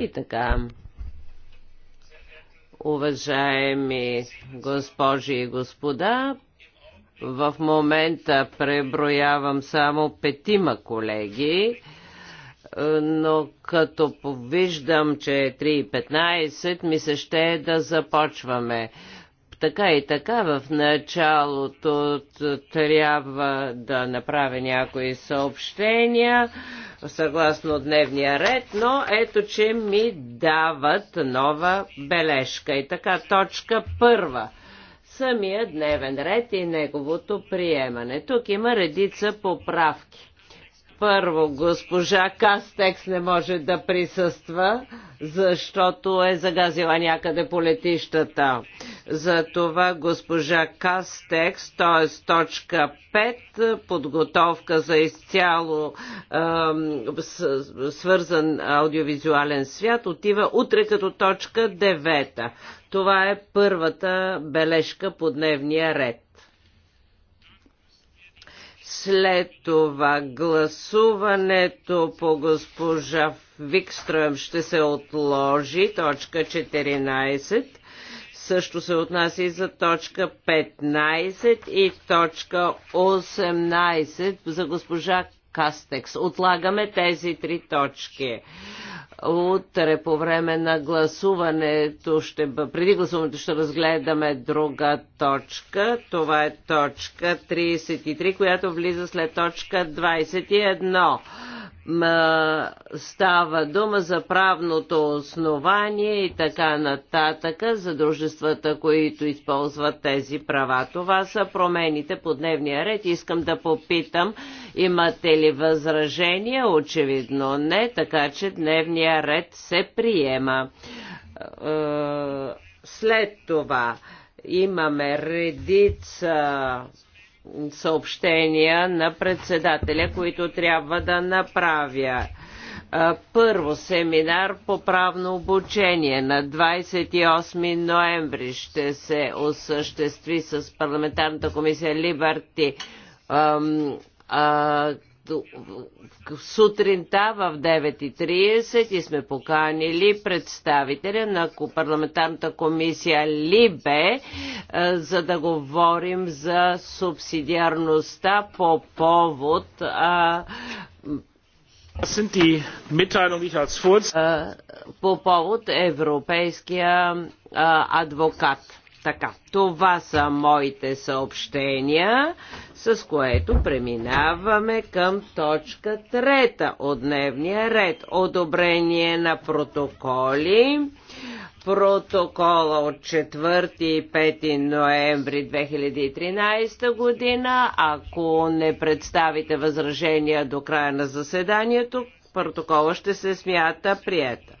И така, уважаеми госпожи и господа, в момента преброявам само петима колеги, но като виждам, че е 3.15, ми се ще е да започваме. Така и така в началото трябва да направя някои съобщения съгласно дневния ред, но ето, че ми дават нова бележка. И така, точка първа самия дневен ред и неговото приемане. Тук има редица поправки. Първо, госпожа Кастекс не може да присъства, защото е загазила някъде по летищата. Затова госпожа Кастекс, т.е. точка 5, подготовка за изцяло е, свързан аудиовизуален свят, отива утре като точка 9. Това е първата бележка по дневния ред. След това гласуването по госпожа Викстрем ще се отложи, точка 14. Също се отнася и за точка 15 и точка 18 за госпожа Кастекс. Отлагаме тези три точки. Утре по време на гласуването, ще, преди гласуването ще разгледаме друга точка. Това е точка 33, която влиза след точка 21 става дума за правното основание и така нататък за дружествата, които използват тези права. Това са промените по дневния ред. Искам да попитам, имате ли възражения? Очевидно не, така че дневния ред се приема. Е, след това имаме редица съобщения на председателя, които трябва да направя. Първо семинар по правно обучение на 28 ноември ще се осъществи с парламентарната комисия Либарти сутринта в 9.30 и сме поканили представителя на парламентарната комисия Либе, е, за да говорим за субсидиарността по повод по повод европейския адвокат. Така, това са моите съобщения, с което преминаваме към точка трета от дневния ред. Одобрение на протоколи. Протокола от 4 и 5 ноември 2013 година. Ако не представите възражения до края на заседанието, протокола ще се смята приета.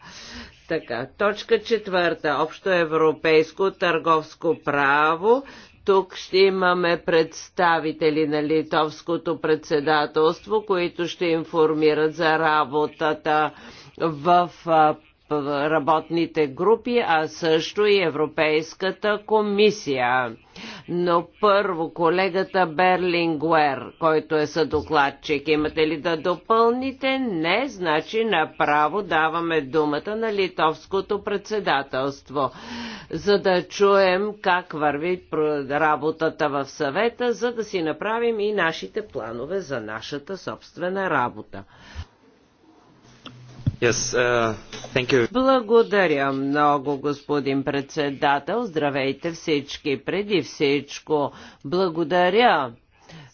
Така, точка четвърта. Общо европейско търговско право. Тук ще имаме представители на литовското председателство, които ще информират за работата в работните групи, а също и Европейската комисия. Но първо колегата Берлингуер, който е съдокладчик, имате ли да допълните? Не, значи направо даваме думата на литовското председателство, за да чуем как върви работата в съвета, за да си направим и нашите планове за нашата собствена работа. Uh, благодаря много, господин председател. Здравейте всички. Преди всичко, благодаря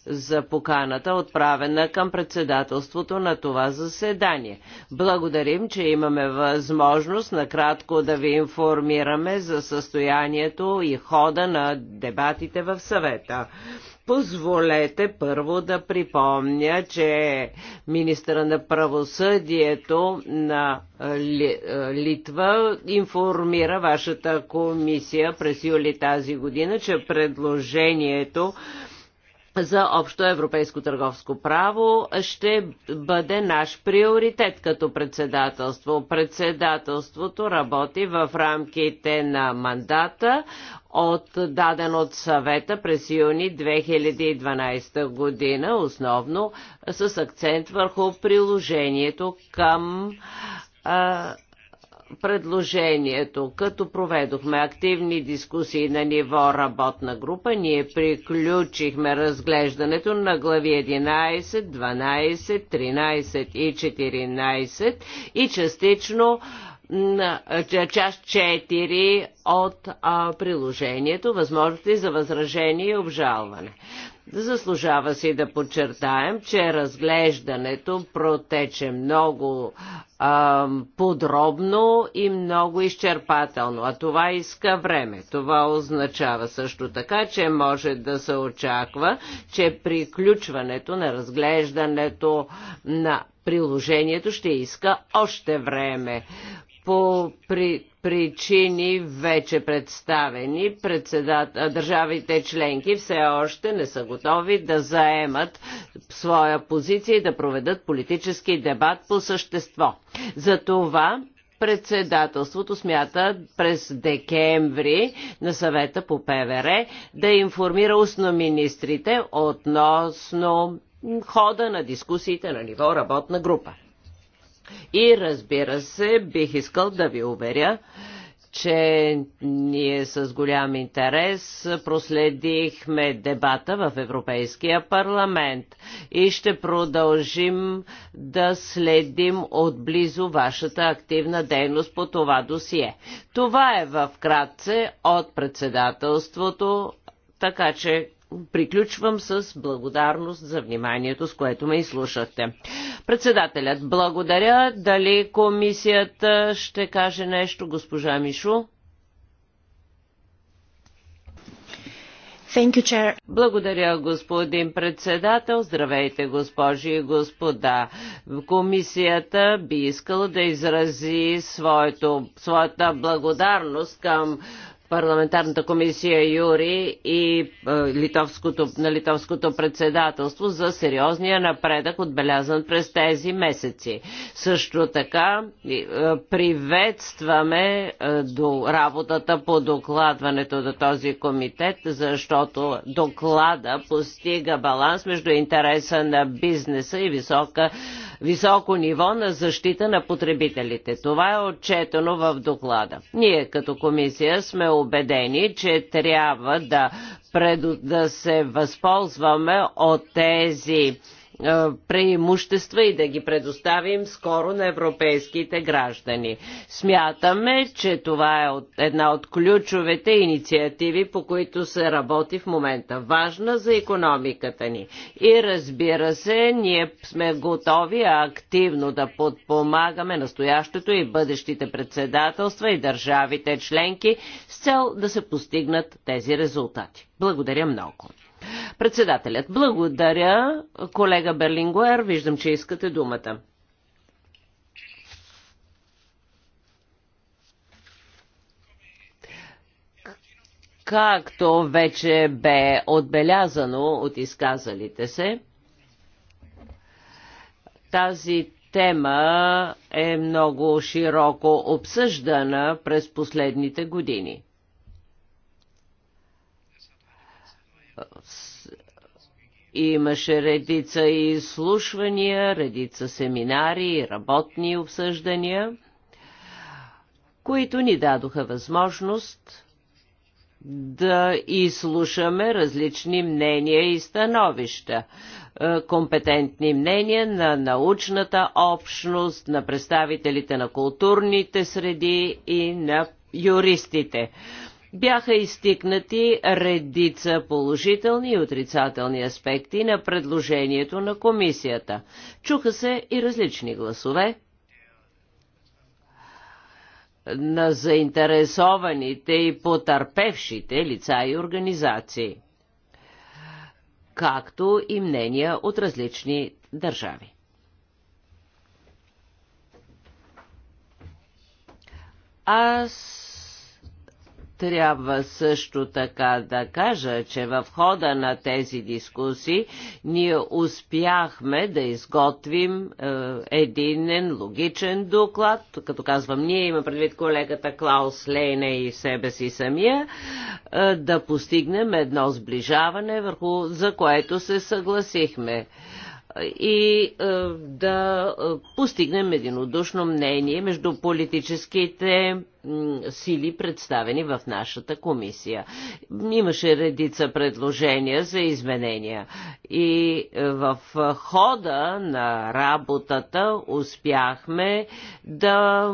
за поканата, отправена към председателството на това заседание. Благодарим, че имаме възможност накратко да ви информираме за състоянието и хода на дебатите в съвета. Позволете първо да припомня, че министра на правосъдието на Литва информира вашата комисия през юли тази година, че предложението за общо европейско търговско право ще бъде наш приоритет като председателство. Председателството работи в рамките на мандата, от даден от съвета през юни 2012 година, основно с акцент върху приложението към а, предложението. Като проведохме активни дискусии на ниво работна група, ние приключихме разглеждането на глави 11, 12, 13 и 14 и частично на част 4 от а, приложението, възможности за възражение и обжалване. Заслужава си да подчертаем, че разглеждането протече много а, подробно и много изчерпателно, а това иска време. Това означава също така, че може да се очаква, че приключването на разглеждането на приложението ще иска още време по при, причини вече представени, председат, държавите членки все още не са готови да заемат своя позиция и да проведат политически дебат по същество. Затова председателството смята през декември на съвета по ПВР да информира устно министрите относно хода на дискусиите на ниво работна група. И разбира се, бих искал да ви уверя, че ние с голям интерес проследихме дебата в Европейския парламент и ще продължим да следим отблизо вашата активна дейност по това досие. Това е в кратце от председателството, така че приключвам с благодарност за вниманието, с което ме изслушахте. Председателят, благодаря. Дали комисията ще каже нещо, госпожа Мишу? You, Благодаря, господин председател. Здравейте, госпожи и господа. Комисията би искала да изрази своето, своята благодарност към парламентарната комисия Юри и е, литовското, на литовското председателство за сериозния напредък, отбелязан през тези месеци. Също така е, приветстваме е, до работата по докладването на този комитет, защото доклада постига баланс между интереса на бизнеса и висока високо ниво на защита на потребителите. Това е отчетено в доклада. Ние като комисия сме убедени, че трябва да, пред... да се възползваме от тези преимущества и да ги предоставим скоро на европейските граждани. Смятаме, че това е една от ключовете инициативи, по които се работи в момента. Важна за економиката ни. И разбира се, ние сме готови активно да подпомагаме настоящето и бъдещите председателства и държавите членки с цел да се постигнат тези резултати. Благодаря много. Председателят, благодаря. Колега Берлингуер, виждам, че искате думата. Както вече бе отбелязано от изказалите се, тази тема е много широко обсъждана през последните години Имаше редица изслушвания, редица семинари и работни обсъждания, които ни дадоха възможност да изслушаме различни мнения и становища. Е, компетентни мнения на научната общност, на представителите на културните среди и на юристите бяха изтикнати редица положителни и отрицателни аспекти на предложението на комисията. Чуха се и различни гласове на заинтересованите и потърпевшите лица и организации, както и мнения от различни държави. Аз трябва също така да кажа, че в хода на тези дискусии ние успяхме да изготвим е, единен логичен доклад. Като казвам ние, има предвид колегата Клаус Лейне и себе си самия, е, да постигнем едно сближаване, върху за което се съгласихме и е, да е, постигнем единодушно мнение между политическите сили, представени в нашата комисия. Имаше редица предложения за изменения и е, в хода на работата успяхме да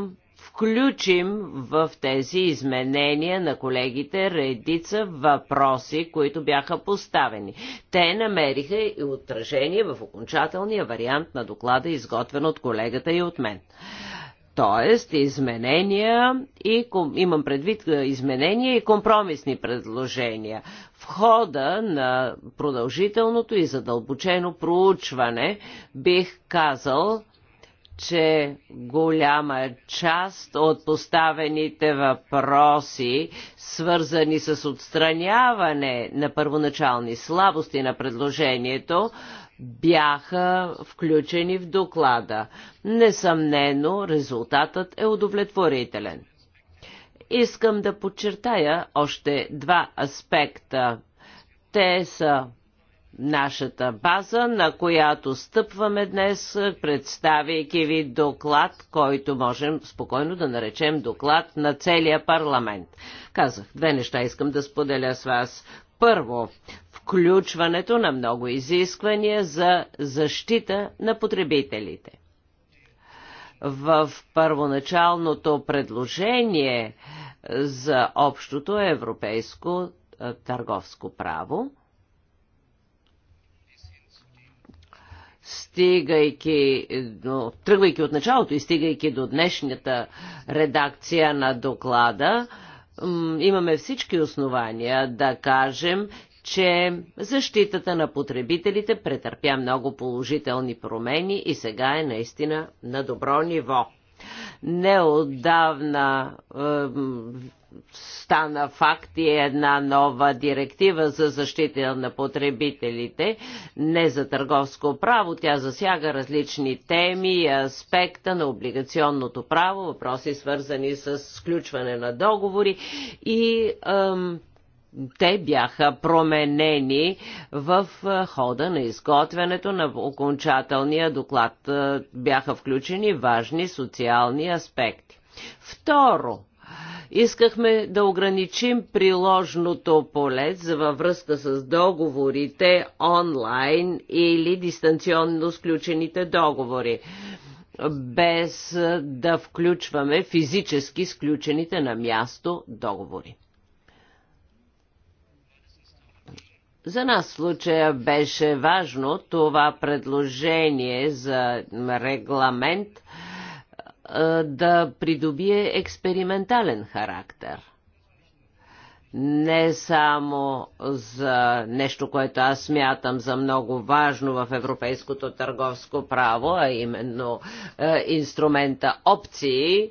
включим в тези изменения на колегите редица въпроси, които бяха поставени. Те намериха и отражение в окончателния вариант на доклада, изготвен от колегата и от мен Тоест, изменения и имам предвид е, изменения и компромисни предложения. В хода на продължителното и задълбочено проучване бих казал, че голяма част от поставените въпроси, свързани с отстраняване на първоначални слабости на предложението, бяха включени в доклада. Несъмнено, резултатът е удовлетворителен. Искам да подчертая още два аспекта. Те са нашата база, на която стъпваме днес, представяйки ви доклад, който можем спокойно да наречем доклад на целия парламент. Казах, две неща искам да споделя с вас. Първо, включването на много изисквания за защита на потребителите. В първоначалното предложение за общото европейско търговско право, стигайки, но, тръгвайки от началото и стигайки до днешната редакция на доклада, имаме всички основания да кажем, че защитата на потребителите претърпя много положителни промени и сега е наистина на добро ниво. Неодавна стана факт и е една нова директива за защита на потребителите, не за търговско право. Тя засяга различни теми и аспекта на облигационното право, въпроси свързани с сключване на договори и ам, те бяха променени в хода на изготвянето на окончателния доклад. Бяха включени важни социални аспекти. Второ, Искахме да ограничим приложното поле за във връзка с договорите онлайн или дистанционно сключените договори без да включваме физически сключените на място договори. За нас случая беше важно това предложение за регламент – да придобие експериментален характер. Не само за нещо, което аз смятам за много важно в европейското търговско право, а именно е, инструмента опции,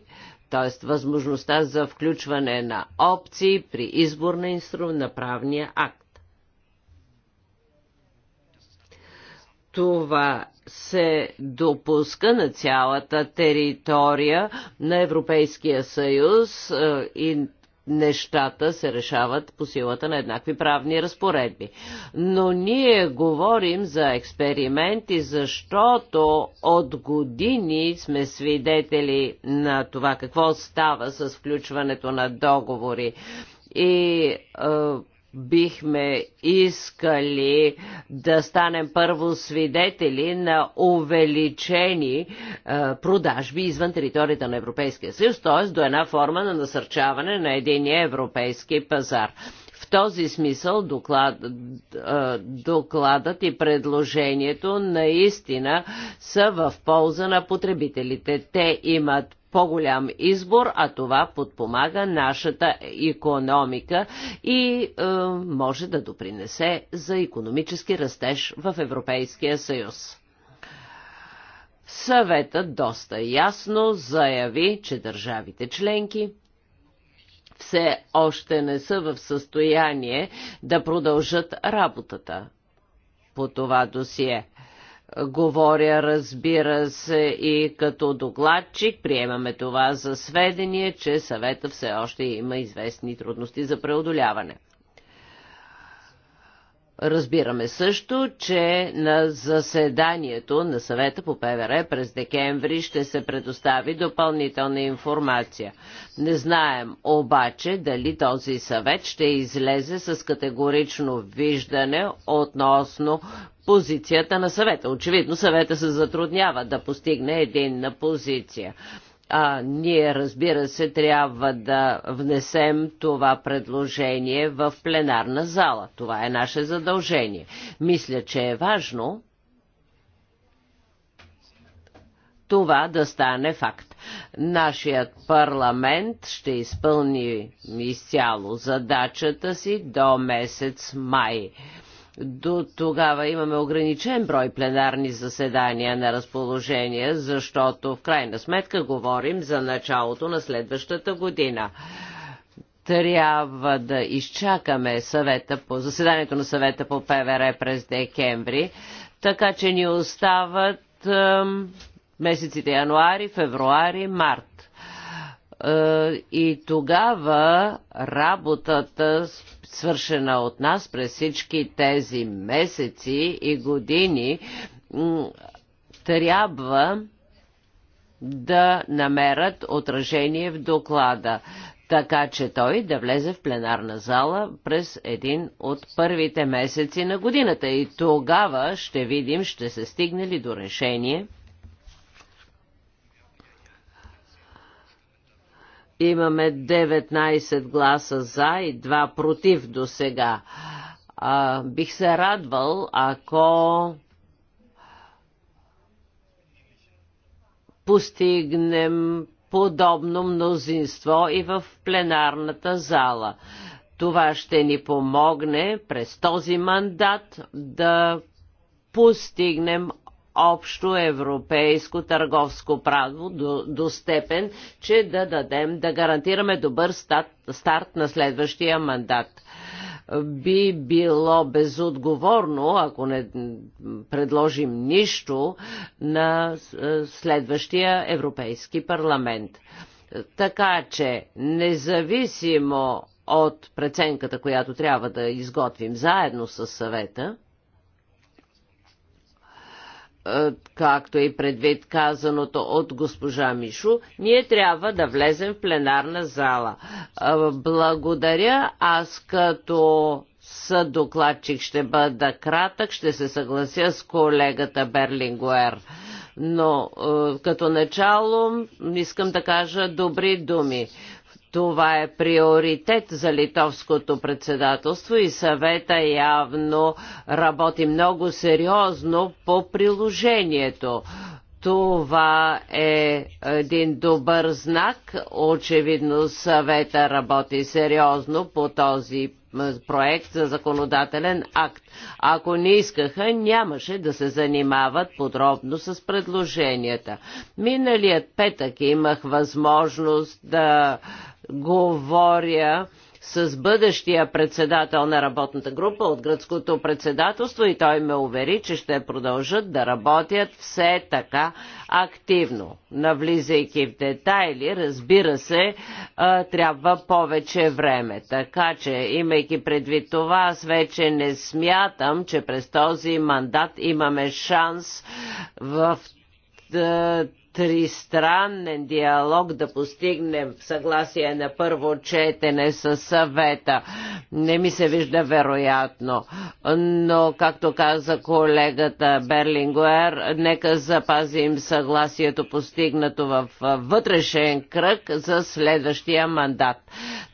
т.е. възможността за включване на опции при избор на инструмент на правния акт. това се допуска на цялата територия на Европейския съюз е, и нещата се решават по силата на еднакви правни разпоредби. Но ние говорим за експерименти, защото от години сме свидетели на това какво става с включването на договори. И е, бихме искали да станем първо свидетели на увеличени е, продажби извън територията на Европейския съюз, т.е. до една форма на насърчаване на единия европейски пазар. В този смисъл доклад, е, докладът и предложението наистина са в полза на потребителите. Те имат по-голям избор, а това подпомага нашата економика и е, може да допринесе за економически растеж в Европейския съюз. Съветът доста ясно заяви, че държавите членки все още не са в състояние да продължат работата по това досие. Говоря, разбира се, и като докладчик. Приемаме това за сведение, че съвета все още има известни трудности за преодоляване. Разбираме също, че на заседанието на съвета по ПВР през декември ще се предостави допълнителна информация. Не знаем обаче дали този съвет ще излезе с категорично виждане относно позицията на съвета. Очевидно съвета се затруднява да постигне единна позиция. А, ние, разбира се, трябва да внесем това предложение в пленарна зала. Това е наше задължение. Мисля, че е важно това да стане факт. Нашият парламент ще изпълни изцяло задачата си до месец май. До тогава имаме ограничен брой пленарни заседания на разположение, защото в крайна сметка говорим за началото на следващата година трябва да изчакаме съвета по, заседанието на съвета по ПВР през декември, така че ни остават е, месеците януари, февруари, март. Е, и тогава работата свършена от нас през всички тези месеци и години, трябва да намерят отражение в доклада, така че той да влезе в пленарна зала през един от първите месеци на годината. И тогава ще видим, ще се стигне ли до решение Имаме 19 гласа за и 2 против до сега. Бих се радвал, ако постигнем подобно мнозинство и в пленарната зала. Това ще ни помогне през този мандат да постигнем общо европейско търговско право до, до степен, че да дадем, да гарантираме добър старт, старт на следващия мандат би било безотговорно, ако не предложим нищо на е, следващия Европейски парламент. Така че, независимо от преценката, която трябва да изготвим заедно с съвета, е, както и предвид казаното от госпожа Мишо, ние трябва да влезем в пленарна зала. Е, благодаря. Аз като съдокладчик ще бъда кратък, ще се съглася с колегата Берлингуер. Но е, като начало искам да кажа добри думи. Това е приоритет за литовското председателство и съвета явно работи много сериозно по приложението. Това е един добър знак. Очевидно съвета работи сериозно по този проект за законодателен акт. Ако не искаха, нямаше да се занимават подробно с предложенията. Миналият петък имах възможност да говоря с бъдещия председател на работната група от гръцкото председателство и той ме увери, че ще продължат да работят все така активно. Навлизайки в детайли, разбира се, трябва повече време. Така че, имайки предвид това, аз вече не смятам, че през този мандат имаме шанс в тристранен диалог да постигнем съгласие на първо четене с съвета. Не ми се вижда вероятно. Но, както каза колегата Берлингуер, нека запазим съгласието постигнато в вътрешен кръг за следващия мандат.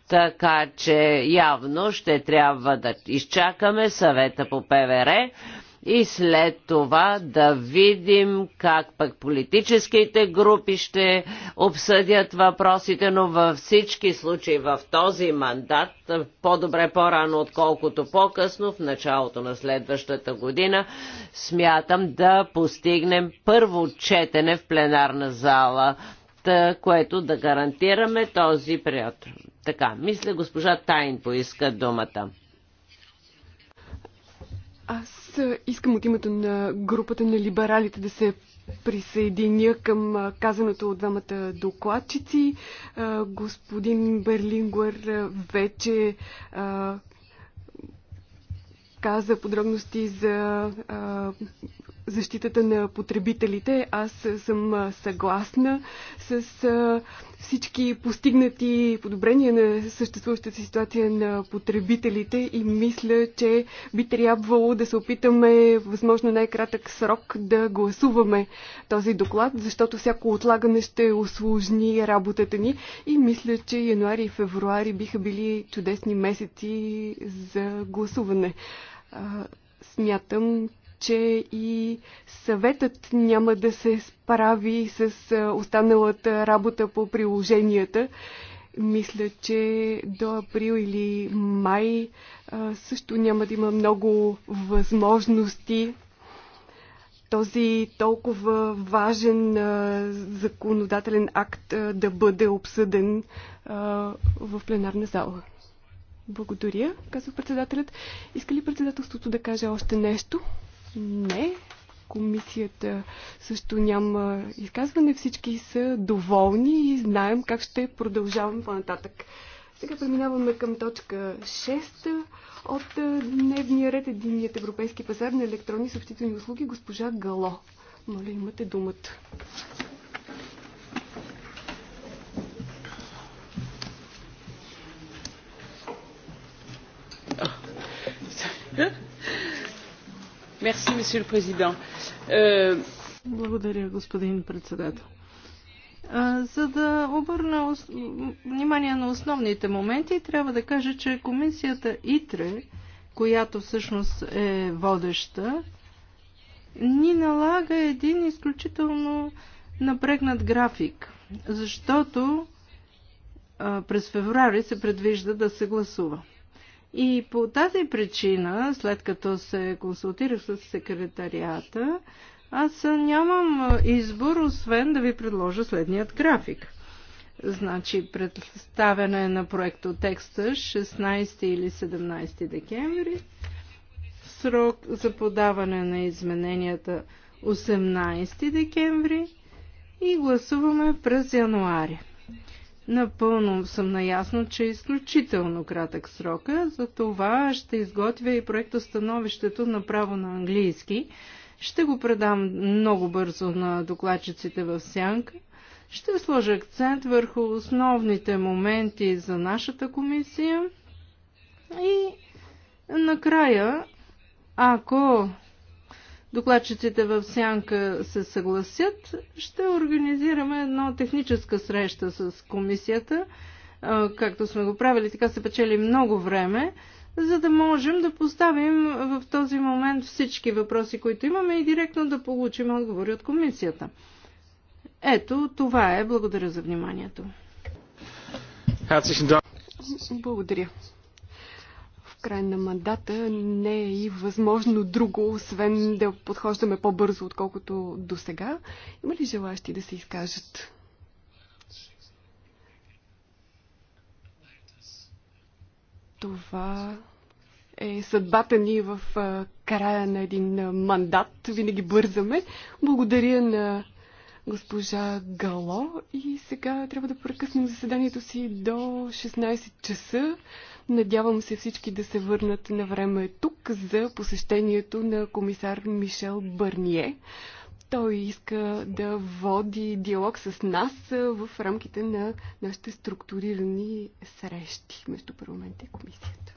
Така че явно ще трябва да изчакаме съвета по ПВР и след това да видим как пък политическите групи ще обсъдят въпросите, но във всички случаи в този мандат, по-добре по-рано отколкото по-късно, в началото на следващата година, смятам да постигнем първо четене в пленарна зала, което да гарантираме този период. Така, мисля, госпожа Тайн поиска думата. Аз искам от името на групата на либералите да се присъединя към казаното от двамата докладчици. Господин Берлингуер вече каза подробности за защитата на потребителите. Аз съм съгласна с всички постигнати подобрения на съществуващата ситуация на потребителите и мисля, че би трябвало да се опитаме възможно най-кратък срок да гласуваме този доклад, защото всяко отлагане ще осложни работата ни и мисля, че януари и февруари биха били чудесни месеци за гласуване смятам, че и съветът няма да се справи с останалата работа по приложенията. Мисля, че до април или май също няма да има много възможности този толкова важен законодателен акт да бъде обсъден в пленарна зала. Благодаря, казва председателят. Иска ли председателството да каже още нещо? Не. Комисията също няма изказване. Всички са доволни и знаем как ще продължаваме по-нататък. Сега преминаваме към точка 6 от дневния ред Единият европейски пазар на електронни съобщителни услуги госпожа Гало. Моля, имате думата. Yeah. Е? Euh, Благодаря, господин председател. За да обърна внимание на основните моменти, трябва да кажа, че комисията ИТРЕ, която всъщност е водеща, ни налага един изключително напрегнат график, защото през февруари се предвижда да се гласува. И по тази причина, след като се консултирах с секретарията, аз нямам избор, освен да ви предложа следният график. Значи, представяне на проекто текста 16 или 17 декември, срок за подаване на измененията 18 декември и гласуваме през януари. Напълно съм наясна, че е изключително кратък срока, за това ще изготвя и на направо на английски. Ще го предам много бързо на докладчиците в сянка. Ще сложа акцент върху основните моменти за нашата комисия и накрая, ако докладчиците в Сянка се съгласят, ще организираме една техническа среща с комисията, както сме го правили, така се печели много време, за да можем да поставим в този момент всички въпроси, които имаме и директно да получим отговори от комисията. Ето, това е. Благодаря за вниманието. Благодаря край на мандата не е и възможно друго, освен да подхождаме по-бързо, отколкото до сега. Има ли желащи да се изкажат? Това е съдбата ни в края на един мандат. Винаги бързаме. Благодаря на госпожа Гало и сега трябва да прекъснем заседанието си до 16 часа. Надявам се всички да се върнат на време тук за посещението на комисар Мишел Бърние. Той иска да води диалог с нас в рамките на нашите структурирани срещи между парламента и комисията.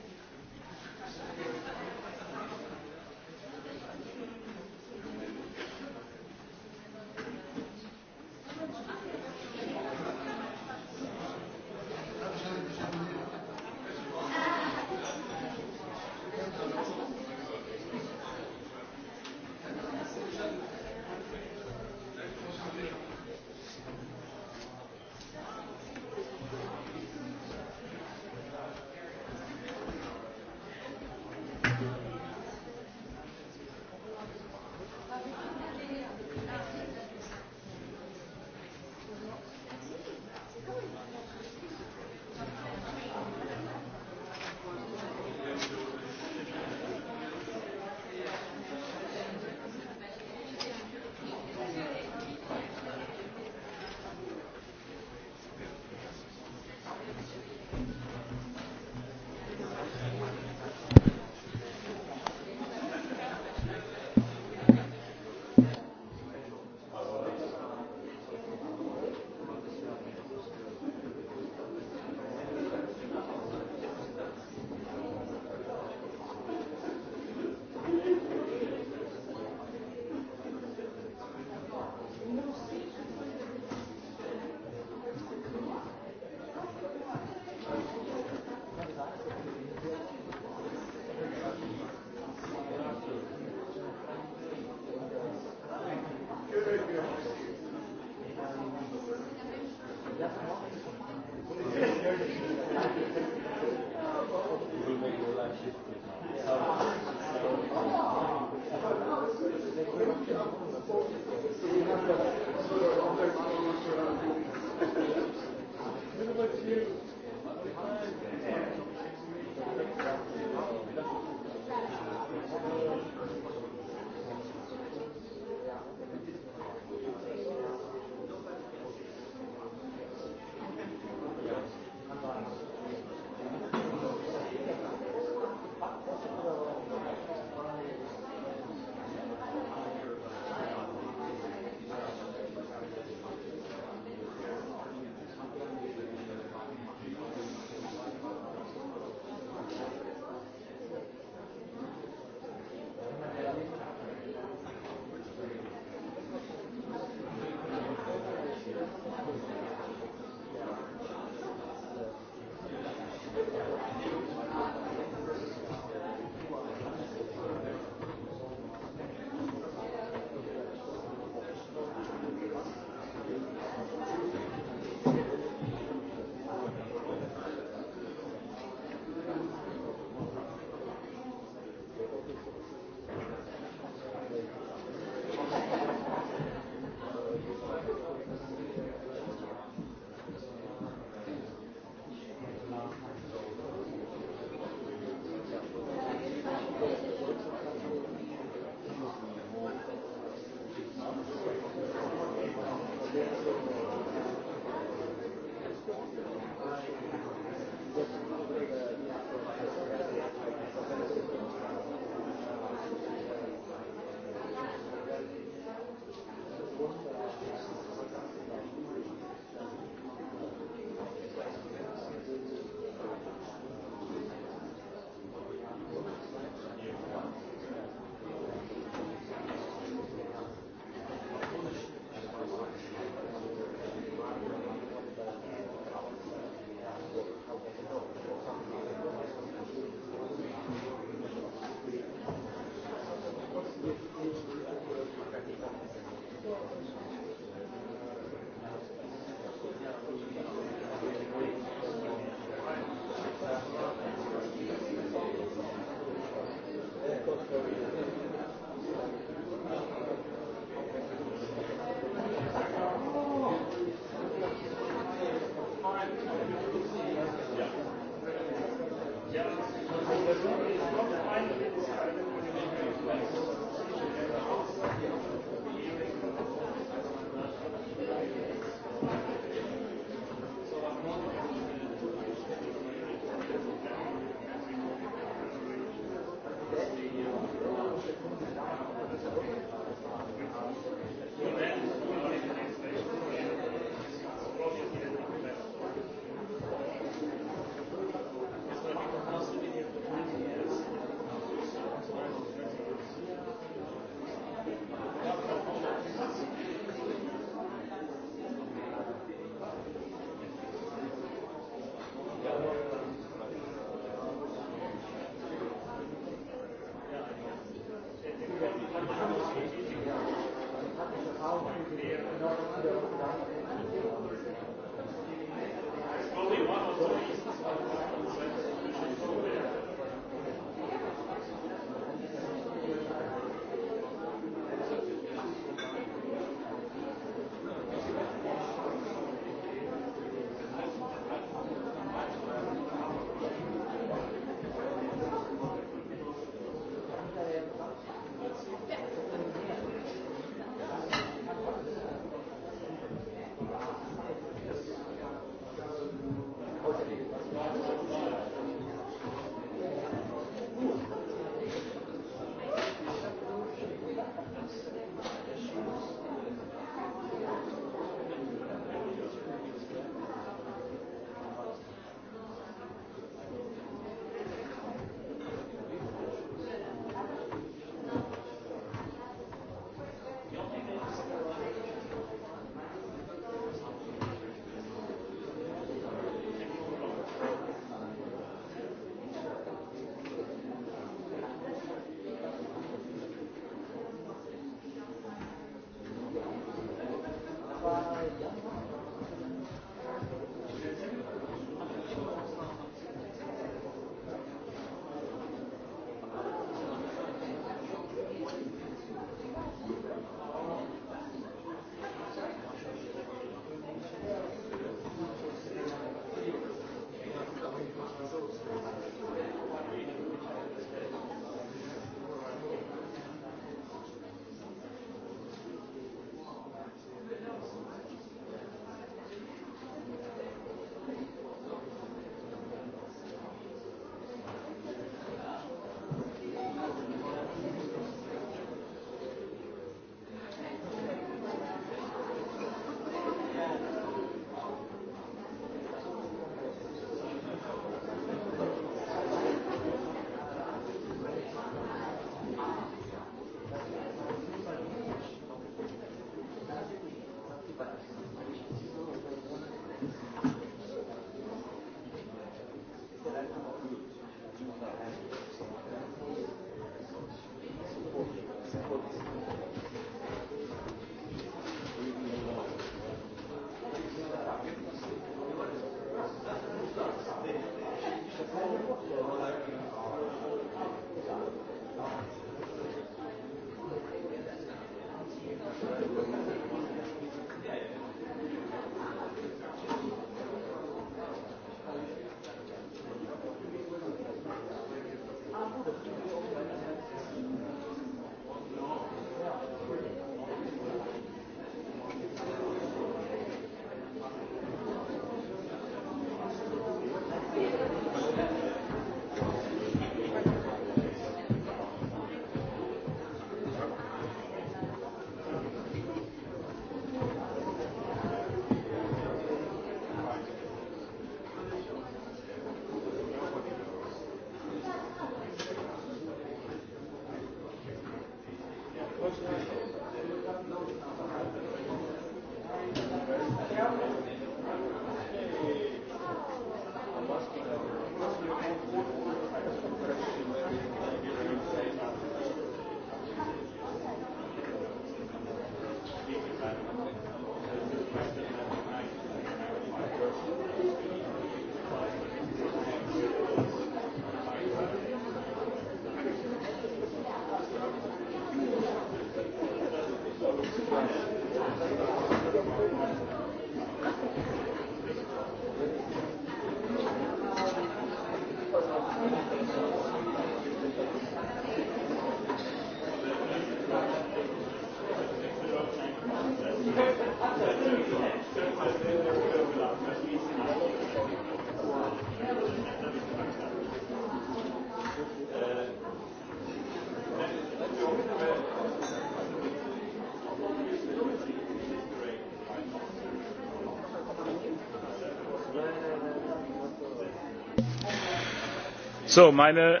meine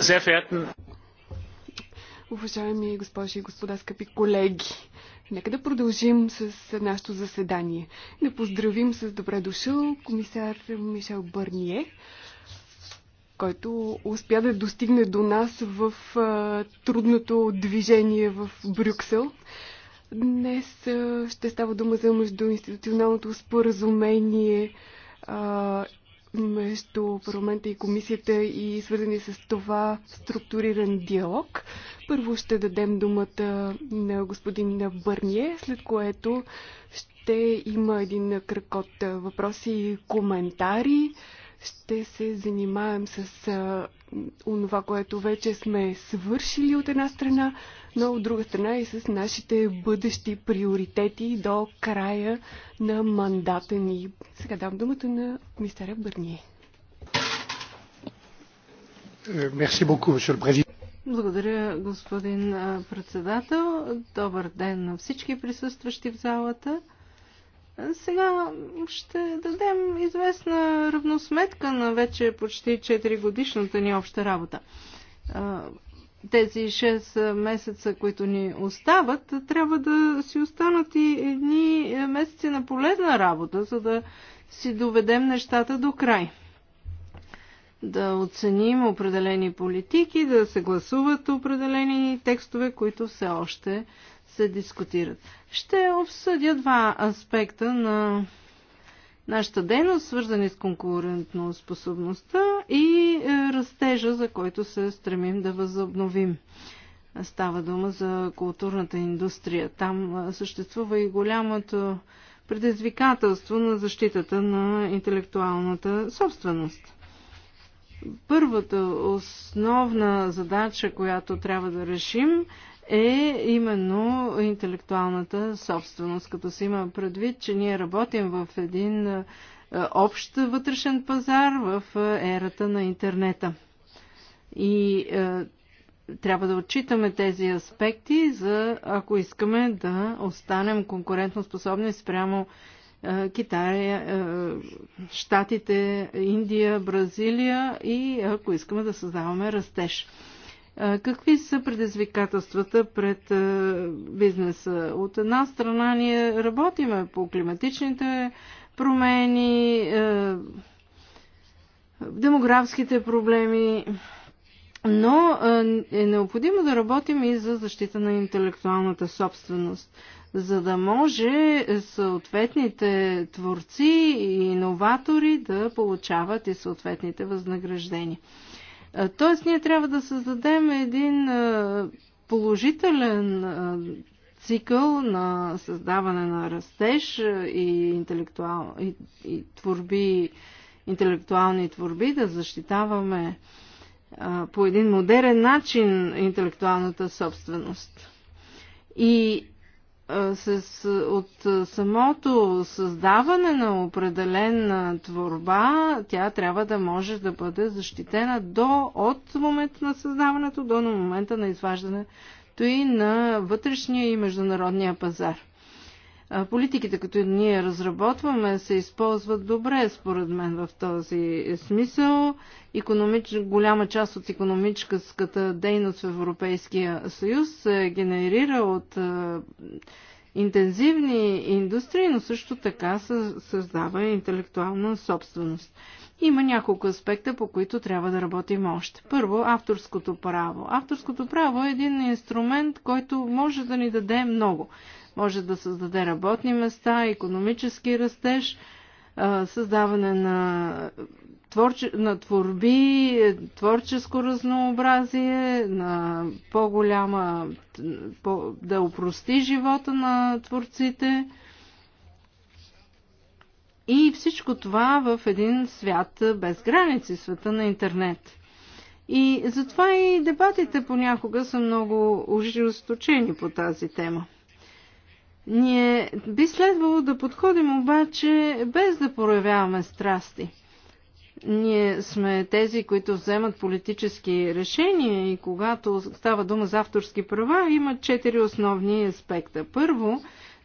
sehr verehrten... Уважаеми госпожи и господа, скъпи колеги, нека да продължим с нашето заседание. Да поздравим с добре дошъл комисар Мишел Бърние, който успя да достигне до нас в трудното движение в Брюксел. Днес ще става дума за междуинституционалното споразумение между парламента и комисията и свързани с това структуриран диалог. Първо ще дадем думата на господин Бърние, след което ще има един кръг от въпроси и коментари. Ще се занимаем с онова, което вече сме свършили от една страна, но от друга страна и с нашите бъдещи приоритети до края на мандата ни. Сега дам думата на мистера Бърние. Благодаря, господин председател. Добър ден на всички присъстващи в залата. Сега ще дадем известна равносметка на вече почти 4 годишната ни обща работа. Тези 6 месеца, които ни остават, трябва да си останат и едни месеци на полезна работа, за да си доведем нещата до край. Да оценим определени политики, да се гласуват определени текстове, които все още се дискутират. Ще обсъдя два аспекта на нашата дейност, свързани с конкурентно способността и е, растежа, за който се стремим да възобновим. Става дума за културната индустрия. Там е, съществува и голямото предизвикателство на защитата на интелектуалната собственост. Първата основна задача, която трябва да решим, е именно интелектуалната собственост, като се има предвид, че ние работим в един е, общ вътрешен пазар в е, ерата на интернета. И е, трябва да отчитаме тези аспекти, за ако искаме да останем конкурентоспособни спрямо е, Китай, е, Штатите, Индия, Бразилия и ако искаме да създаваме растеж. Какви са предизвикателствата пред бизнеса? От една страна ние работиме по климатичните промени, демографските проблеми, но е необходимо да работим и за защита на интелектуалната собственост, за да може съответните творци и иноватори да получават и съответните възнаграждения. Е, тоест, ние трябва да създадем един е, положителен е, цикъл на създаване на растеж и, интелектуал, и, и творби, интелектуални творби, да защитаваме по един модерен начин интелектуалната собственост. И с, от самото създаване на определена творба, тя трябва да може да бъде защитена до от момента на създаването до на момента на изваждането и на вътрешния и международния пазар. Политиките, като ние разработваме, се използват добре, според мен, в този смисъл. Економич... Голяма част от економическата дейност в Европейския съюз се е генерира от интензивни индустрии, но също така създава интелектуална собственост. Има няколко аспекта, по които трябва да работим още. Първо, авторското право. Авторското право е един инструмент, който може да ни даде много. Може да създаде работни места, економически растеж, създаване на творче, на творби, е, творческо разнообразие, на по-голяма, по, да упрости живота на творците. И всичко това в един свят без граници, света на интернет. И затова и дебатите понякога са много ожесточени по тази тема. Ние би следвало да подходим обаче без да проявяваме страсти – ние сме тези, които вземат политически решения и когато става дума за авторски права, има четири основни аспекта. Първо,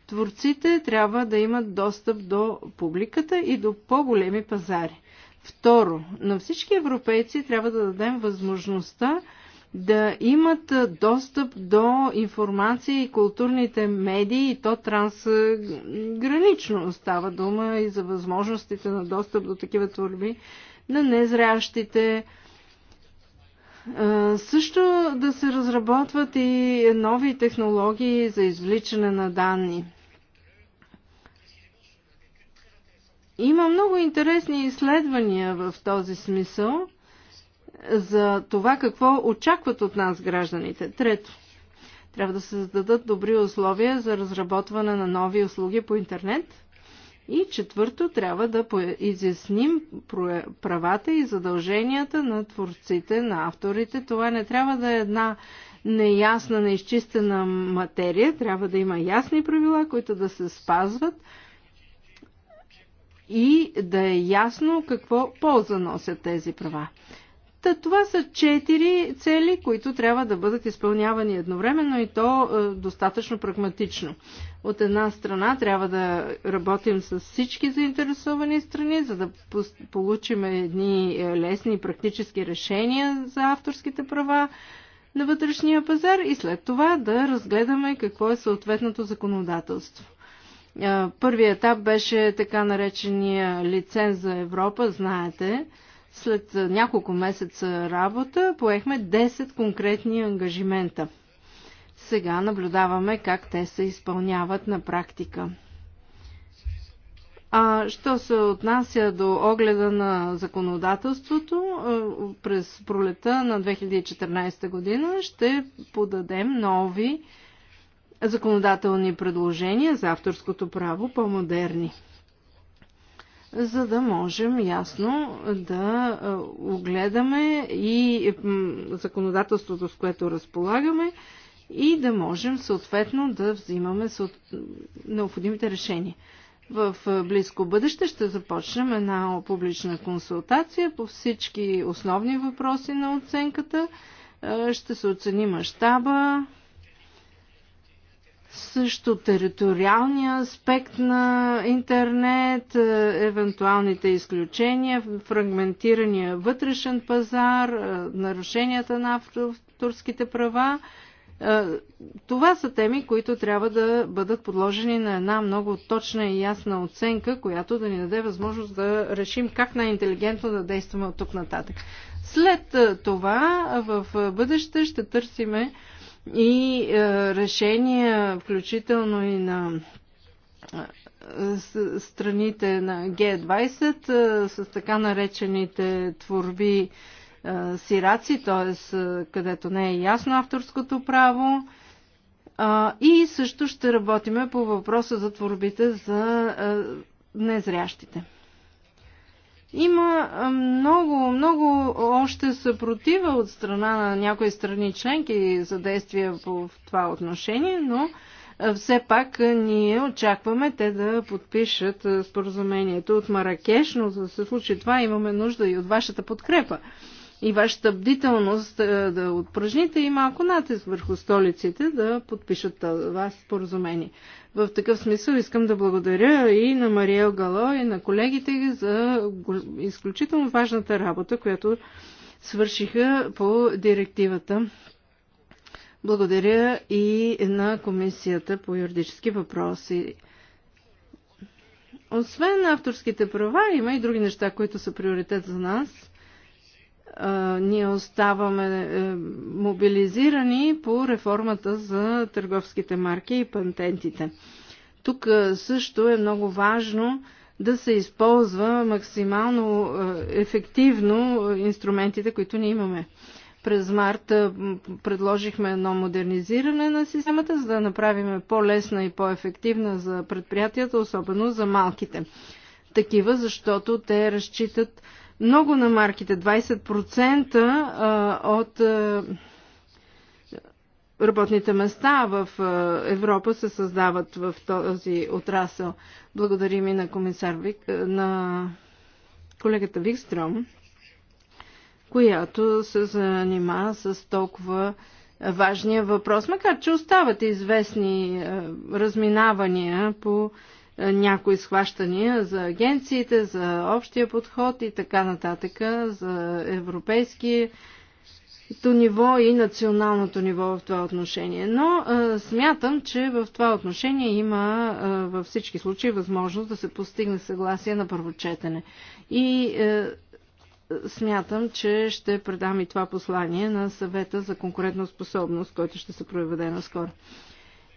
творците трябва да имат достъп до публиката и до по-големи пазари. Второ, на всички европейци трябва да дадем възможността да имат достъп до информация и културните медии и то трансгранично. Става дума и за възможностите на достъп до такива творби на незрящите. Също да се разработват и нови технологии за извличане на данни. Има много интересни изследвания в този смисъл за това какво очакват от нас гражданите. Трето, трябва да се създадат добри условия за разработване на нови услуги по интернет. И четвърто, трябва да изясним правата и задълженията на творците, на авторите. Това не трябва да е една неясна, неизчистена материя. Трябва да има ясни правила, които да се спазват и да е ясно какво полза носят тези права. Та това са четири цели, които трябва да бъдат изпълнявани едновременно и то е, достатъчно прагматично. От една страна трябва да работим с всички заинтересовани страни, за да получим едни е, лесни практически решения за авторските права на вътрешния пазар и след това да разгледаме какво е съответното законодателство. Е, първият етап беше така наречения лиценз за Европа, знаете, след няколко месеца работа поехме 10 конкретни ангажимента. Сега наблюдаваме как те се изпълняват на практика. А що се отнася до огледа на законодателството, през пролета на 2014 година ще подадем нови законодателни предложения за авторското право по-модерни за да можем ясно да огледаме и законодателството, с което разполагаме, и да можем съответно да взимаме необходимите решения. В близко бъдеще ще започнем една публична консултация по всички основни въпроси на оценката. Ще се оцени мащаба, също териториалния аспект на интернет, е, евентуалните изключения, фрагментирания вътрешен пазар, е, нарушенията на авторските права. Е, това са теми, които трябва да бъдат подложени на една много точна и ясна оценка, която да ни даде възможност да решим как най-интелигентно да действаме от тук нататък. След това в бъдеще ще търсиме и е, решения, включително и на е, страните на Г-20 е, с така наречените творби сираци, т.е. където не е ясно авторското право. И също ще работиме по въпроса за творбите за незрящите. Има много, много още съпротива от страна на някои страни членки за действия в това отношение, но все пак ние очакваме те да подпишат споразумението от Маракеш, но за да се случи това имаме нужда и от вашата подкрепа и вашата бдителност да отпражните и малко натиск върху столиците да подпишат това споразумение. В такъв смисъл искам да благодаря и на Мариел Гало, и на колегите за изключително важната работа, която свършиха по директивата. Благодаря и на Комисията по юридически въпроси. Освен авторските права, има и други неща, които са приоритет за нас ние оставаме е, мобилизирани по реформата за търговските марки и пантентите. Тук е, също е много важно да се използва максимално е, ефективно инструментите, които ние имаме. През март предложихме едно модернизиране на системата, за да направим по-лесна и по-ефективна за предприятията, особено за малките. Такива, защото те разчитат много на марките, 20% от работните места в Европа се създават в този отрасъл. Благодарим и на комисар Вик, на колегата Викстром, която се занима с толкова важния въпрос, макар че остават известни разминавания по е, някои схващания за агенциите, за общия подход и така нататък, за европейски то ниво и националното ниво в това отношение. Но а, е, смятам, че в това отношение има а, е, във всички случаи възможност да се постигне съгласие на първо четене. И а, смятам, че ще предам и това послание на съвета за конкурентна способност, който ще се проведе наскоро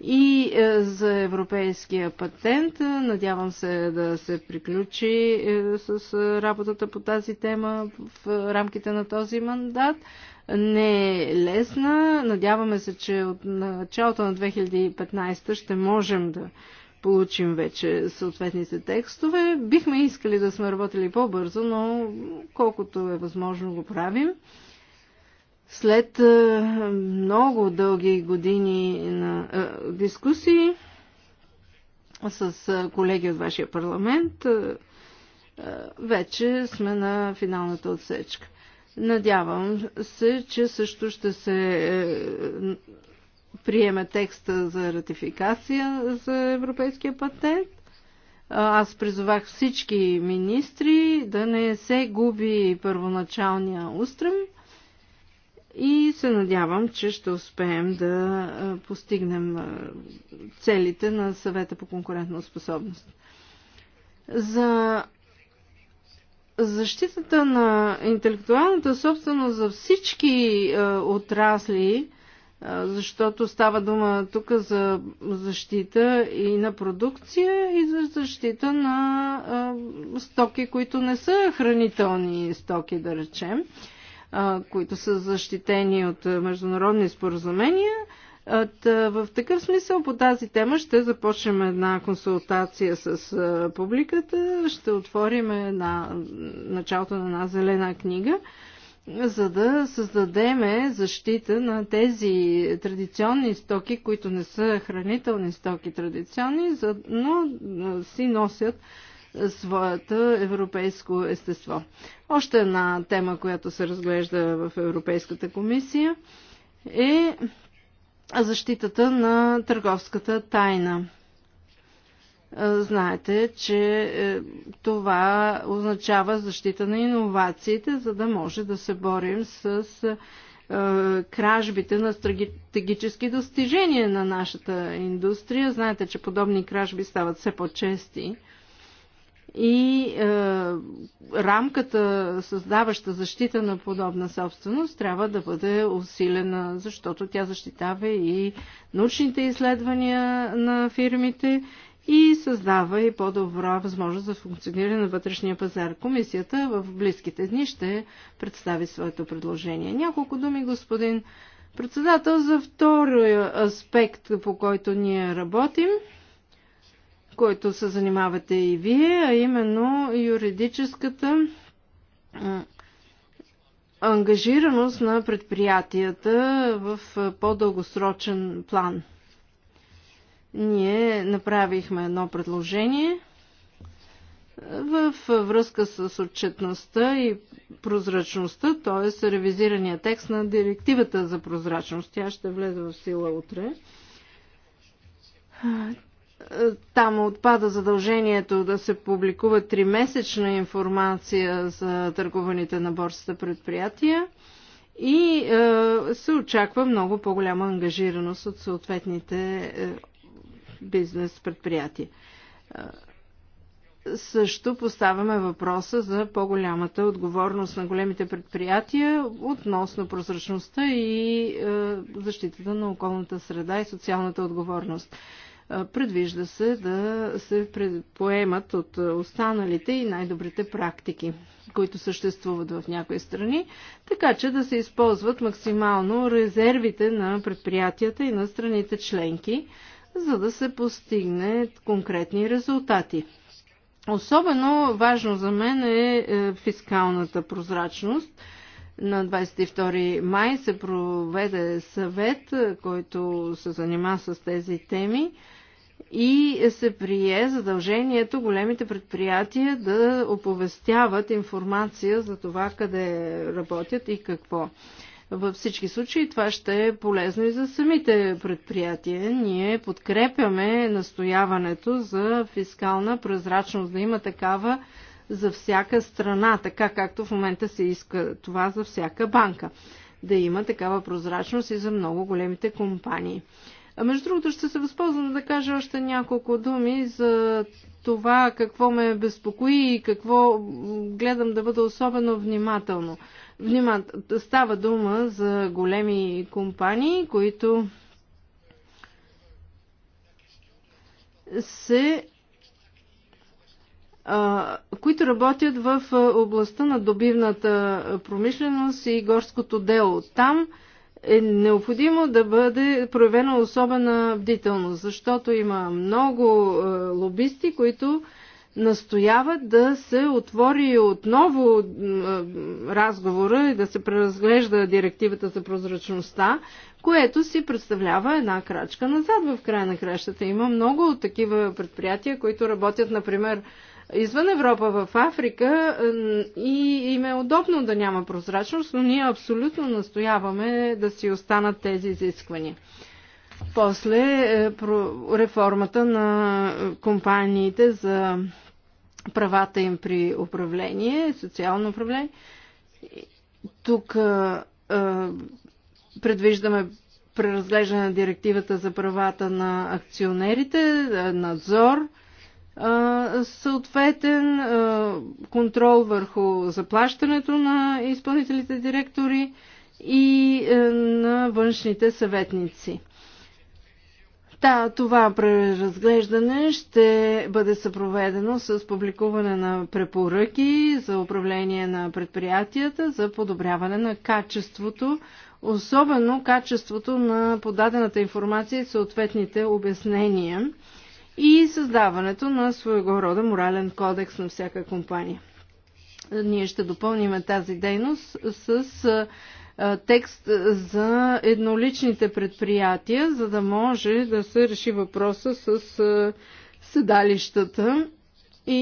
и е, за европейския патент. Е, надявам се да се приключи е, с работата по тази тема в рамките на този мандат. Не е лесна. Надяваме се, че от началото на 2015 ще можем да получим вече съответните текстове. Бихме искали да сме работили по-бързо, но колкото е възможно го правим. След е, много дълги години на е, дискусии с е, колеги от вашия парламент, вече сме на финалната отсечка. Надявам се, че също ще се приеме текста за ратификация за европейския патент. Аз призовах всички министри да не се губи първоначалния устрем – и се надявам, че ще успеем да постигнем целите на съвета по конкурентна способност. За защитата на интелектуалната собственост за всички отрасли, защото става дума тук за защита и на продукция, и за защита на стоки, които не са хранителни стоки, да речем които са защитени от международни споразумения. В такъв смисъл по тази тема ще започнем една консултация с публиката, ще отворим една, началото на една зелена книга, за да създадеме защита на тези традиционни стоки, които не са хранителни стоки традиционни, но си носят своята европейско естество. Още една тема, която се разглежда в Европейската комисия е защитата на търговската тайна. Знаете, че е, това означава защита на иновациите, за да може да се борим с е, кражбите на стратегически достижения на нашата индустрия. Знаете, че подобни кражби стават все по-чести и е, рамката, създаваща защита на подобна собственост, трябва да бъде усилена, защото тя защитава и научните изследвания на фирмите и създава и по-добра възможност за функциониране на вътрешния пазар. Комисията в близките дни ще представи своето предложение. Няколко думи, господин председател, за втория аспект, по който ние работим – който се занимавате и вие, а именно юридическата ангажираност на предприятията в по-дългосрочен план. Ние направихме едно предложение в връзка с отчетността и прозрачността, т.е. ревизирания текст на директивата за прозрачност. Тя ще влезе в сила утре. Там отпада задължението да се публикува тримесечна информация за търгуваните на борсата предприятия и е, се очаква много по-голяма ангажираност от съответните е, бизнес предприятия. Е, също поставяме въпроса за по-голямата отговорност на големите предприятия относно прозрачността и е, защитата на околната среда и социалната отговорност. Предвижда се да се поемат от останалите и най-добрите практики, които съществуват в някои страни, така че да се използват максимално резервите на предприятията и на страните членки, за да се постигне конкретни резултати. Особено важно за мен е, е фискалната прозрачност. На 22 май се проведе съвет, който се занима с тези теми и се прие задължението големите предприятия да оповестяват информация за това къде работят и какво. Във всички случаи това ще е полезно и за самите предприятия. Ние подкрепяме настояването за фискална прозрачност, да има такава за всяка страна, така както в момента се иска това за всяка банка. Да има такава прозрачност и за много големите компании. Между другото, ще се възползвам да кажа още няколко думи за това какво ме безпокои и какво гледам да бъда особено внимателно. Внимат, става дума за големи компании, които се които работят в областта на добивната промишленост и горското дело. Там е необходимо да бъде проявена особена бдителност, защото има много е, лобисти, които настояват да се отвори отново е, разговора и да се преразглежда директивата за прозрачността, което си представлява една крачка назад в края на кращата. Има много такива предприятия, които работят, например, извън Европа, в Африка и им е удобно да няма прозрачност, но ние абсолютно настояваме да си останат тези изисквания. После е, реформата на е, компаниите за правата им при управление, социално управление. Тук е, предвиждаме преразглеждане на директивата за правата на акционерите, надзор – съответен контрол върху заплащането на изпълнителите директори и е, на външните съветници. Та, това преразглеждане ще бъде съпроведено с публикуване на препоръки за управление на предприятията за подобряване на качеството, особено качеството на подадената информация и съответните обяснения и създаването на своего рода морален кодекс на всяка компания. Ние ще допълним тази дейност с текст за едноличните предприятия, за да може да се реши въпроса с седалищата и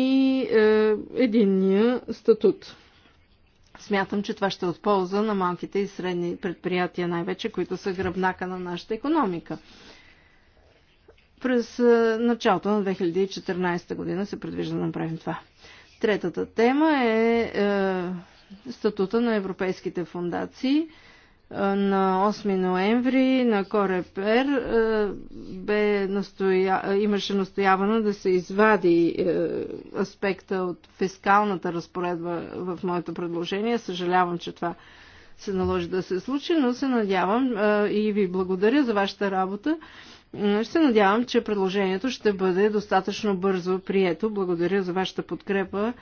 е, единния статут. Смятам, че това ще е от полза на малките и средни предприятия, най-вече, които са гръбнака на нашата економика. През началото на 2014 година се предвижда да направим това. Третата тема е, е статута на европейските фундации. Е, на 8 ноември на Корепер е, бе настоя... имаше настояване да се извади е, аспекта от фискалната разпоредба в моето предложение. Съжалявам, че това се наложи да се случи, но се надявам и ви благодаря за вашата работа. Ще надявам, че предложението ще бъде достатъчно бързо прието. Благодаря за вашата подкрепа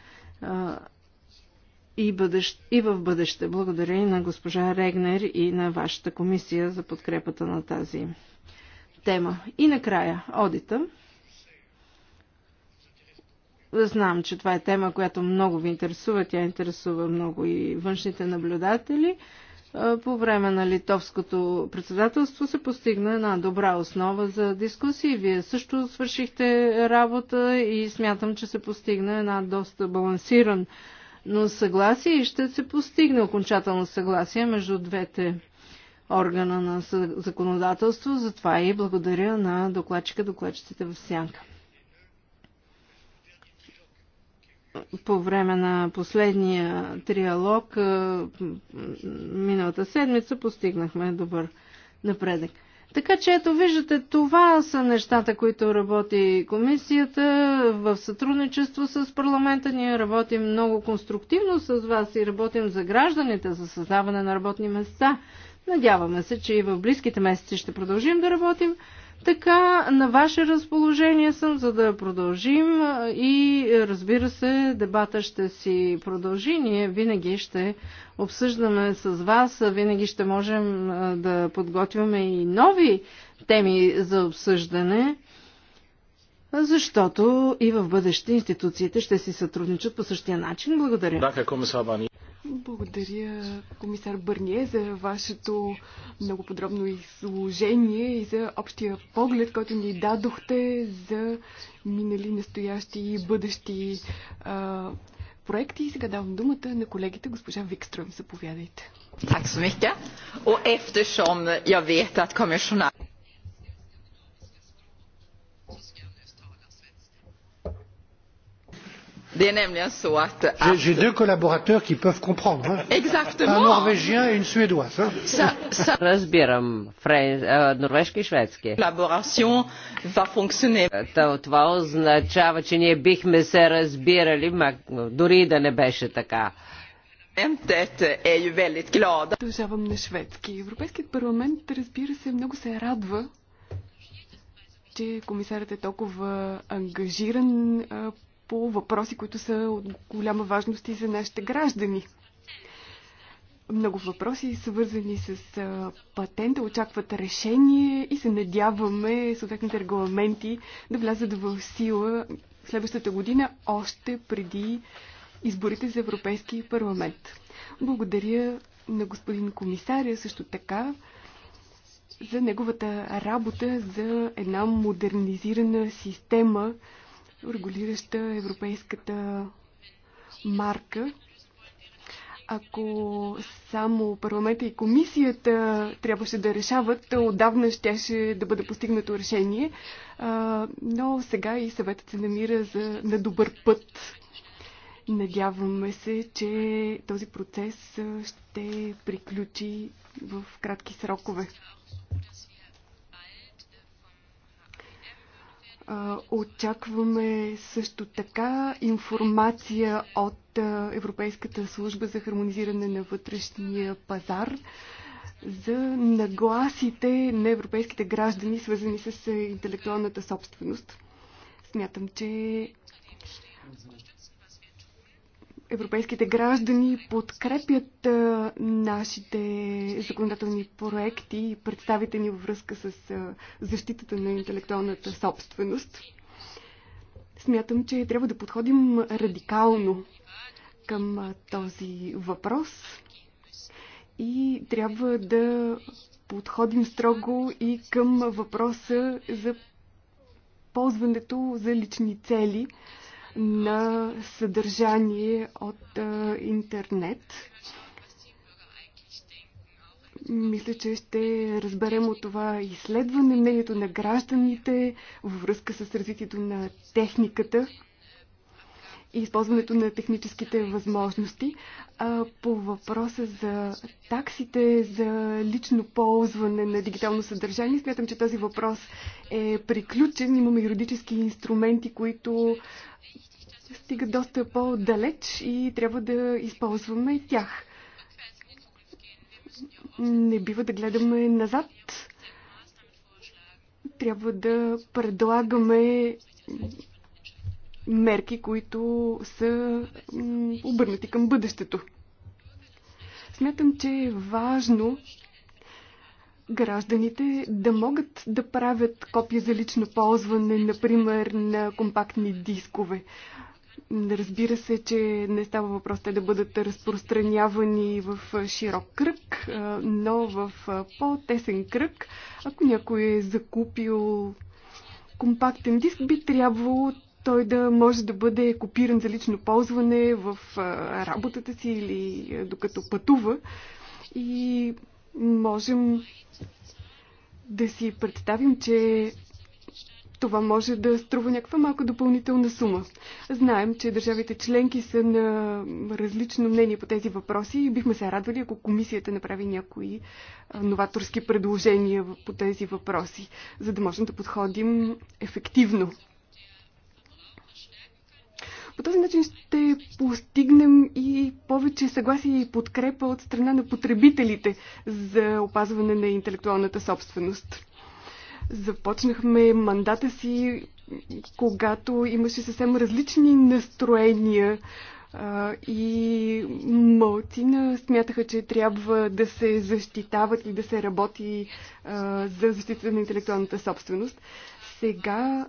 и, бъдещ, и в бъдеще. Благодаря и на госпожа Регнер и на вашата комисия за подкрепата на тази тема. И накрая, одита. Знам, че това е тема, която много ви интересува. Тя интересува много и външните наблюдатели по време на литовското председателство се постигна една добра основа за дискусии. Вие също свършихте работа и смятам, че се постигна една доста балансиран но съгласие и ще се постигне окончателно съгласие между двете органа на законодателство. Затова и благодаря на докладчика, докладчиците в сянка. по време на последния триалог миналата седмица постигнахме добър напредък. Така че ето виждате, това са нещата, които работи комисията в сътрудничество с парламента. Ние работим много конструктивно с вас и работим за гражданите, за създаване на работни места. Надяваме се, че и в близките месеци ще продължим да работим. Така, на ваше разположение съм, за да продължим и разбира се, дебата ще си продължи. Ние винаги ще обсъждаме с вас, винаги ще можем да подготвяме и нови теми за обсъждане, защото и в бъдеще институциите ще си сътрудничат по същия начин. Благодаря. Благодаря, комисар Бърние, за вашето много подробно изложение и за общия поглед, който ни дадохте за минали, настоящи и бъдещи а, проекти. И сега давам думата на колегите, госпожа Викстръм. Заповядайте. Tack så mycket. Och eftersom jag Det är nämligen så att... att... J'ai deux collaborateurs qui peuvent comprendre. Hein. Exactement. Un norvégien et une suédoise. Hein. Разбирам норвежки и шведски. Collaboration va fonctionner. Това означава, че ние бихме се разбирали, дори да не беше така. Продължавам на шведски. Европейският парламент, разбира се, много се радва, че комисарът е толкова ангажиран по въпроси, които са от голяма важност и за нашите граждани. Много въпроси, свързани с патента, очакват решение и се надяваме съответните регламенти да влязат в сила следващата година, още преди изборите за Европейски парламент. Благодаря на господин комисаря също така за неговата работа за една модернизирана система регулираща европейската марка. Ако само парламента и комисията трябваше да решават, отдавна щеше да бъде постигнато решение, но сега и съветът се намира за, на добър път. Надяваме се, че този процес ще приключи в кратки срокове. Очакваме също така информация от Европейската служба за хармонизиране на вътрешния пазар за нагласите на европейските граждани, свързани с интелектуалната собственост. Смятам, че европейските граждани подкрепят нашите законодателни проекти, представите ни във връзка с защитата на интелектуалната собственост. Смятам, че трябва да подходим радикално към този въпрос и трябва да подходим строго и към въпроса за ползването за лични цели на съдържание от интернет. Мисля, че ще разберем от това изследване мнението на гражданите във връзка с развитието на техниката и използването на техническите възможности. А по въпроса за таксите за лично ползване на дигитално съдържание, смятам, че този въпрос е приключен. Имаме юридически инструменти, които стигат доста по-далеч и трябва да използваме тях. Не бива да гледаме назад. Трябва да предлагаме мерки, които са обърнати към бъдещето. Смятам, че е важно гражданите да могат да правят копия за лично ползване, например, на компактни дискове. Разбира се, че не става въпрос те да бъдат разпространявани в широк кръг, но в по-тесен кръг, ако някой е закупил компактен диск, би трябвало той да може да бъде копиран за лично ползване в работата си или докато пътува. И можем да си представим, че това може да струва някаква малко допълнителна сума. Знаем, че държавите членки са на различно мнение по тези въпроси и бихме се радвали, ако комисията направи някои новаторски предложения по тези въпроси, за да можем да подходим ефективно по този начин ще постигнем и повече съгласие и подкрепа от страна на потребителите за опазване на интелектуалната собственост. Започнахме мандата си, когато имаше съвсем различни настроения и малцина смятаха, че трябва да се защитават и да се работи за защита на интелектуалната собственост. Сега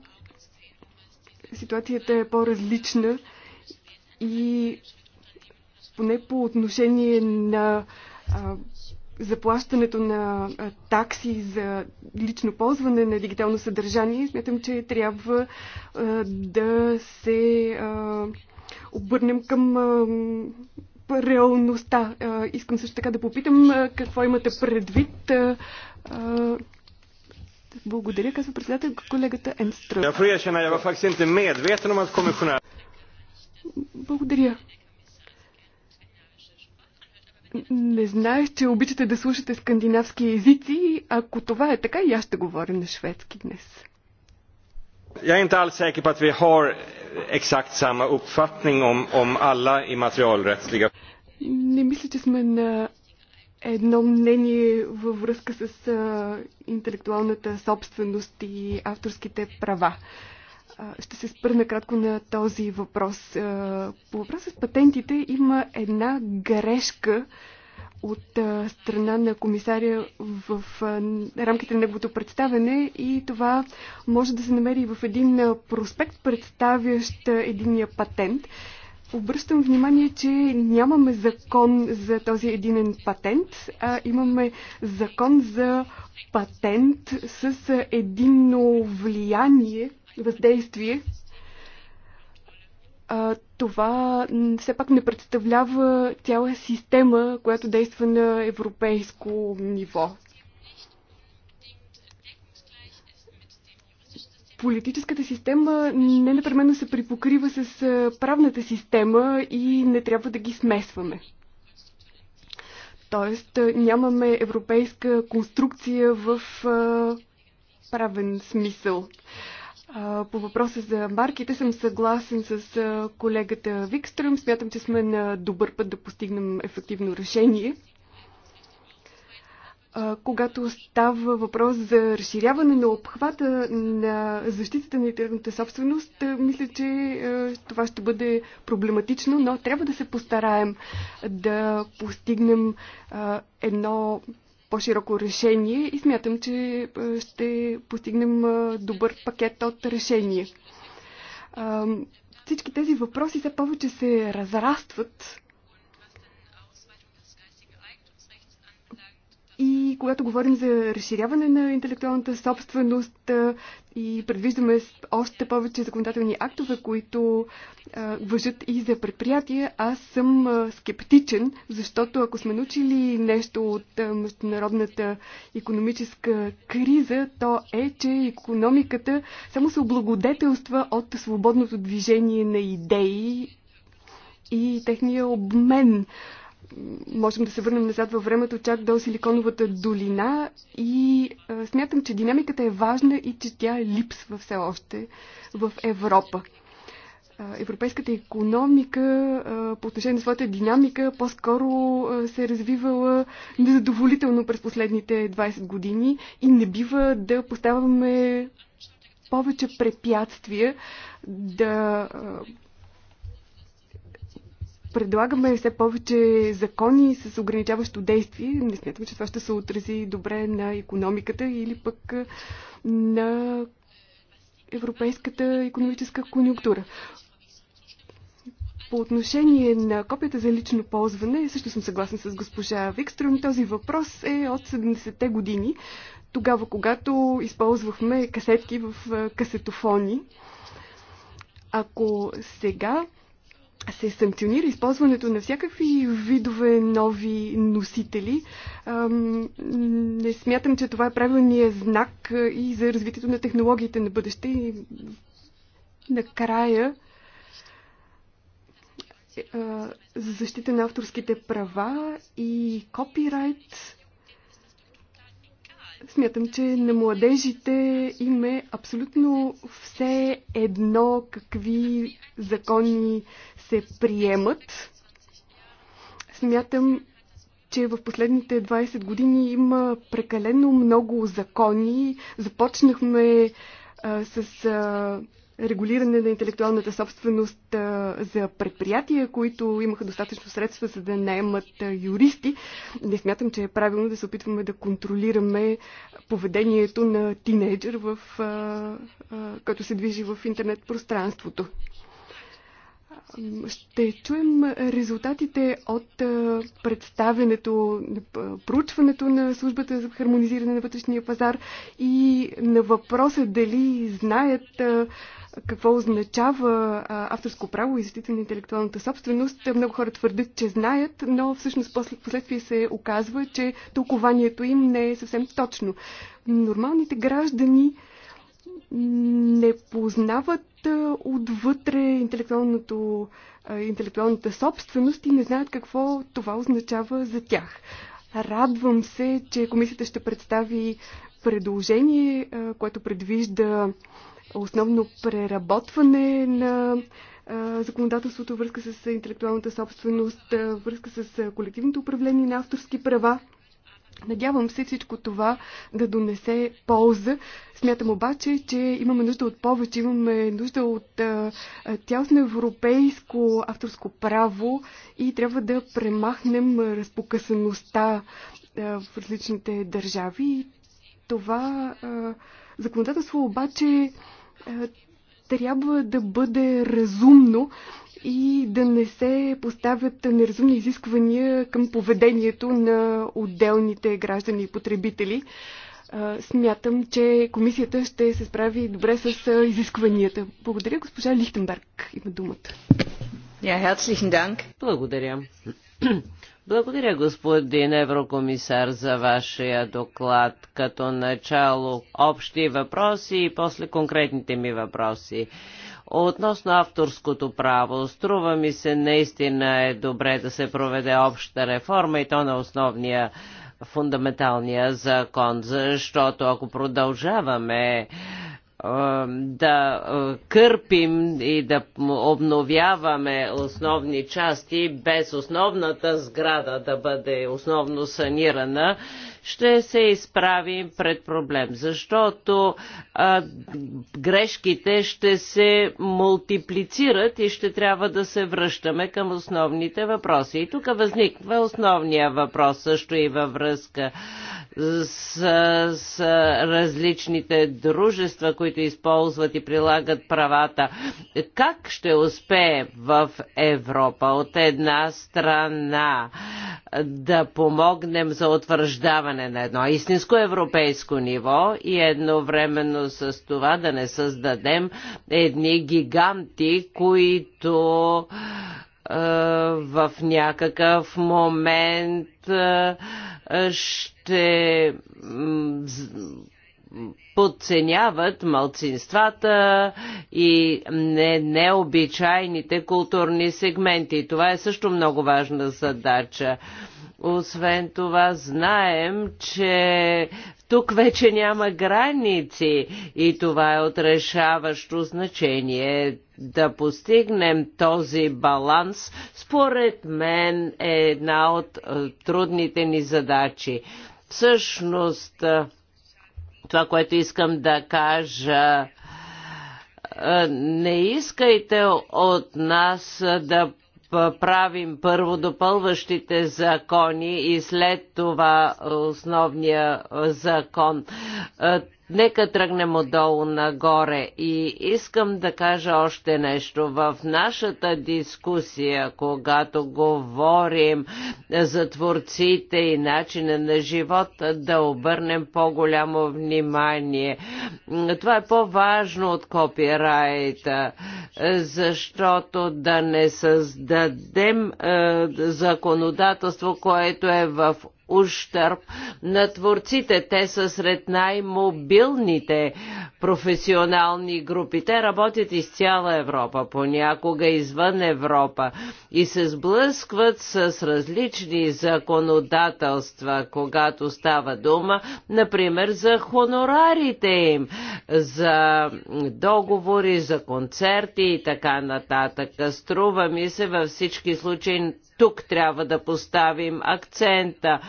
ситуацията е по-различна и поне по отношение на а, заплащането на а, такси за лично ползване на дигитално съдържание, смятам, че трябва а, да се а, обърнем към а, реалността. А, искам също така да попитам а, какво имате предвид. А, благодаря, казва председател колегата Енстръм. Благодаря. Не знаех, че обичате да слушате скандинавски езици. Ако това е така, и аз ще говоря на шведски днес. Jag är inte alls säker på att vi har exakt samma uppfattning om, om alla immaterialrättsliga... Не мисля, че сме на едно мнение във връзка с а, интелектуалната собственост и авторските права. А, ще се спра накратко на този въпрос. А, по въпроса с патентите има една грешка от а, страна на комисаря в а, рамките на неговото представене и това може да се намери в един проспект, представящ единия патент обръщам внимание, че нямаме закон за този единен патент, а имаме закон за патент с единно влияние, въздействие. А, това все пак не представлява цяла система, която действа на европейско ниво. политическата система не непременно се припокрива с правната система и не трябва да ги смесваме. Тоест нямаме европейска конструкция в правен смисъл. По въпроса за марките съм съгласен с колегата Викстрем. Смятам, че сме на добър път да постигнем ефективно решение когато става въпрос за разширяване на обхвата на защитата на интернетната собственост, мисля, че това ще бъде проблематично, но трябва да се постараем да постигнем едно по-широко решение и смятам, че ще постигнем добър пакет от решение. Всички тези въпроси все повече се разрастват И когато говорим за разширяване на интелектуалната собственост и предвиждаме още повече законодателни актове, които въжат и за предприятия, аз съм скептичен, защото ако сме научили нещо от международната економическа криза, то е, че економиката само се облагодетелства от свободното движение на идеи и техния обмен можем да се върнем назад във времето, чак до Силиконовата долина и а, смятам, че динамиката е важна и че тя липсва все още в Европа. А, европейската економика а, по отношение на своята динамика по-скоро се е развивала незадоволително през последните 20 години и не бива да поставяме повече препятствия, да предлагаме все повече закони с ограничаващо действие, не смятам, че това ще се отрази добре на економиката или пък на европейската економическа конюнктура. По отношение на копията за лично ползване, също съм съгласна с госпожа Викстрюм, този въпрос е от 70-те години, тогава когато използвахме касетки в касетофони. Ако сега се санкционира използването на всякакви видове нови носители. Не смятам, че това е правилният знак и за развитието на технологиите на бъдеще. И накрая е, за защита на авторските права и копирайт Смятам, че на младежите им е абсолютно все едно какви закони се приемат. Смятам, че в последните 20 години има прекалено много закони. Започнахме а, с а, регулиране на интелектуалната собственост за предприятия, които имаха достатъчно средства за да наемат юристи. Не смятам, че е правилно да се опитваме да контролираме поведението на тинейджър, в, като се движи в интернет пространството. Ще чуем резултатите от представенето, проучването на службата за хармонизиране на вътрешния пазар и на въпроса дали знаят какво означава а, авторско право и защита на интелектуалната собственост. Много хора твърдят, че знаят, но всъщност после, последствие се оказва, че тълкованието им не е съвсем точно. Нормалните граждани не познават а, отвътре интелектуалното, а, интелектуалната собственост и не знаят какво това означава за тях. Радвам се, че комисията ще представи предложение, а, което предвижда основно преработване на законодателството, връзка с интелектуалната собственост, връзка с колективното управление на авторски права. Надявам се всичко това да донесе полза. Смятам обаче, че имаме нужда от повече, имаме нужда от тясно европейско авторско право и трябва да премахнем разпокъсаността в различните държави. Това законодателство обаче е, трябва да бъде разумно и да не се поставят неразумни изисквания към поведението на отделните граждани и потребители. Е, смятам, че комисията ще се справи добре с е, изискванията. Благодаря, госпожа Лихтенберг. Има думата. Благодаря. Благодаря, господин еврокомисар, за вашия доклад. Като начало общи въпроси и после конкретните ми въпроси. Относно авторското право, струва ми се наистина е добре да се проведе обща реформа и то на основния фундаменталния закон, защото ако продължаваме е, да е, кърпим и да обновяваме основни части без основната сграда да бъде основно санирана, ще се изправим пред проблем, защото а, е, грешките ще се мултиплицират и ще трябва да се връщаме към основните въпроси. И тук възниква основния въпрос също и във връзка с, с различните дружества, които използват и прилагат правата. Как ще успее в Европа от една страна да помогнем за утвърждаване на едно истинско европейско ниво и едновременно с това да не създадем едни гиганти, които е, в някакъв момент е, ще подценяват малцинствата и не, необичайните културни сегменти. Това е също много важна задача. Освен това, знаем, че тук вече няма граници и това е отрешаващо значение. Да постигнем този баланс, според мен е една от е, трудните ни задачи. Всъщност, е, това, което искам да кажа, е, не искайте от нас да правим първо допълващите закони и след това основния закон. Нека тръгнем отдолу нагоре и искам да кажа още нещо. В нашата дискусия, когато говорим за творците и начина на живот, да обърнем по-голямо внимание. Това е по-важно от копирайта, защото да не създадем е, законодателство, което е в ущърп на творците. Те са сред най-мобилните професионални групи. Те работят из цяла Европа, понякога извън Европа и се сблъскват с различни законодателства, когато става дума, например, за хонорарите им, за договори, за концерти и така нататък. Струва ми се във всички случаи тук трябва да поставим акцента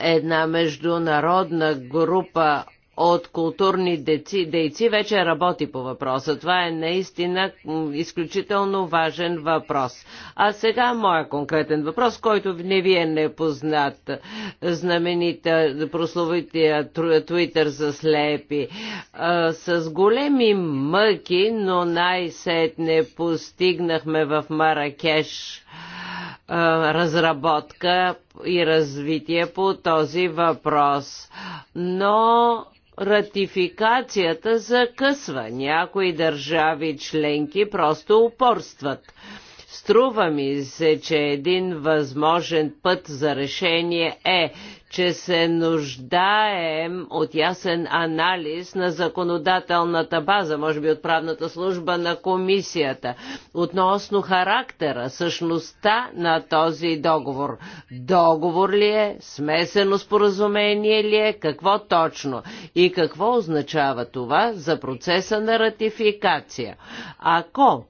една международна група от културни дейци, дейци вече работи по въпроса. Това е наистина изключително важен въпрос. А сега моя конкретен въпрос, който не ви е непознат. Знаменита прословития Твитър за слепи. А, с големи мъки, но най-сетне постигнахме в Маракеш а, разработка и развитие по този въпрос. Но ратификацията закъсва. Някои държави членки просто упорстват. Струва ми се, че един възможен път за решение е, че се нуждаем от ясен анализ на законодателната база, може би от правната служба на комисията, относно характера, същността на този договор. Договор ли е, смесено споразумение ли е, какво точно и какво означава това за процеса на ратификация. Ако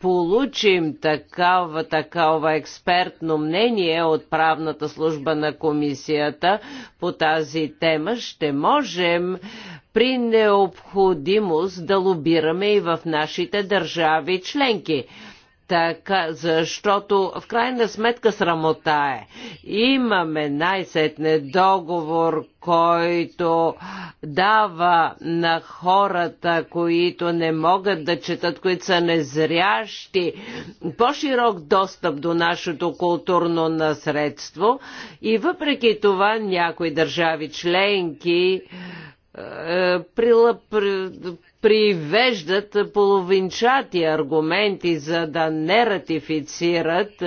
получим такава, такава експертно мнение от правната служба на комисията по тази тема, ще можем при необходимост да лобираме и в нашите държави членки. Така, защото в крайна сметка срамота е. Имаме най-сетне договор, който дава на хората, които не могат да четат, които са незрящи, по-широк достъп до нашето културно насредство. И въпреки това някои държави членки е, привеждат половинчати аргументи, за да не ратифицират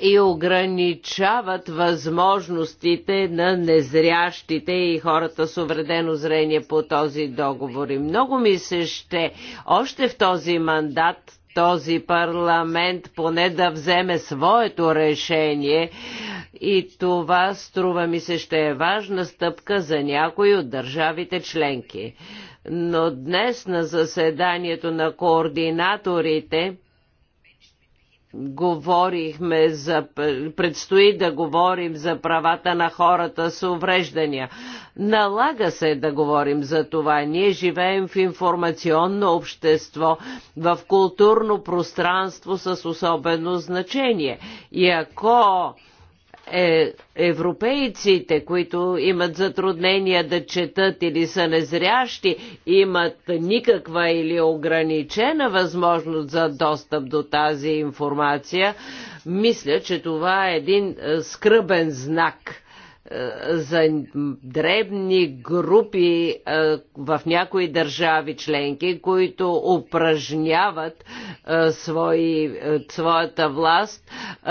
и ограничават възможностите на незрящите и хората с увредено зрение по този договор. И много ми се ще още в този мандат този парламент поне да вземе своето решение и това струва ми се ще е важна стъпка за някои от държавите членки. Но днес на заседанието на координаторите говорихме за, предстои да говорим за правата на хората с увреждания. Налага се да говорим за това. Ние живеем в информационно общество, в културно пространство с особено значение. И ако е, европейците, които имат затруднения да четат или са незрящи, имат никаква или ограничена възможност за достъп до тази информация, мисля, че това е един е, скръбен знак е, за дребни групи е, в някои държави членки, които упражняват е, свои, своята власт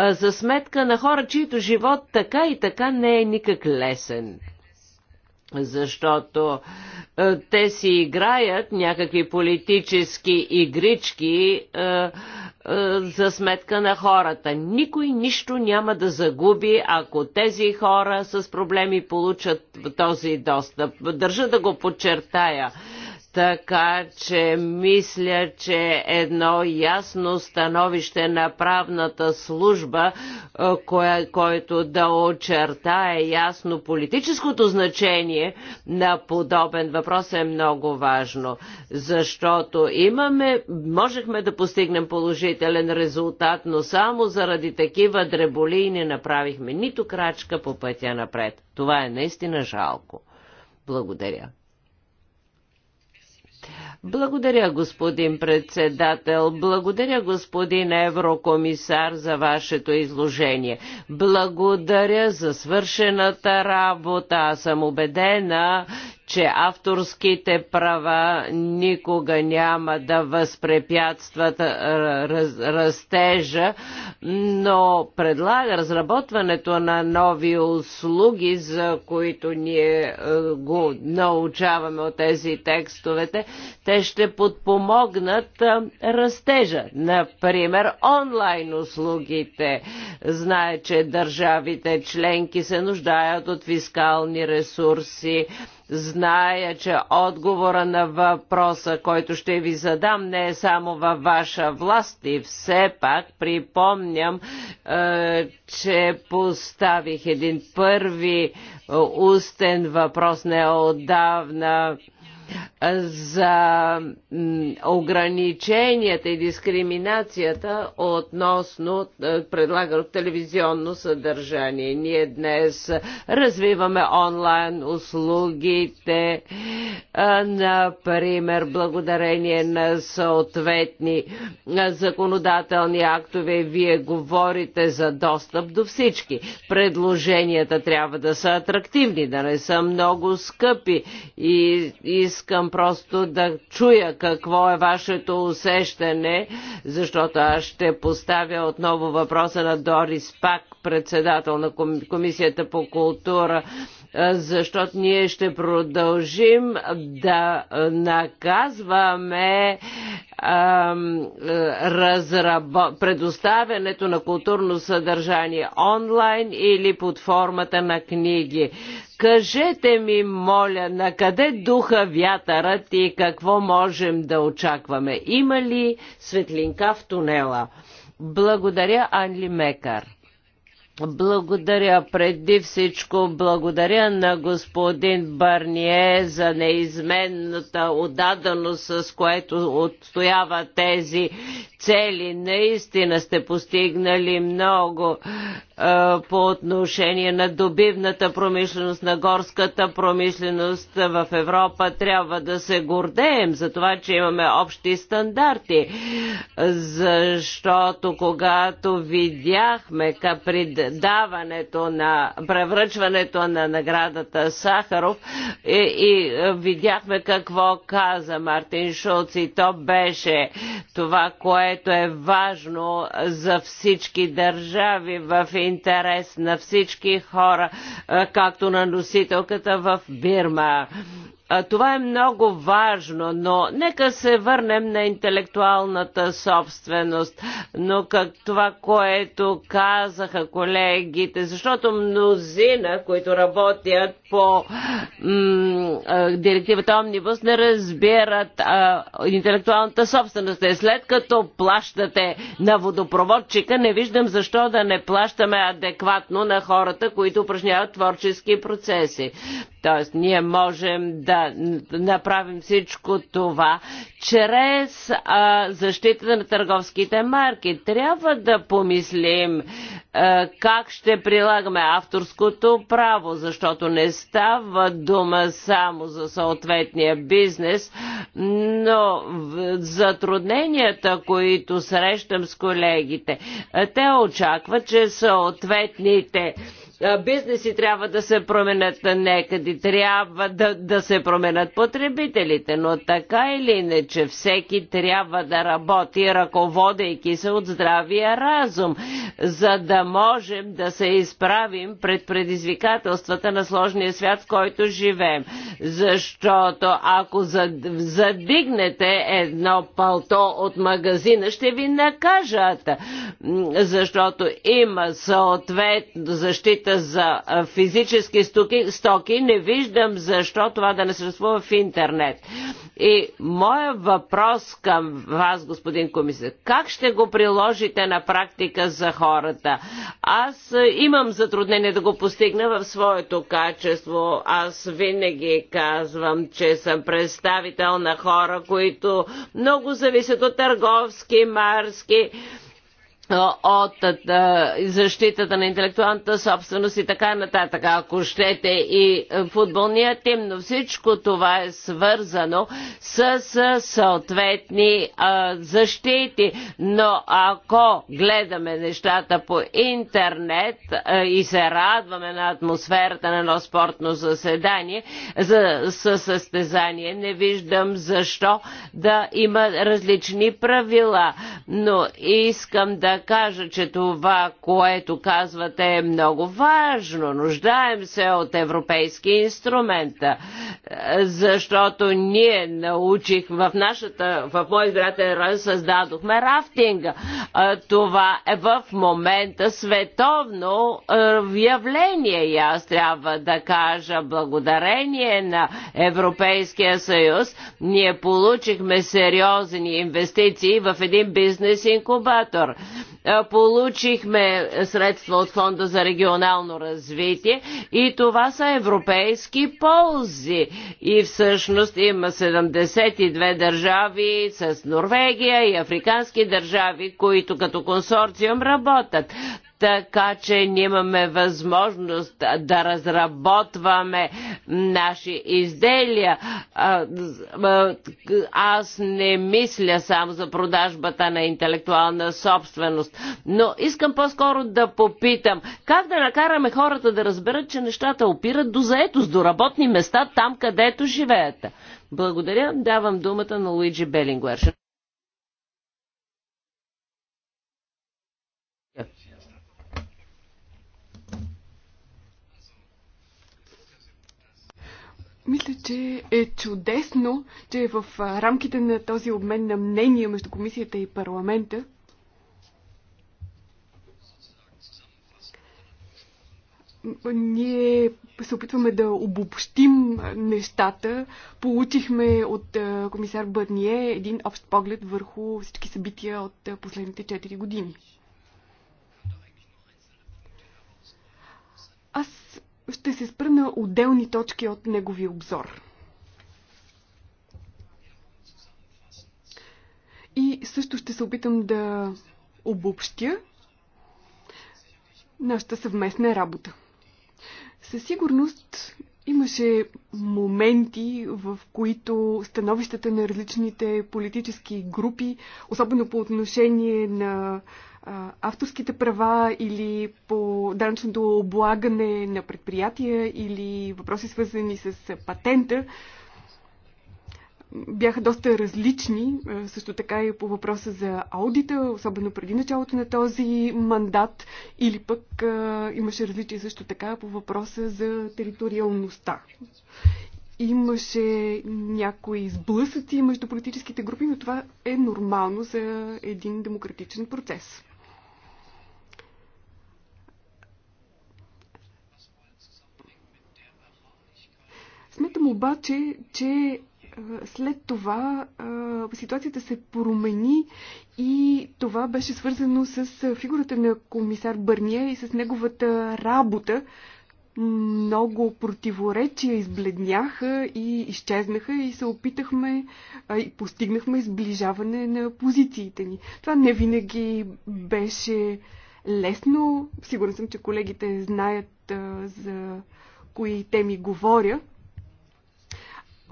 за сметка на хора, чието живот така и така не е никак лесен защото те си играят някакви политически игрички е, за сметка на хората. Никой нищо няма да загуби, ако тези хора с проблеми получат този достъп. Държа да го подчертая. Така че мисля, че едно ясно становище на правната служба, е, кое, който да очертае ясно политическото значение на подобен въпрос е много важно, защото имаме, можехме да постигнем положителен резултат, но само заради такива дреболи не направихме нито крачка по пътя напред. Това е наистина жалко. Благодаря. Благодаря, господин председател. Благодаря, господин еврокомисар, за вашето изложение. Благодаря за свършената работа. Аз съм убедена, че авторските права никога няма да възпрепятстват раз, растежа, но предлага разработването на нови услуги, за които ние е, го научаваме от тези текстовете, те ще подпомогнат растежа. Например, онлайн услугите. Знае, че държавите членки се нуждаят от фискални ресурси, Зная, че отговора на въпроса, който ще ви задам, не е само във ваша власт и все пак припомням, е, че поставих един първи е, устен въпрос неодавна за ограниченията и дискриминацията относно е, предлагано телевизионно съдържание. Ние днес развиваме онлайн услугите, е, например, благодарение на съответни е, законодателни актове. Вие говорите за достъп до всички. Предложенията трябва да са атрактивни, да не са много скъпи и, и Искам просто да чуя какво е вашето усещане, защото аз ще поставя отново въпроса на Дорис Пак, председател на Комисията по култура защото ние ще продължим да наказваме предоставянето на културно съдържание онлайн или под формата на книги. Кажете ми, моля, на къде духа вятърът и какво можем да очакваме? Има ли светлинка в тунела? Благодаря, Анли Мекар. Благодаря преди всичко, благодаря на господин Барние за неизменната отдаденост, с което отстоява тези цели. Наистина сте постигнали много по отношение на добивната промишленост, на горската промишленост в Европа. Трябва да се гордеем за това, че имаме общи стандарти, защото когато видяхме предаването на превръчването на наградата Сахаров и, и видяхме какво каза Мартин Шулц и то беше това, което е важно за всички държави в интерес на всички хора, както на носителката в Бирма. Това е много важно, но нека се върнем на интелектуалната собственост, но как това, което казаха колегите, защото мнозина, които работят по директивата Омнибус, не разбират а, интелектуалната собственост. И е, след като плащате на водопроводчика, не виждам защо да не плащаме адекватно на хората, които упражняват творчески процеси. Тоест, ние можем да направим всичко това чрез а, защита на търговските марки. Трябва да помислим а, как ще прилагаме авторското право, защото не става дума само за съответния бизнес, но затрудненията, които срещам с колегите, те очакват, че съответните бизнеси трябва да се променят некъде, трябва да, да се променят потребителите, но така или иначе всеки трябва да работи, ръководейки се от здравия разум, за да можем да се изправим пред предизвикателствата на сложния свят, в който живеем. Защото ако задигнете едно палто от магазина, ще ви накажат, защото има съответно защита регламента за физически стоки, стоки, не виждам защо това да не съществува в интернет. И моя въпрос към вас, господин комисар, как ще го приложите на практика за хората? Аз имам затруднение да го постигна в своето качество. Аз винаги казвам, че съм представител на хора, които много зависят от търговски, марски, от е, защитата на интелектуалната собственост и така нататък, ако щете и е, футболния тим, но всичко това е свързано с е, съответни защити. Но ако гледаме нещата по интернет и се радваме на атмосферата на едно спортно заседание, за състезание, не виждам защо да има различни правила. Но искам да кажа, че това, което казвате е много важно. Нуждаем се от европейски инструмент, е, защото ние научих в нашата, в мой избирателен район създадохме рафтинга. Е, това е в момента световно е, явление и аз трябва да кажа благодарение на Европейския съюз ние получихме сериозни инвестиции в един бизнес инкубатор. Е, получихме средства от Фонда за регионално развитие и това са европейски ползи. И всъщност има 72 държави с Норвегия и африкански държави, които като консорциум работят така че ние имаме възможност да разработваме наши изделия. Аз не мисля само за продажбата на интелектуална собственост, но искам по-скоро да попитам как да накараме хората да разберат, че нещата опират до заетост, до работни места там, където живеят. Благодаря. Давам думата на Луиджи Белингуер. Мисля, че е чудесно, че в рамките на този обмен на мнения между комисията и парламента ние се опитваме да обобщим нещата. Получихме от комисар Бърние един общ поглед върху всички събития от последните 4 години. ще се спра на отделни точки от неговия обзор. И също ще се опитам да обобщя нашата съвместна работа. Със сигурност имаше моменти, в които становищата на различните политически групи, особено по отношение на авторските права или по данъчното облагане на предприятия или въпроси свързани с патента бяха доста различни. Също така и по въпроса за аудита, особено преди началото на този мандат, или пък имаше различия също така по въпроса за териториалността. Имаше някои сблъсъци между политическите групи, но това е нормално за един демократичен процес. Сметам обаче, че след това ситуацията се промени и това беше свързано с фигурата на комисар Бърния и с неговата работа. Много противоречия избледняха и изчезнаха и се опитахме и постигнахме изближаване на позициите ни. Това не винаги беше лесно. Сигурен съм, че колегите знаят за кои теми говоря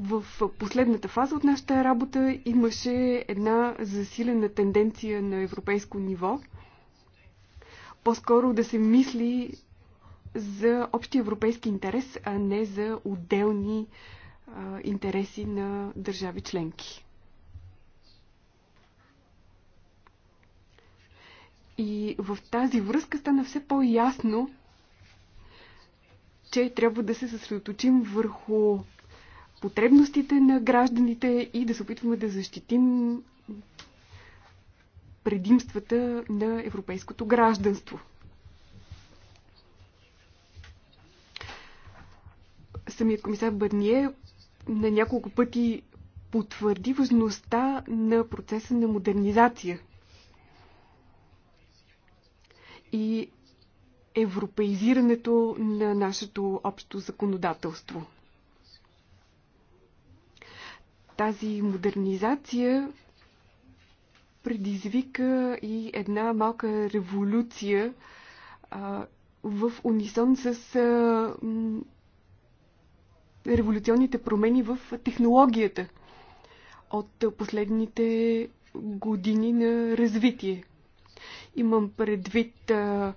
в последната фаза от нашата работа имаше една засилена тенденция на европейско ниво. По-скоро да се мисли за общи европейски интерес, а не за отделни а, интереси на държави членки. И в тази връзка стана все по-ясно, че трябва да се съсредоточим върху потребностите на гражданите и да се опитваме да защитим предимствата на европейското гражданство. Самият комисар Бърние на няколко пъти потвърди важността на процеса на модернизация и европеизирането на нашето общо законодателство. Тази модернизация предизвика и една малка революция а, в унисон с а, м, революционните промени в технологията от последните години на развитие. Имам предвид а,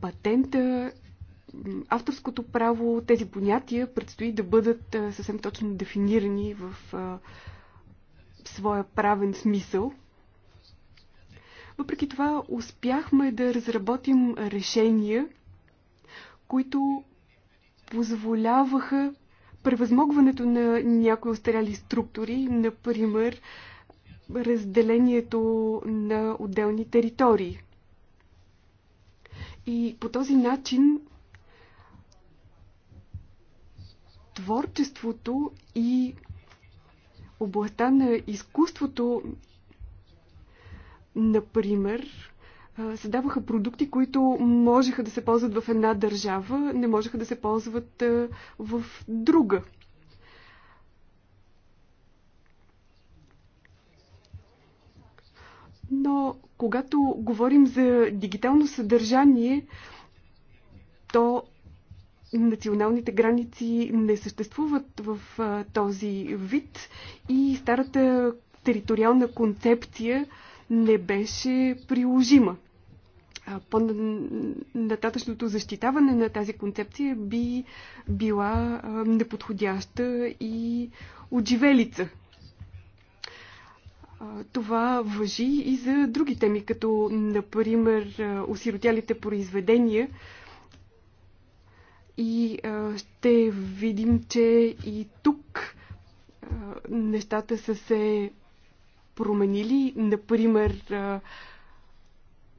патента авторското право, тези понятия предстои да бъдат съвсем точно дефинирани в своя правен смисъл. Въпреки това успяхме да разработим решения, които позволяваха превъзмогването на някои остаряли структури, например разделението на отделни територии. И по този начин творчеството и областта на изкуството, например, се даваха продукти, които можеха да се ползват в една държава, не можеха да се ползват в друга. Но когато говорим за дигитално съдържание, то националните граници не съществуват в този вид и старата териториална концепция не беше приложима. По-нататъчното защитаване на тази концепция би била неподходяща и отживелица. Това въжи и за други теми, като, например, осиротялите произведения, и а, ще видим, че и тук а, нещата са се променили. Например, а,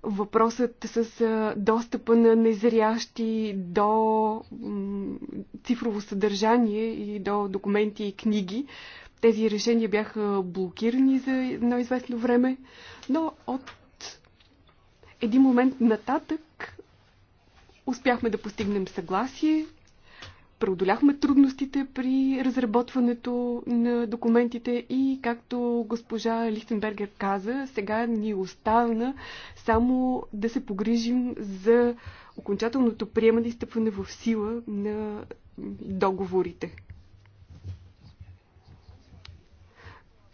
въпросът с а, достъпа на незрящи до м, цифрово съдържание и до документи и книги. Тези решения бяха блокирани за едно известно време, но от един момент нататък Успяхме да постигнем съгласие, преодоляхме трудностите при разработването на документите и, както госпожа Лихтенбергер каза, сега ни остана само да се погрижим за окончателното приемане и стъпване в сила на договорите.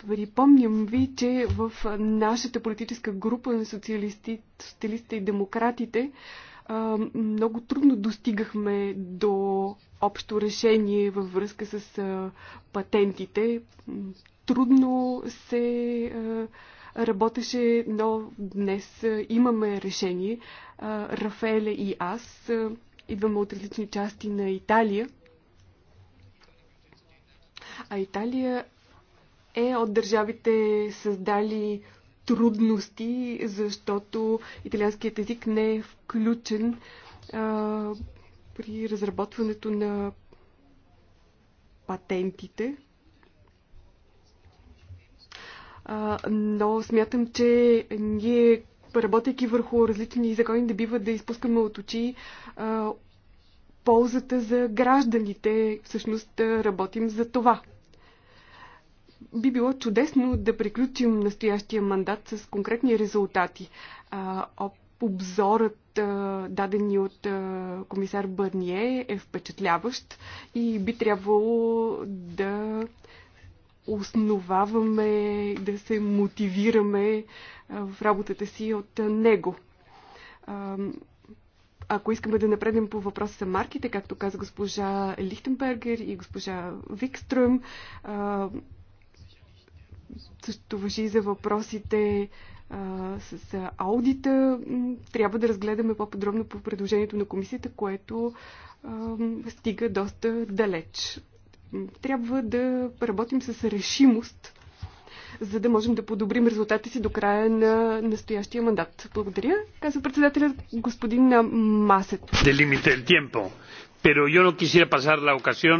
Припомням ви, че в нашата политическа група на социалистите и демократите много трудно достигахме до общо решение във връзка с патентите. Трудно се работеше, но днес имаме решение. Рафаеле и аз идваме от различни части на Италия. А Италия е от държавите създали трудности, защото италианският език не е включен а, при разработването на патентите. А, но смятам, че ние, работейки върху различни закони, не бива да изпускаме от очи а, ползата за гражданите. Всъщност работим за това. Би било чудесно да приключим настоящия мандат с конкретни резултати. Обзорът, даден ни от комисар Бърние, е впечатляващ и би трябвало да основаваме, да се мотивираме в работата си от него. Ако искаме да напреднем по въпроса за марките, както каза госпожа Лихтенбергер и госпожа Викстрюм, Същото въжи за въпросите а, с аудита. Трябва да разгледаме по-подробно по предложението на комисията, което а, стига доста далеч. Трябва да работим с решимост, за да можем да подобрим резултатите си до края на настоящия мандат. Благодаря, казва председателят господин Масет. Делимите темпо. pero yo no quisiera pasar la ocasión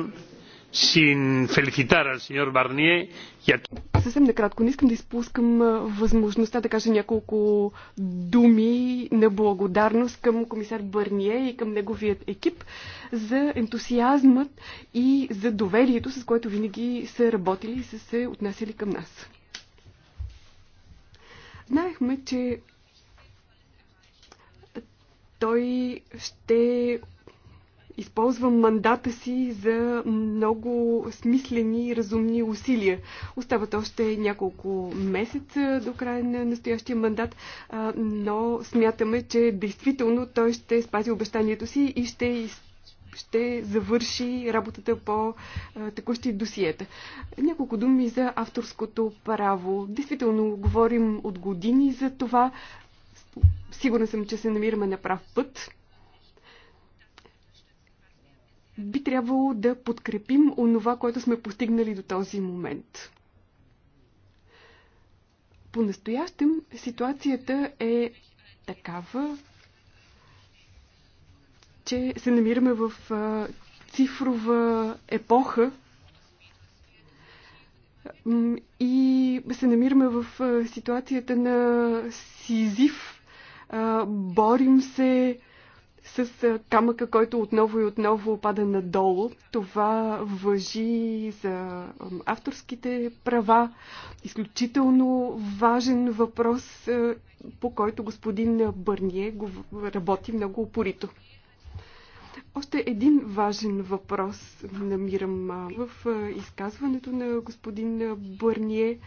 sin felicitar al señor Barnier y a... Съвсем накратко, не искам да изпускам възможността да кажа няколко думи на благодарност към комисар Бърние и към неговият екип за ентусиазмът и за доверието, с което винаги са работили и са се отнасяли към нас. Знаехме, че той ще използвам мандата си за много смислени и разумни усилия. Остават още няколко месеца до края на настоящия мандат, но смятаме, че действително той ще спази обещанието си и ще ще завърши работата по текущи досиета. Няколко думи за авторското право. Действително говорим от години за това. Сигурна съм, че се намираме на прав път би трябвало да подкрепим онова, което сме постигнали до този момент. По-настоящем ситуацията е такава, че се намираме в цифрова епоха и се намираме в ситуацията на Сизив. Борим се с камъка, който отново и отново пада надолу. Това въжи за авторските права. Изключително важен въпрос, по който господин Бърние го работи много упорито. Още един важен въпрос намирам в изказването на господин Бърние.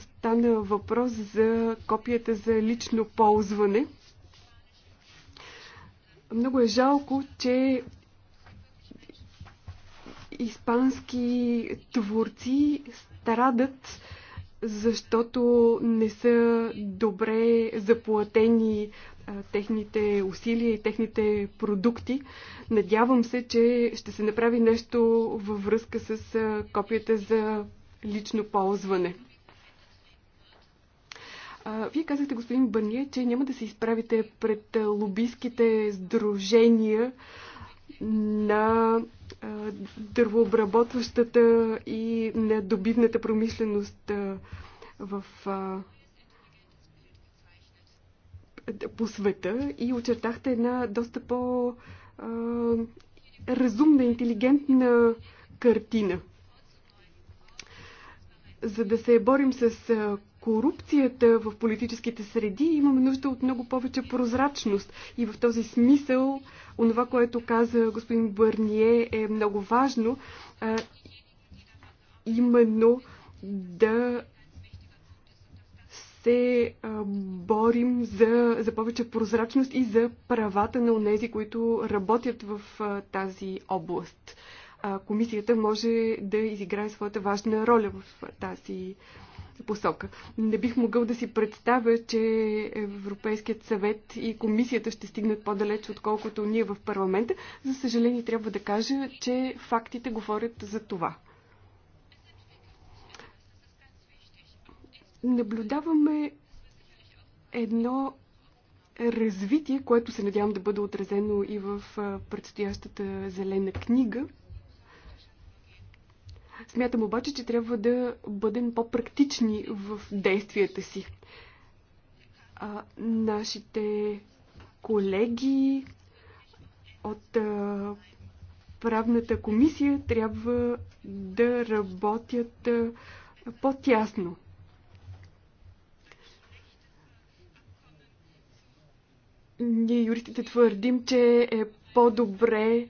Стана въпрос за копията за лично ползване – много е жалко, че испански творци страдат, защото не са добре заплатени техните усилия и техните продукти. Надявам се, че ще се направи нещо във връзка с копията за лично ползване. Вие казахте, господин Бърния, че няма да се изправите пред лобийските сдружения на дървообработващата и на добивната промишленост в по света и очертахте една доста по разумна, интелигентна картина. За да се борим с корупцията в политическите среди, имаме нужда от много повече прозрачност. И в този смисъл, онова, което каза господин Бърние, е много важно. А, именно да се борим за, за повече прозрачност и за правата на онези, които работят в тази област. комисията може да изиграе своята важна роля в тази а, посока. Не бих могъл да си представя, че Европейският съвет и комисията ще стигнат по-далеч, отколкото ние в парламента. За съжаление трябва да кажа, че фактите говорят за това. Наблюдаваме едно развитие, което се надявам да бъде отразено и в предстоящата зелена книга, Смятам обаче, че трябва да бъдем по-практични в действията си. А, нашите колеги от а, правната комисия трябва да работят по-тясно. Ние юристите твърдим, че е по-добре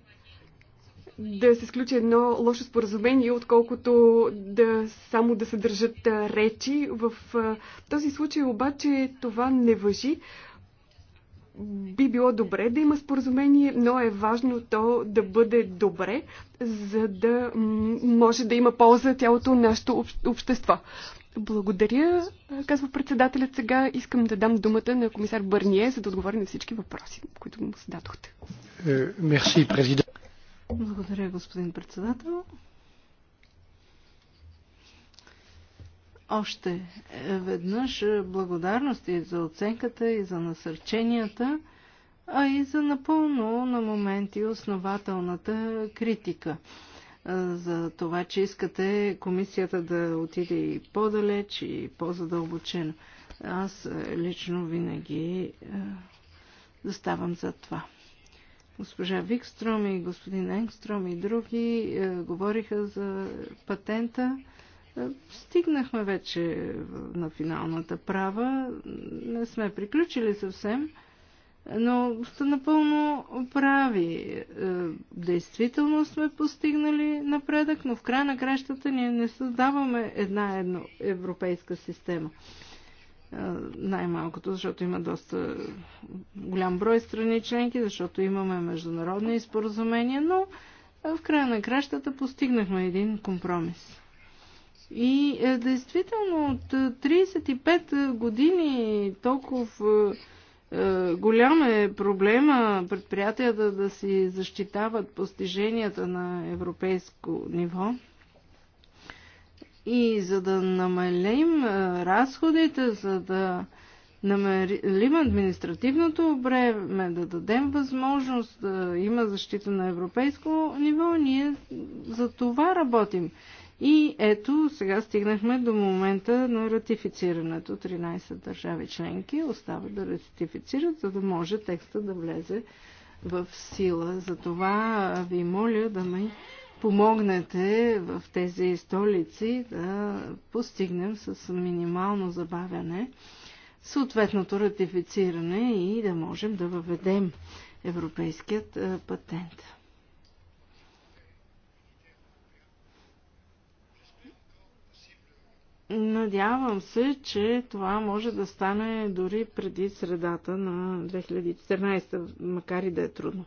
да се сключи едно лошо споразумение, отколкото да само да се държат речи. В този случай обаче това не въжи. Би било добре да има споразумение, но е важно то да бъде добре, за да може да има полза цялото нашето общество. Благодаря, казва председателят. Сега искам да дам думата на комисар Бърние, за да отговори на всички въпроси, които му зададохте. Е, мерси, президент. Благодаря, господин председател. Още веднъж благодарности за оценката и за насърченията, а и за напълно на моменти основателната критика за това, че искате комисията да отиде и по-далеч и по-задълбочено. Аз лично винаги заставам за това. Госпожа Викстром и господин Енгстром и други е, говориха за патента. Е, стигнахме вече на финалната права. Не сме приключили съвсем, но сте напълно прави. Е, действително сме постигнали напредък, но в края на кращата ние не създаваме една европейска система. Е, най-малкото, защото има доста голям брой страни членки, защото имаме международни споразумения, но е, в края на кращата постигнахме един компромис. И е, действително от 35 е, години толкова е, голям е проблема предприятията да, да си защитават постиженията на европейско ниво. И за да намалим разходите, за да намалим административното време, да дадем възможност да има защита на европейско ниво, ние за това работим. И ето, сега стигнахме до момента на ратифицирането. 13 държави членки остават да ратифицират, за да може текста да влезе в сила. Затова ви моля да ме помогнете в тези столици да постигнем с минимално забавяне съответното ратифициране и да можем да въведем европейският е, патент. Надявам се, че това може да стане дори преди средата на 2014, макар и да е трудно.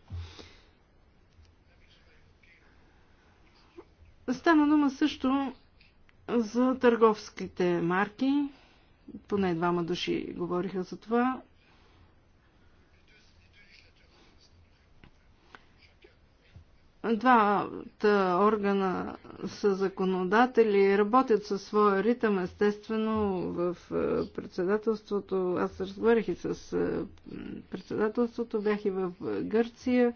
Стана дума също за търговските марки. Поне двама души говориха за това. Двата органа са законодатели, работят със своя ритъм, естествено, в е, председателството. Аз разговарях и с е, председателството, бях и в Гърция.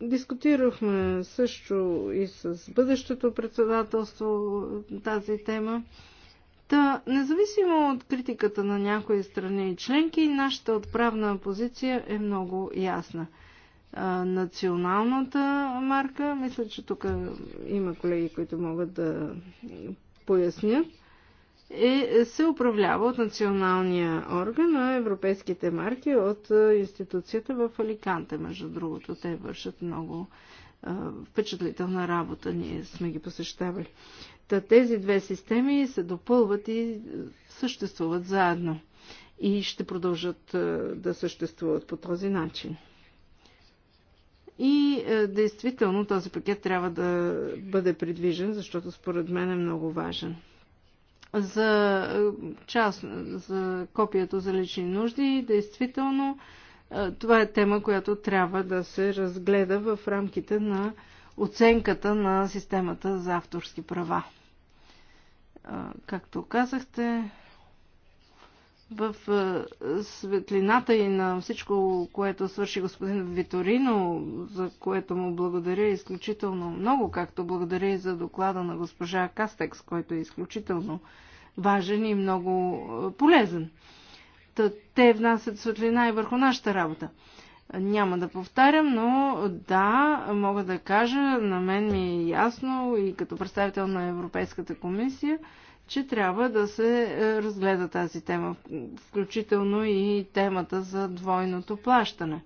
Дискутирахме също и с бъдещото председателство тази тема. Та, независимо от критиката на някои страни и членки, нашата отправна позиция е много ясна. националната марка, мисля, че тук има колеги, които могат да пояснят е, се управлява от националния орган, на европейските марки от институцията в Аликанте. Между другото, те вършат много е, впечатлителна работа. Ние сме ги посещавали. Та тези две системи се допълват и съществуват заедно. И ще продължат е, да съществуват по този начин. И е, действително този пакет трябва да бъде придвижен, защото според мен е много важен за, е, част, за копието за лични нужди. Действително, е, това е тема, която трябва да се разгледа в рамките на оценката на системата за авторски права. Е, както казахте, в светлината и на всичко, което свърши господин Виторино, за което му благодаря изключително много, както благодаря и за доклада на госпожа Кастекс, който е изключително важен и много полезен. Те внасят светлина и върху нашата работа. Няма да повтарям, но да, мога да кажа, на мен ми е ясно и като представител на Европейската комисия, че трябва да се е, разгледа тази тема, включително и темата за двойното плащане.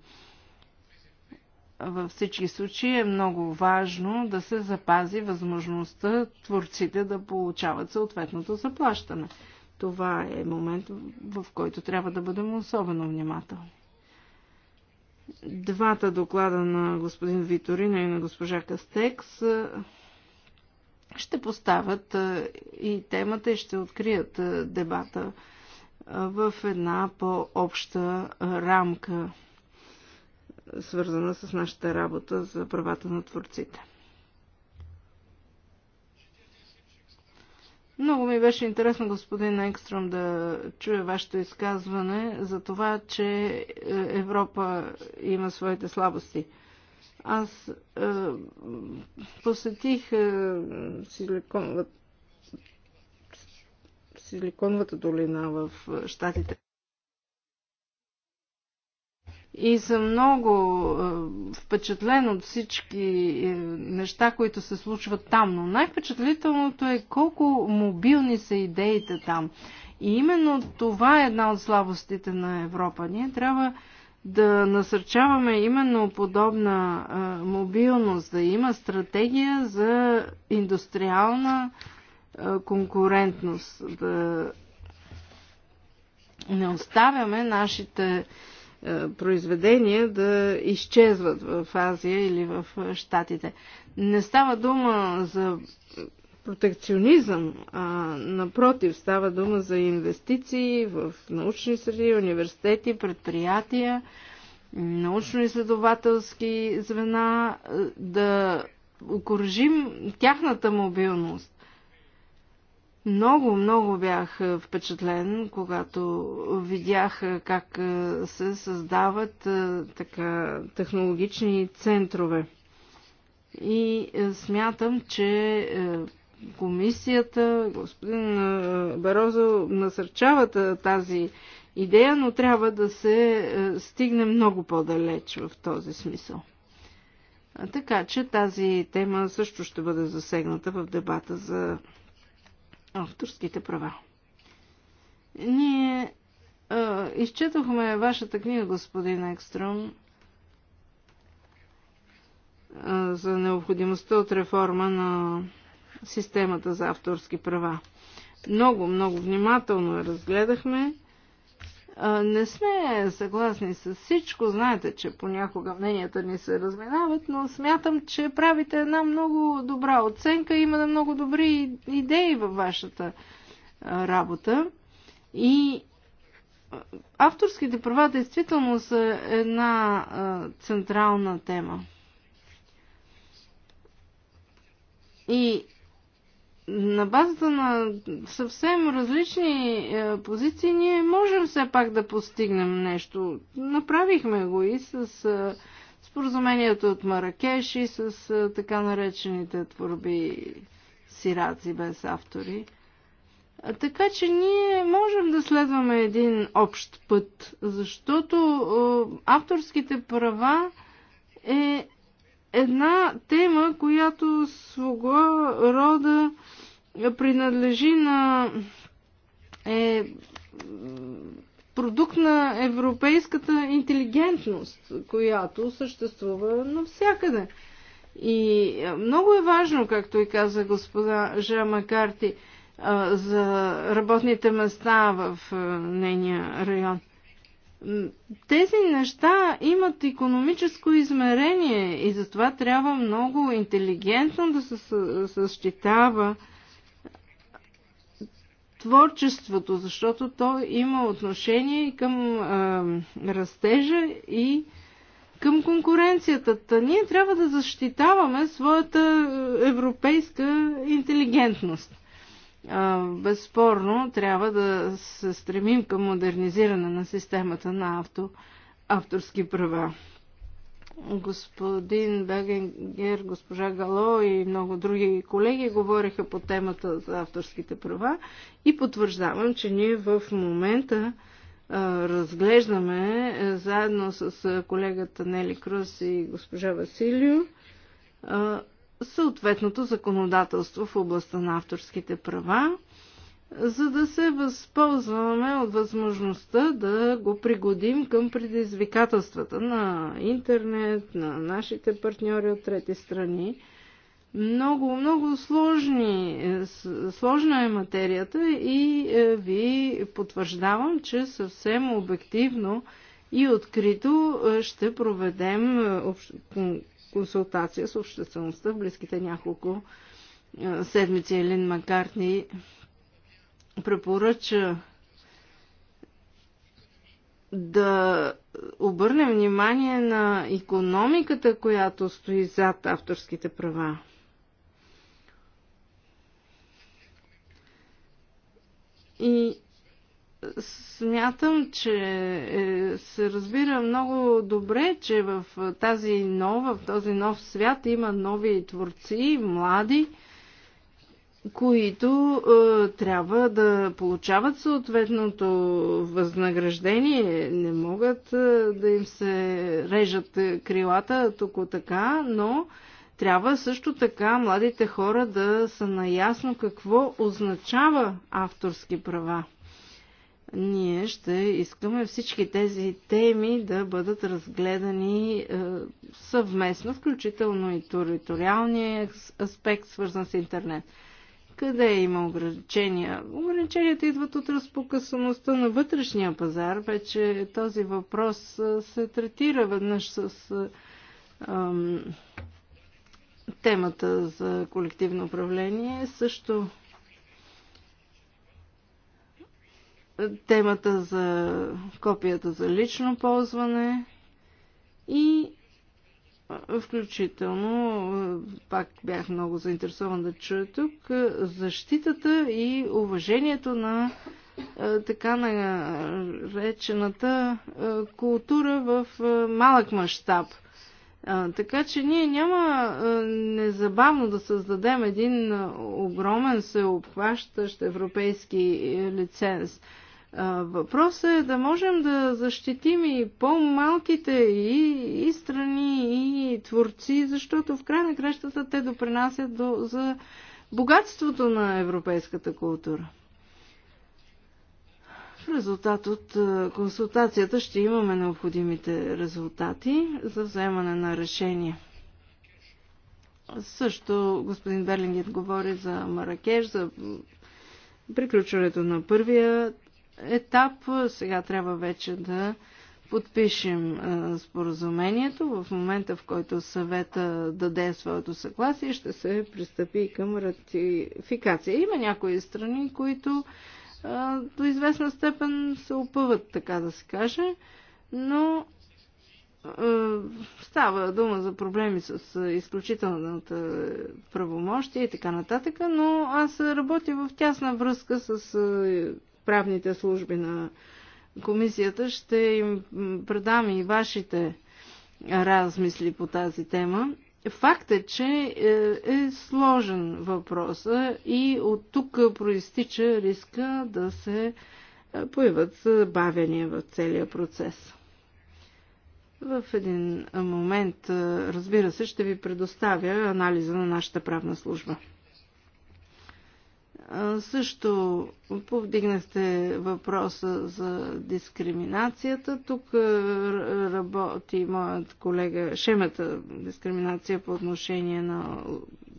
Във всички случаи е много важно да се запази възможността творците да получават съответното заплащане. Това е момент, в който трябва да бъдем особено внимателни. Двата доклада на господин Виторина и на госпожа Кастекс е, ще поставят и темата и ще открият дебата в една по-обща рамка, свързана с нашата работа за правата на творците. Много ми беше интересно, господин Екстром, да чуя вашето изказване за това, че е, Европа има своите слабости. Аз а, е, посетих а, е, силиконовата, силиконовата долина в е, Штатите. И съм много впечатлен от всички неща, които се случват там. Но най-впечатлителното е колко мобилни са идеите там. И именно това е една от слабостите на Европа. Ние трябва да насърчаваме именно подобна а, мобилност, да има стратегия за индустриална а, конкурентност, да не оставяме нашите а, произведения да изчезват в Азия или в Штатите. Не става дума за протекционизъм, а напротив става дума за инвестиции в научни среди, университети, предприятия, научно-изследователски звена, да окоръжим тяхната мобилност. Много, много бях впечатлен, когато видях как се създават така технологични центрове. И смятам, че комисията, господин Барозо, насърчават тази идея, но трябва да се стигне много по-далеч в този смисъл. Така че тази тема също ще бъде засегната в дебата за авторските права. Ние а, изчетохме вашата книга, господин Екстром, а, за необходимостта от реформа на системата за авторски права. Много, много внимателно я разгледахме. Не сме съгласни с всичко. Знаете, че понякога мненията ни се разминават, но смятам, че правите една много добра оценка. Имате много добри идеи във вашата работа. И авторските права действително са една централна тема. И на базата на съвсем различни е, позиции ние можем все пак да постигнем нещо. Направихме го и с е, споразумението от Маракеш и с е, така наречените творби сираци без автори. Така че ние можем да следваме един общ път, защото авторските права е една тема, която слуга рода принадлежи на е продукт на европейската интелигентност, която съществува навсякъде. И е, много е важно, както и каза господа Жа Макарти, е, за работните места в е, нейния район. Тези неща имат економическо измерение и затова трябва много интелигентно да се защитава творчеството, защото то има отношение и към а, растежа и към конкуренцията. Та ние трябва да защитаваме своята европейска интелигентност. А, безспорно трябва да се стремим към модернизиране на системата на авто, авторски права господин Бегенгер, госпожа Гало и много други колеги говориха по темата за авторските права и потвърждавам, че ние в момента разглеждаме е, заедно с колегата Нели Крус и госпожа Василио съответното законодателство в областта на авторските права за да се възползваме от възможността да го пригодим към предизвикателствата на интернет, на нашите партньори от трети страни. Много, много сложни, сложна е материята и е, ви потвърждавам, че съвсем обективно и открито е, ще проведем е, консултация с обществеността в близките няколко седмици. Елин Маккартни препоръча да обърнем внимание на економиката, която стои зад авторските права. И смятам, че е, се разбира много добре, че в тази нова, в този нов свят има нови творци, млади, които е, трябва да получават съответното възнаграждение. Не могат е, да им се режат е, крилата тук така, но трябва също така младите хора да са наясно какво означава авторски права. Ние ще искаме всички тези теми да бъдат разгледани е, съвместно, включително и териториалния аспект, свързан с интернет. Къде има ограничения? Ограниченията идват от разпокъсаността на вътрешния пазар. Вече този въпрос се третира веднъж с ам, темата за колективно управление. Също темата за копията за лично ползване и включително, е, пак бях много заинтересован да чуя тук, е, защитата и уважението на е, така наречената култура в малък мащаб. Така че ние няма незабавно да създадем един огромен, се обхващащ европейски лиценз. Въпросът е да можем да защитим и по-малките и, и страни, и творци, защото в край на кращата те допринасят до, за богатството на европейската култура. В резултат от консултацията ще имаме необходимите резултати за вземане на решение. Също господин Берлингет говори за Маракеш, за приключването на първия етап. Сега трябва вече да подпишем споразумението. В момента, в който съвета даде своето съгласие, ще се пристъпи към ратификация. Има някои страни, които до известна степен се опъват, така да се каже, но става дума за проблеми с изключителната правомощие и така нататък, но аз работя в тясна връзка с правните служби на комисията. Ще им предам и вашите размисли по тази тема. Факт е, че е, е сложен въпроса и от тук проистича риска да се е, появят забавяния в целия процес. В един момент, е, разбира се, ще ви предоставя анализа на нашата правна служба. Също повдигнахте въпроса за дискриминацията. Тук работи моят колега Шемета дискриминация по отношение на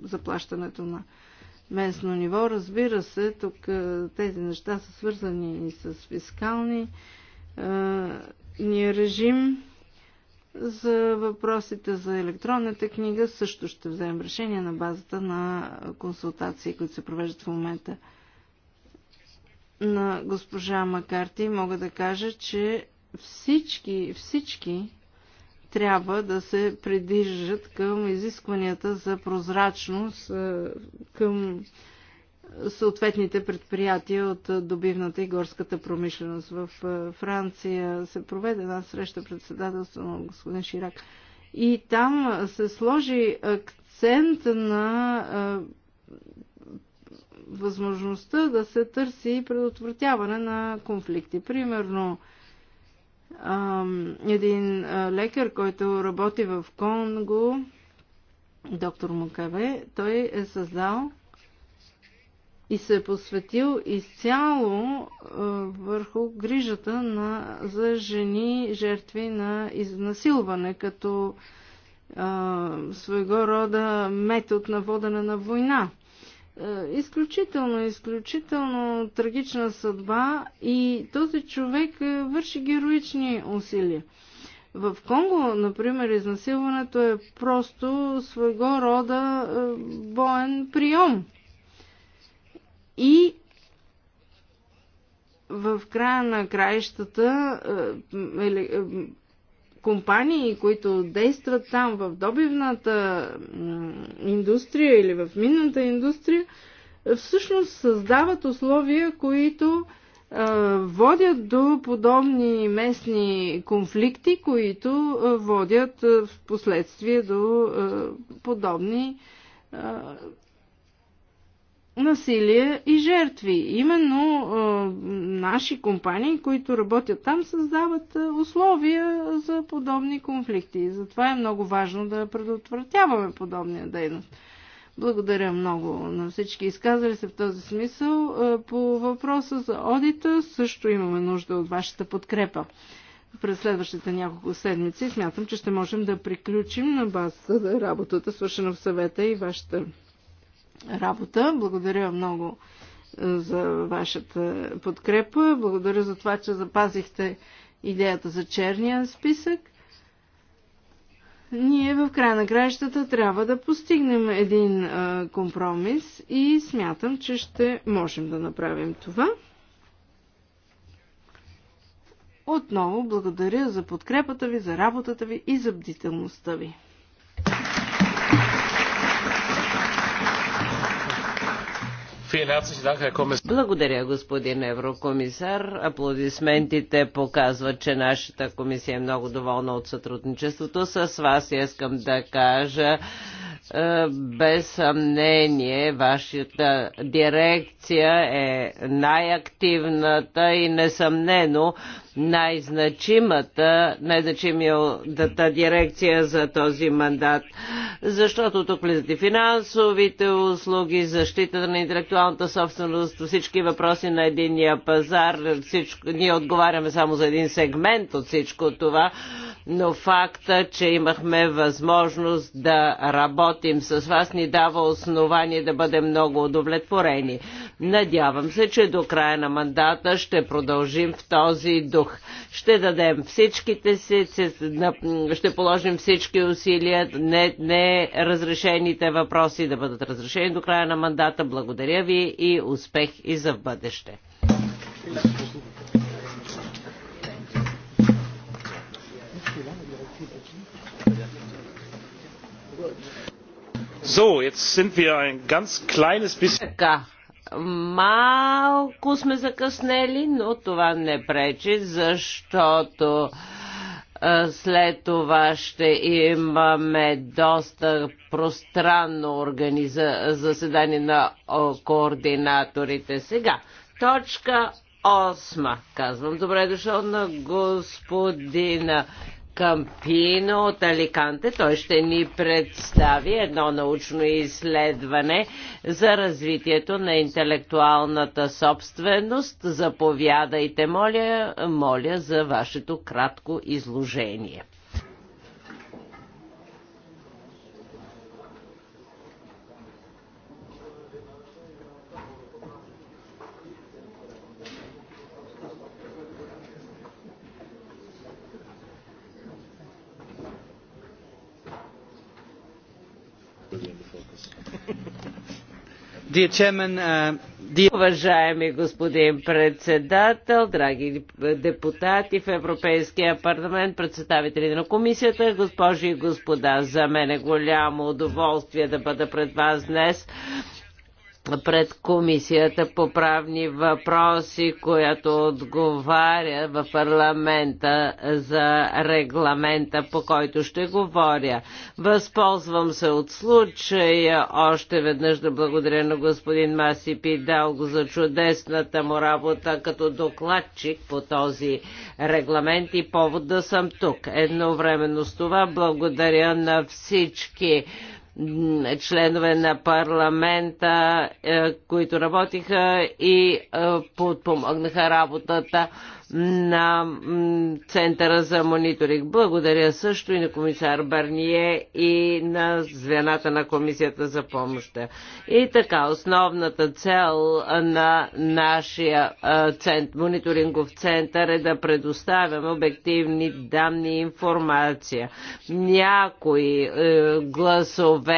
заплащането на местно ниво. Разбира се, тук тези неща са свързани и с фискални режим. За въпросите за електронната книга също ще вземем решение на базата на консултации, които се провеждат в момента. На госпожа Макарти мога да кажа, че всички, всички трябва да се придържат към изискванията за прозрачност, е, към съответните предприятия от добивната и горската промишленост. В е, Франция се проведе една среща председателство на господин Ширак. И там се сложи акцент на е, възможността да се търси предотвратяване на конфликти. Примерно, един е, лекар, който работи в Конго, доктор Мукаве, той е създал и се е посветил изцяло върху грижата на, за жени жертви на изнасилване, като а, своего рода метод на водене на война. Изключително, изключително трагична съдба и този човек върши героични усилия. В Конго, например, изнасилването е просто своего рода боен прием – и в края на краищата е, е, е, компании, които действат там в добивната индустрия или в минната индустрия, всъщност създават условия, които водят до подобни местни конфликти, които водят в последствие до подобни насилие и жертви. Именно а, наши компании, които работят там, създават условия за подобни конфликти. И затова е много важно да предотвратяваме подобния дейност. Благодаря много на всички изказали се в този смисъл. По въпроса за одита също имаме нужда от вашата подкрепа. През следващите няколко седмици смятам, че ще можем да приключим на база за работата, свършена в съвета и вашата работа. Благодаря много е, за вашата подкрепа. Благодаря за това, че запазихте идеята за черния списък. Ние в края на краищата трябва да постигнем един а, е, компромис и смятам, че ще можем да направим това. Отново благодаря за подкрепата ви, за работата ви и за бдителността ви. Благодаря, господин еврокомисар. Аплодисментите показват, че нашата комисия е много доволна от сътрудничеството с вас. Искам да кажа, е, без съмнение, вашата дирекция е най-активната и несъмнено най-значимата, най-значимата дирекция за този мандат. Защото тук влизат и финансовите услуги, защитата на интелектуалната собственост, всички въпроси на единния пазар. Всичко, ние отговаряме само за един сегмент от всичко това, но факта, че имахме възможност да работим с вас, ни дава основание да бъдем много удовлетворени. Надявам се, че до края на мандата ще продължим в този дух. Ще дадем всичките си, ще положим всички усилия, не, не разрешените въпроси да бъдат разрешени до края на мандата. Благодаря ви и успех и за в бъдеще. So, jetzt sind wir ein ganz kleines bisschen... Така, малко сме закъснели, но това не пречи, защото след това ще имаме доста пространно организа... заседание на координаторите. Сега, точка 8. Казвам добре дошъл на господина Кампино от Аликанте. Той ще ни представи едно научно изследване за развитието на интелектуалната собственост. Заповядайте, моля, моля за вашето кратко изложение. Uh, Уважаеми господин председател, драги депутати в Европейския парламент, представители на комисията, госпожи и господа, за мен е голямо удоволствие да бъда пред вас днес пред Комисията по правни въпроси, която отговаря в парламента за регламента, по който ще говоря. Възползвам се от случая още веднъж да благодаря на господин Маси Пидалго за чудесната му работа като докладчик по този регламент и повод да съм тук. Едновременно с това благодаря на всички е, членове на парламента, е, които работиха и е, подпомогнаха работата на Центъра за мониторинг. Благодаря също и на комисар Барние и на звената на Комисията за помощта. И така, основната цел на нашия цент, мониторингов център е да предоставяме обективни данни и информация. Някои е, гласове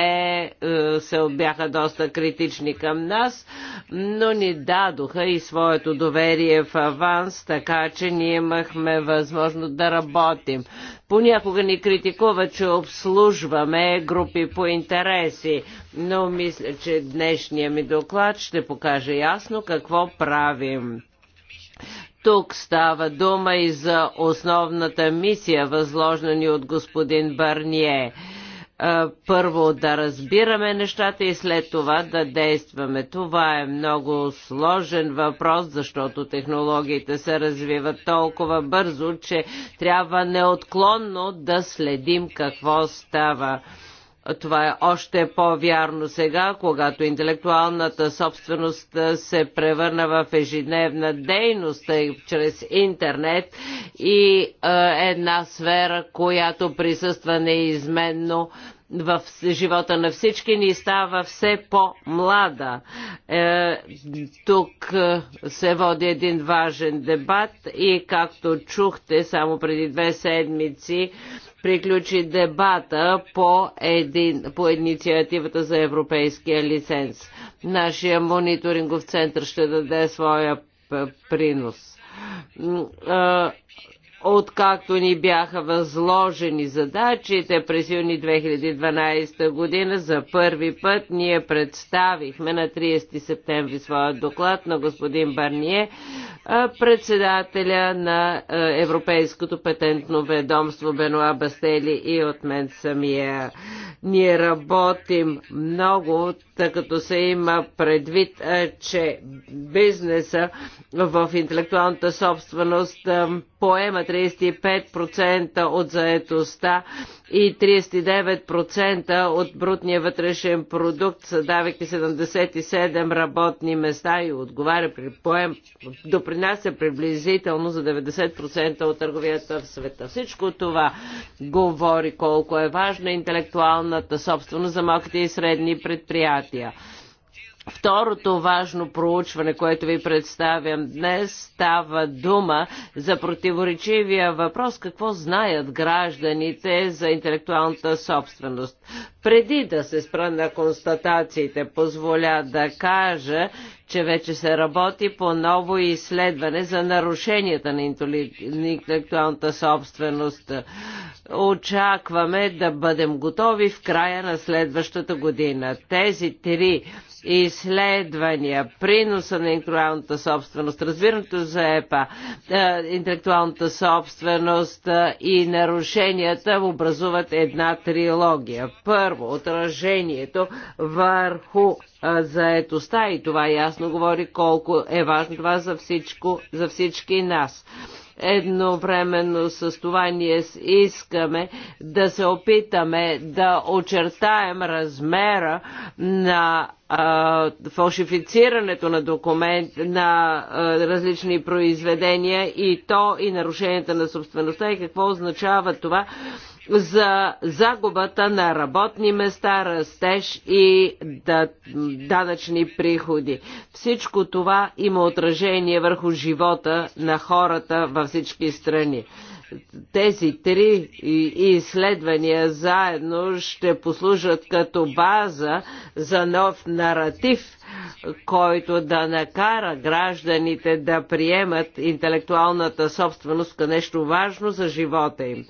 е, се бяха доста критични към нас, но ни дадоха и своето доверие в аванс, така че ние имахме възможност да работим. Понякога ни критикува, че обслужваме групи по интереси, но мисля, че днешния ми доклад ще покаже ясно какво правим. Тук става дума и за основната мисия, възложена ни от господин Барние първо да разбираме нещата и след това да действаме. Това е много сложен въпрос, защото технологиите се развиват толкова бързо, че трябва неотклонно да следим какво става. Това е още по-вярно сега, когато интелектуалната собственост се превърна в ежедневна дейност чрез интернет и е, една сфера, която присъства неизменно в живота на всички ни става все по-млада. Е, тук е, се води един важен дебат и както чухте само преди две седмици, приключи дебата по, един, по инициативата за европейския лиценз. Нашия мониторингов център ще даде своя принос. Е, Откакто ни бяха възложени задачите през юни 2012 година, за първи път ние представихме на 30 септември своят доклад на господин Барние, председателя на Европейското патентно ведомство Бенуа Бастели и от мен самия. Ние работим много, тъй като се има предвид, че бизнеса в интелектуалната собственост поемат 35% от заетостта и 39% от брутния вътрешен продукт, създавайки 77 работни места и отговаря при поем, допринася приблизително за 90% от търговията в света. Всичко това говори колко е важна интелектуалната собственост за малките и средни предприятия. Второто важно проучване, което ви представям днес, става дума за противоречивия въпрос какво знаят гражданите за интелектуалната собственост. Преди да се спра на констатациите, позволя да кажа, че вече се работи по ново изследване за нарушенията на интелектуалната собственост. Очакваме да бъдем готови в края на следващата година. Тези три изследвания, приноса на интелектуалната собственост, разбирането за ЕПА, е, интелектуалната собственост е, и нарушенията образуват една трилогия. Първо, отражението върху е, заетостта и това ясно говори колко е важно това за, всичко, за всички нас. Едновременно с това ние искаме да се опитаме да очертаем размера на фалшифицирането на документ на различни произведения и то и нарушенията на собствеността и какво означава това за загубата на работни места, растеж и данъчни приходи. Всичко това има отражение върху живота на хората във всички страни тези три изследвания заедно ще послужат като база за нов наратив, който да накара гражданите да приемат интелектуалната собственост като нещо важно за живота им.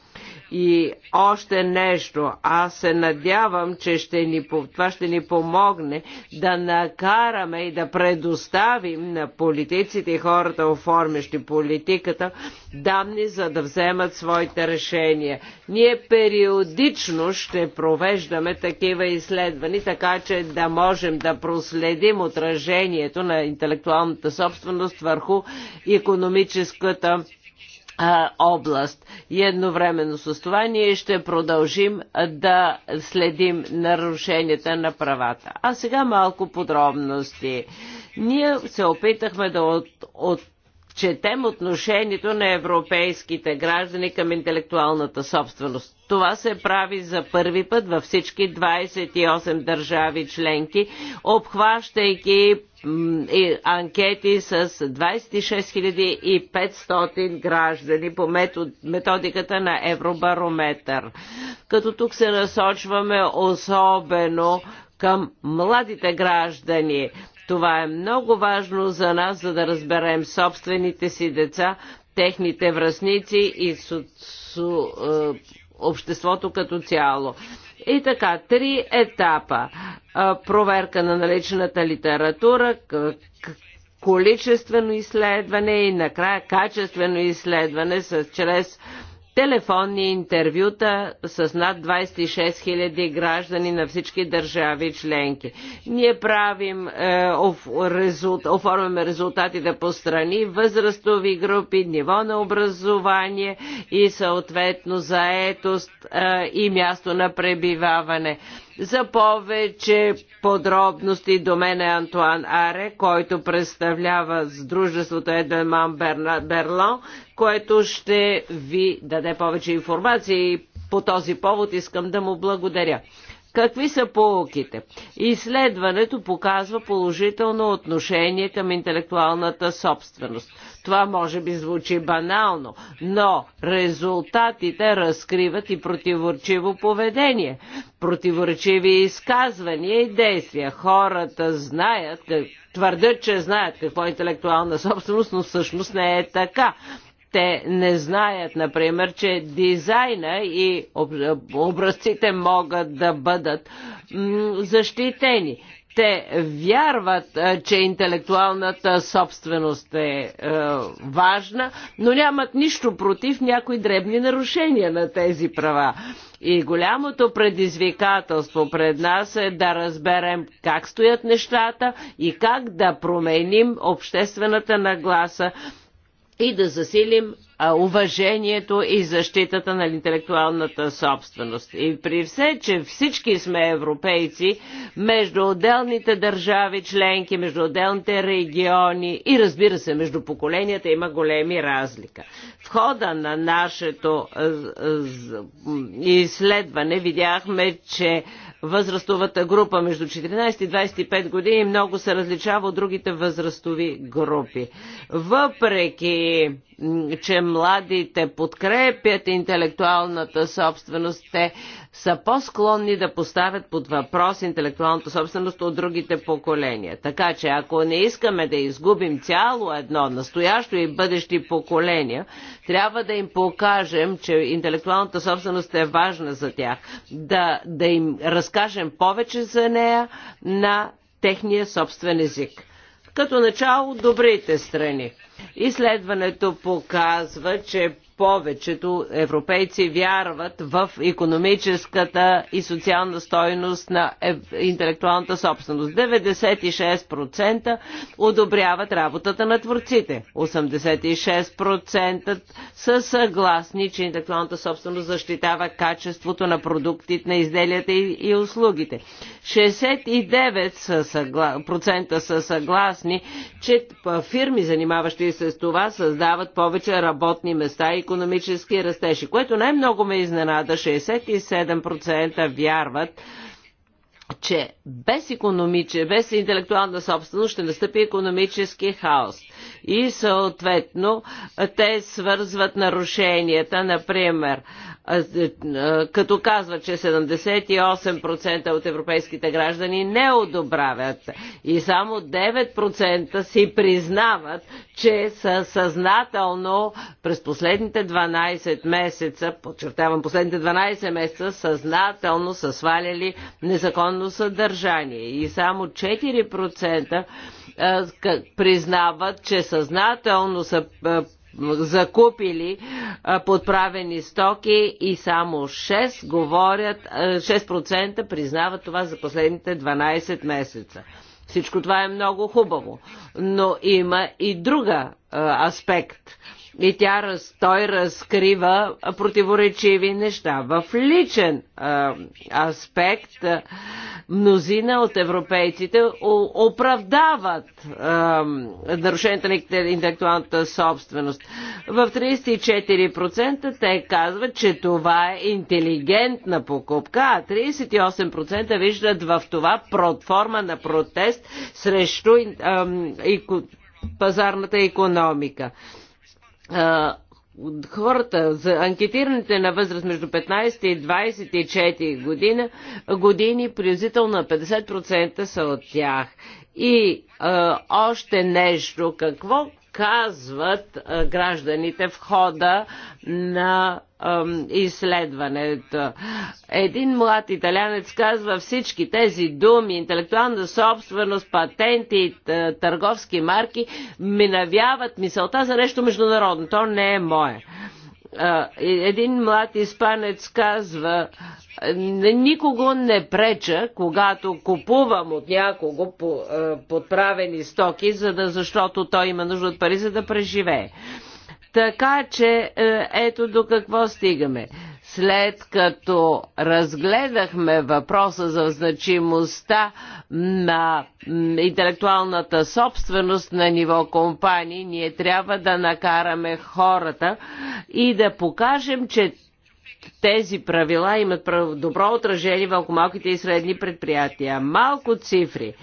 И още нещо, аз се надявам, че ще ни, това ще ни помогне да накараме и да предоставим на политиците и хората, оформящи политиката, данни, за да вземат своите решения. Ние периодично ще провеждаме такива изследвания, така че да можем да проследим отражението на интелектуалната собственост върху економическата област. И едновременно с това ние ще продължим да следим нарушенията на правата. А сега малко подробности. Ние се опитахме да от, от четем отношението на европейските граждани към интелектуалната собственост. Това се прави за първи път във всички 28 държави членки, обхващайки анкети с 26 500 граждани по методиката на Евробарометър. Като тук се насочваме особено към младите граждани. Това е много важно за нас, за да разберем собствените си деца, техните връзници и со, со, е, обществото като цяло. И така, три етапа. Проверка на наличната литература, количествено изследване и накрая качествено изследване с, чрез телефонни интервюта с над 26 000 граждани на всички държави членки. Ние правим, е, оф, резулт, оформяме резултатите по страни, възрастови групи, ниво на образование и съответно заетост е, и място на пребиваване. За повече подробности до мен е Антуан Аре, който представлява Дружеството Едеман Берлон, което ще ви даде повече информация и по този повод искам да му благодаря. Какви са полуките? Изследването показва положително отношение към интелектуалната собственост. Това може би звучи банално, но резултатите разкриват и противоречиво поведение, противоречиви изказвания и действия. Хората знаят, твърдят, че знаят какво е интелектуална собственост, но всъщност не е така те не знаят, например, че дизайна и образците могат да бъдат защитени те вярват, е, че интелектуалната собственост е, е важна, но нямат нищо против някои дребни нарушения на тези права. И голямото предизвикателство пред нас е да разберем как стоят нещата и как да променим обществената нагласа и да засилим уважението и защитата на интелектуалната собственост. И при все, че всички сме европейци, между отделните държави, членки, между отделните региони и разбира се, между поколенията има големи разлика. В хода на нашето изследване видяхме, че възрастовата група между 14 и 25 години много се различава от другите възрастови групи. Въпреки, че младите подкрепят интелектуалната собственост, те са по-склонни да поставят под въпрос интелектуалната собственост от другите поколения. Така че ако не искаме да изгубим цяло едно настоящо и бъдещи поколения, трябва да им покажем, че интелектуалната собственост е важна за тях, да, да им разкажем повече за нея на техния собствен език като начало добрите страни. Изследването показва, че повечето европейци вярват в економическата и социална стойност на интелектуалната собственост. 96% одобряват работата на творците. 86% са съгласни, че интелектуалната собственост защитава качеството на продуктите, на изделията и, и услугите. 69% са, съгла... са съгласни, че фирми, занимаващи се с това, създават повече работни места и економически растеж. Което най-много ме изненада, 67% вярват, че без, без интелектуална собственост ще настъпи економически хаос. И съответно те свързват нарушенията, например, е, като казва, че 78% от европейските граждани не одобравят и само 9% си признават, че са съзнателно през последните 12 месеца, подчертавам последните 12 месеца, съзнателно са сваляли незаконно съдържание и само 4% признават, че съзнателно са закупили подправени стоки и само 6 говорят, 6% признават това за последните 12 месеца. Всичко това е много хубаво, но има и друга аспект – и тя, раз, той разкрива противоречиви неща. В личен а, аспект а, мнозина от европейците оправдават а, нарушението на интелектуалната собственост. В 34% те казват, че това е интелигентна покупка, а 38% виждат в това форма на протест срещу а, и, пазарната економика хората, за анкетираните на възраст между 15 и 24 година, години, приблизително на 50% са от тях. И а, още нещо, какво казват гражданите в хода на изследването. Един млад италянец казва всички тези думи, интелектуална собственост, патенти, търговски марки, ми навяват мисълта за нещо международно. То не е мое един млад испанец казва, никого не преча, когато купувам от някого подправени стоки, за да, защото той има нужда от пари, за да преживее. Така че е, ето до какво стигаме. След като разгледахме въпроса за значимостта на интелектуалната собственост на ниво компании, ние трябва да накараме хората и да покажем, че тези правила имат добро отражение върху малките и средни предприятия. Малко цифри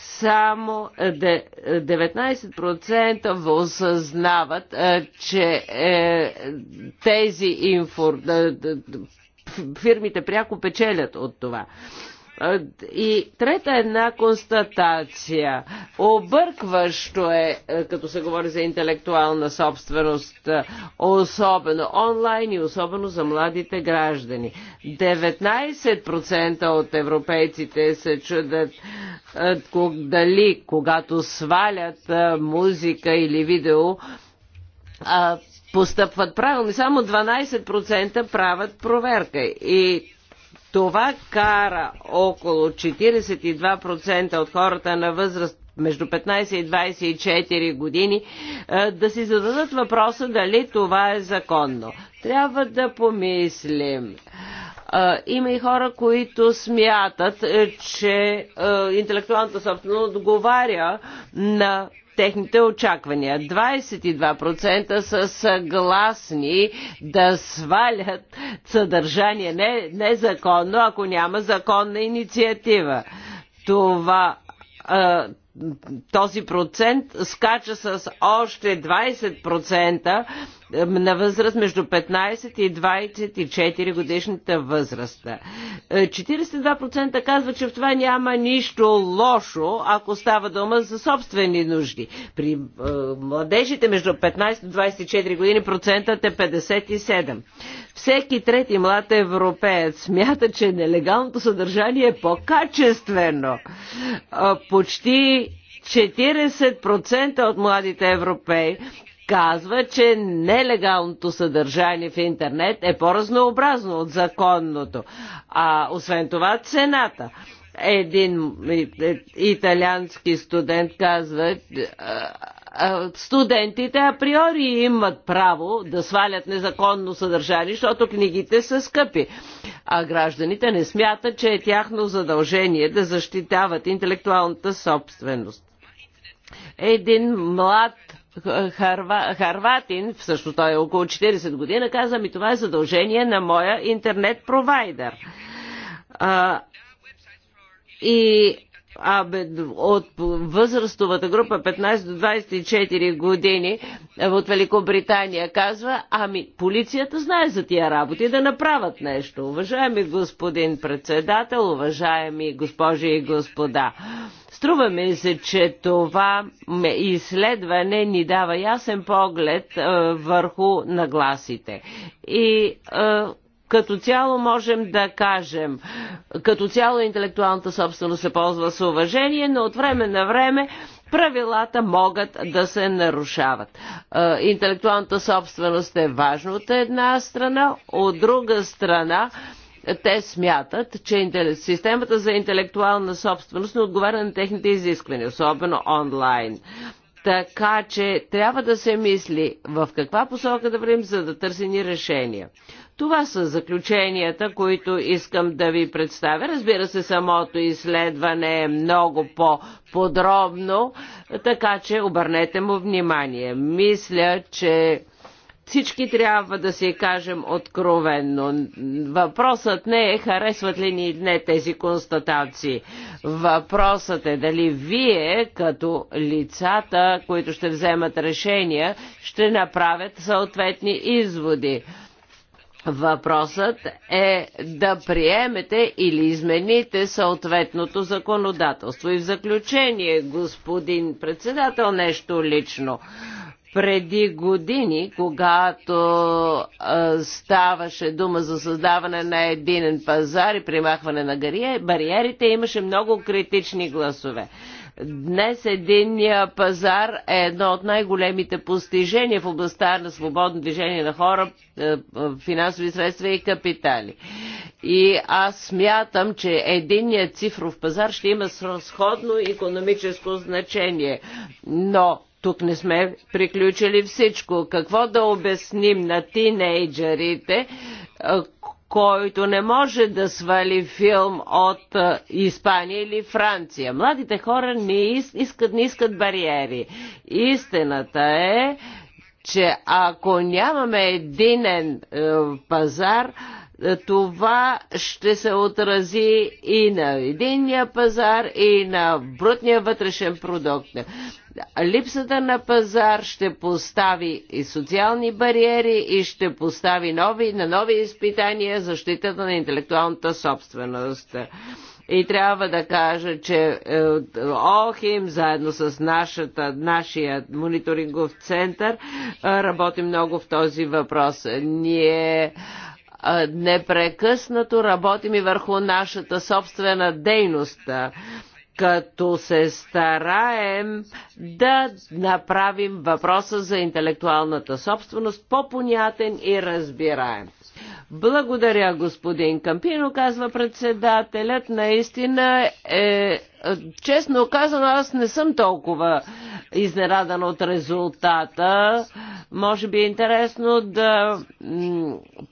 само 19% осъзнават, че е, тези инфор... фирмите пряко печелят от това. И трета една констатация. Объркващо е, е, като се говори за интелектуална собственост, е, особено онлайн и особено за младите граждани. 19% от европейците се чудят е, дали, когато свалят музика или видео, постъпват правилно. Само 12% правят проверка. И това кара около 42% от хората на възраст между 15 и 24 години да си зададат въпроса дали това е законно. Трябва да помислим. Има и хора, които смятат, е, че интелектуалната собственост отговаря на техните очаквания. 22% са съгласни да свалят съдържание не, незаконно, ако няма законна инициатива. Това този процент скача с още 20% на възраст между 15 и 24 годишната възраст. 42% казва, че в това няма нищо лошо, ако става дома за собствени нужди. При е, младежите между 15 и 24 години процентът е 57. Всеки трети млад европеец смята, че нелегалното съдържание е по-качествено. Е, почти 40% от младите европеи казва, че нелегалното съдържание в интернет е по-разнообразно от законното. А освен това цената. Един е, е, италиански студент казва, е, студентите априори имат право да свалят незаконно съдържание, защото книгите са скъпи. А гражданите не смятат, че е тяхно задължение да защитават интелектуалната собственост един млад Харва, харватин, всъщност той е около 40 година, каза ми това е задължение на моя интернет провайдер. А, и а, бе, от възрастовата група 15 до 24 години от Великобритания казва, ами полицията знае за тия работи да направят нещо. Уважаеми господин председател, уважаеми госпожи и господа, Струва ми се, че това изследване ни дава ясен поглед върху нагласите. И като цяло можем да кажем, като цяло интелектуалната собственост се ползва с уважение, но от време на време правилата могат да се нарушават. Интелектуалната собственост е важна от една страна, от друга страна те смятат, че системата за интелектуална собственост не отговаря на техните изисквания, особено онлайн. Така че трябва да се мисли в каква посока да вървим, за да търсени решения. Това са заключенията, които искам да ви представя. Разбира се, самото изследване е много по-подробно, така че обърнете му внимание. Мисля, че всички трябва да си кажем откровенно. Въпросът не е харесват ли ни не тези констатации. Въпросът е дали вие, като лицата, които ще вземат решения, ще направят съответни изводи. Въпросът е да приемете или измените съответното законодателство. И в заключение, господин председател, нещо лично преди години, когато ставаше дума за създаване на единен пазар и примахване на бариерите, имаше много критични гласове. Днес единния пазар е едно от най-големите постижения в областта на свободно движение на хора, е, финансови средства и капитали. И аз смятам, че единният цифров пазар ще има сходно економическо значение. Но тук не сме приключили всичко. Какво да обясним на тинейджерите, който не може да свали филм от Испания или Франция. Младите хора не искат, не искат бариери. Истината е, че ако нямаме единен е, пазар, това ще се отрази и на единния пазар, и на брутния вътрешен продукт. Липсата на пазар ще постави и социални бариери и ще постави нови, на нови изпитания защитата на интелектуалната собственост. И трябва да кажа, че е, ОХИМ заедно с нашата, нашия мониторингов център е, работи много в този въпрос. Ние непрекъснато работим и върху нашата собствена дейност като се стараем да направим въпроса за интелектуалната собственост по-понятен и разбираем. Благодаря, господин Кампино, казва председателят. Наистина е е, честно казано, аз не съм толкова изнерадан от резултата. Може би е интересно да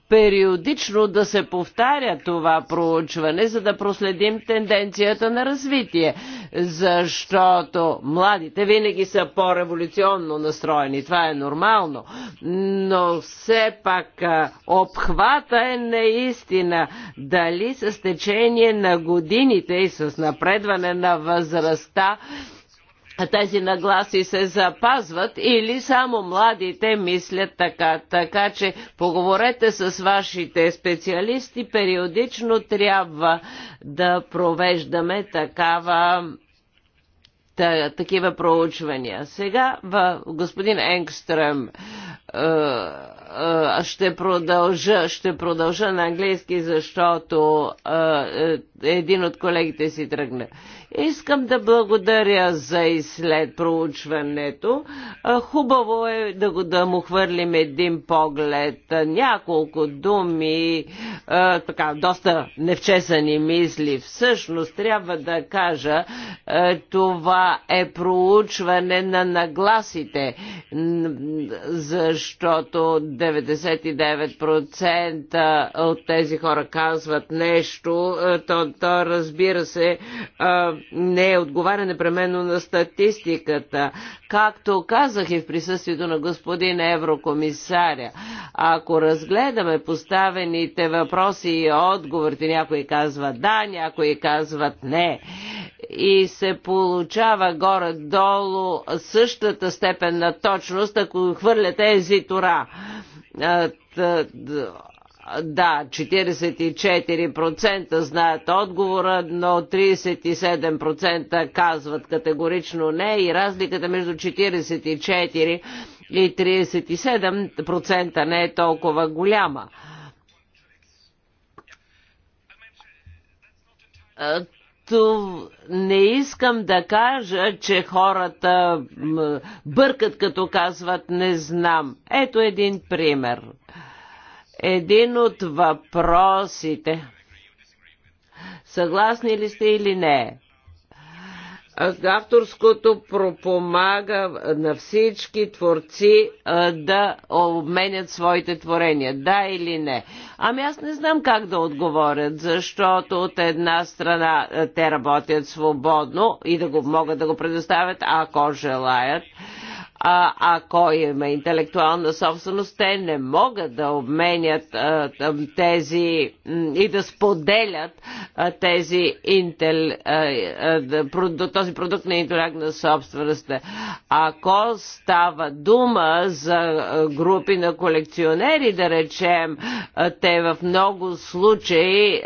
периодично да се повтаря това проучване, за да проследим тенденцията на развитие. Защото младите винаги са по-революционно настроени. Това е нормално. Но все пак е, обхвата е наистина дали с течение на годините и с напредване на възрастта тези нагласи се запазват или само младите мислят така. Така че поговорете с вашите специалисти, периодично трябва да провеждаме такава такива проучвания. Сега в господин Енгстрем е, е, ще продължа, ще продължа на английски, защото е, един от колегите си тръгне. Искам да благодаря за и след проучването. Хубаво е да, го, да му хвърлим един поглед. Няколко думи, така, доста невчесани мисли. Всъщност трябва да кажа, това е проучване на нагласите, защото 99% от тези хора казват нещо, то, то разбира се, а, не е отговаря непременно на статистиката. Както казах и в присъствието на господин еврокомисаря, ако разгледаме поставените въпроси и отговорите, някои казват да, някои казват не. И се получава горе-долу същата степен на точност, ако хвърляте езитора да, 44% знаят отговора, но 37% казват категорично не и разликата между 44 и 37% не е толкова голяма. не искам да кажа, че хората бъркат като казват не знам. Ето един пример. Един от въпросите. Съгласни ли сте или не? авторското пропомага на всички творци да обменят своите творения. Да или не? Ами аз не знам как да отговорят, защото от една страна те работят свободно и да го могат да го предоставят, ако желаят а, ако има интелектуална собственост, те не могат да обменят а, тези и да споделят а, тези интел, а, този продукт на интелектуална собственост. Ако става дума за групи на колекционери, да речем, те в много случаи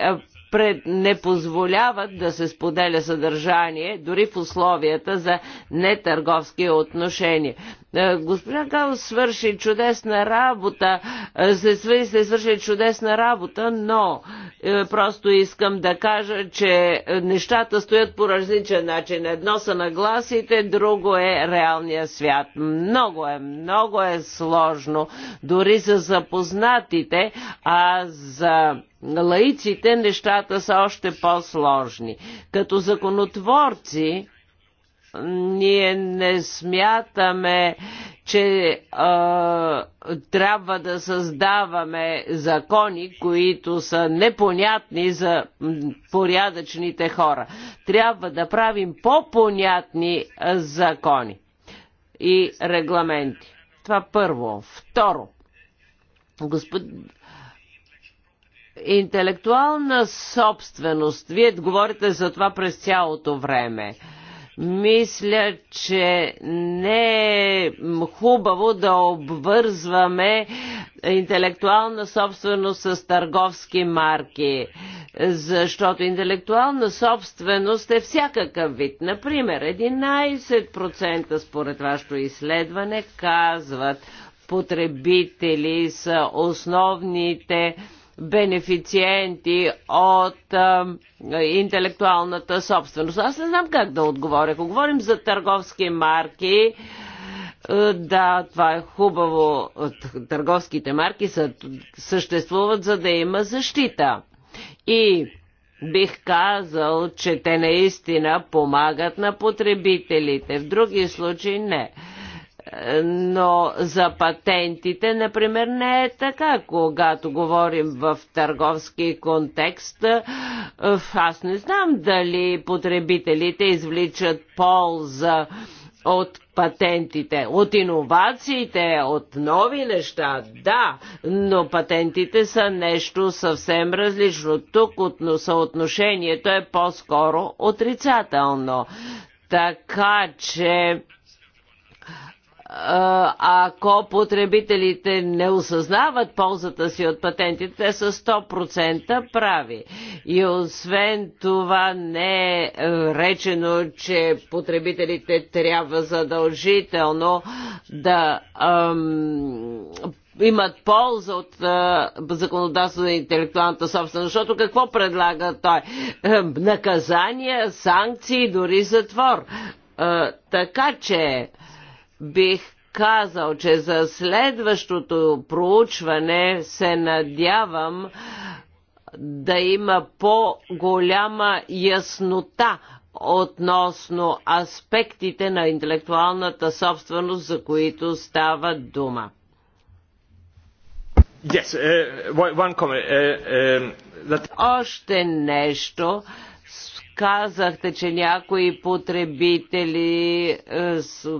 пред, не позволяват да се споделя съдържание, дори в условията за нетърговски отношения. Е, Госпожа Гаус свърши чудесна работа, е, се, свърши, се свърши чудесна работа, но е, просто искам да кажа, че нещата стоят по различен начин. Едно са нагласите, друго е реалния свят. Много е, много е сложно, дори за запознатите, а за лаиците нещата са още по-сложни. Като законотворци, ние не смятаме, че а, трябва да създаваме закони, които са непонятни за порядъчните хора. Трябва да правим по-понятни закони и регламенти. Това първо. Второ. Господ... Интелектуална собственост. Вие говорите за това през цялото време. А, мисля, че не е хубаво да обвързваме интелектуална собственост с търговски марки, защото интелектуална собственост е всякакъв вид. Например, 11% според вашето изследване казват, потребители са основните бенефициенти от а, интелектуалната собственост. Аз не знам как да отговоря. Ако говорим за търговски марки, е, да, това е хубаво. Търговските марки са, съществуват, за да има защита. И бих казал, че те наистина помагат на потребителите. В други случаи не но за патентите, например, не е така. Когато говорим в търговски контекст, аз не знам дали потребителите извличат полза от патентите, от иновациите, от нови неща, да, но патентите са нещо съвсем различно. Тук съотношението е по-скоро отрицателно. Така че ако потребителите не осъзнават ползата си от патентите, те са 100% прави. И освен това не е, е речено, че потребителите трябва задължително да ам, имат полза от а, законодателство на интелектуалната собственост. Защото какво предлага той? Е, наказания, санкции, дори затвор. А, така че Бих казал, че за следващото проучване се надявам да има по-голяма яснота относно аспектите на интелектуалната собственост, за които става дума. Yes, uh, one comment. Uh, uh, that... Още нещо. Uh, Казахте, че някои потребители е,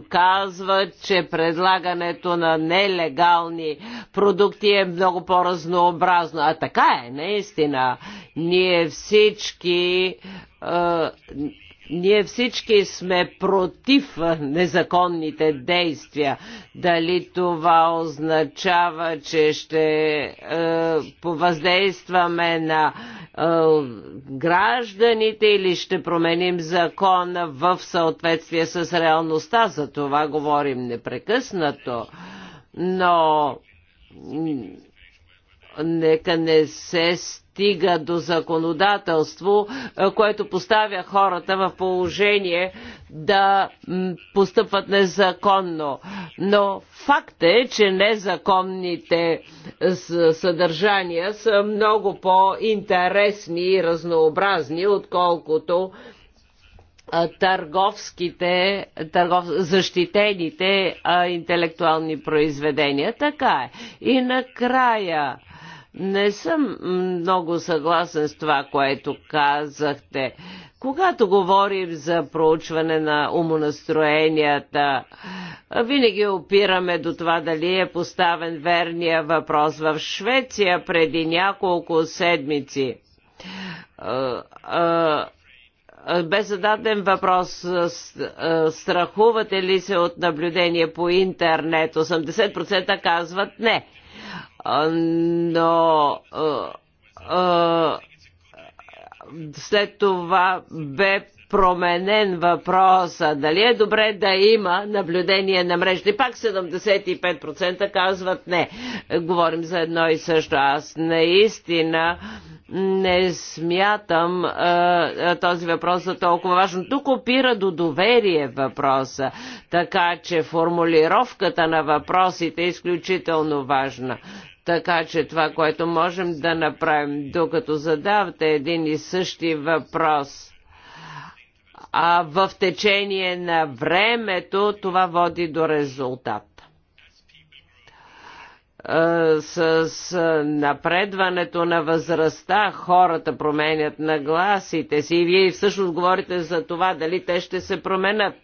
казват, че предлагането на нелегални продукти е много по-разнообразно. А така е, наистина. Ние всички е, ние всички сме против незаконните действия. Дали това означава, че ще е, повъздействаме на е, гражданите или ще променим закона в съответствие с реалността? За това говорим непрекъснато. Но нека не се стига до законодателство, е, което поставя хората в положение да постъпват незаконно. Но факт е, че незаконните съдържания са много по-интересни и разнообразни, отколкото търговските, търгов, защитените а, интелектуални произведения. Така е. И накрая не съм много съгласен с това, което казахте. Когато говорим за проучване на умонастроенията, винаги опираме до това дали е поставен верния въпрос. В Швеция преди няколко седмици бе зададен въпрос, страхувате ли се от наблюдение по интернет? 80% казват не но след това бе променен въпроса. Дали е добре да има наблюдение на мрежата? И пак 75% казват не. Говорим за едно и също. Аз наистина не смятам а, този въпрос за толкова важен. Тук опира до доверие въпроса. Така че формулировката на въпросите е изключително важна. Така че това, което можем да направим, докато задавате един и същи въпрос, а в течение на времето това води до резултат е, с напредването на възрастта хората променят нагласите си и вие всъщност говорите за това дали те ще се променят.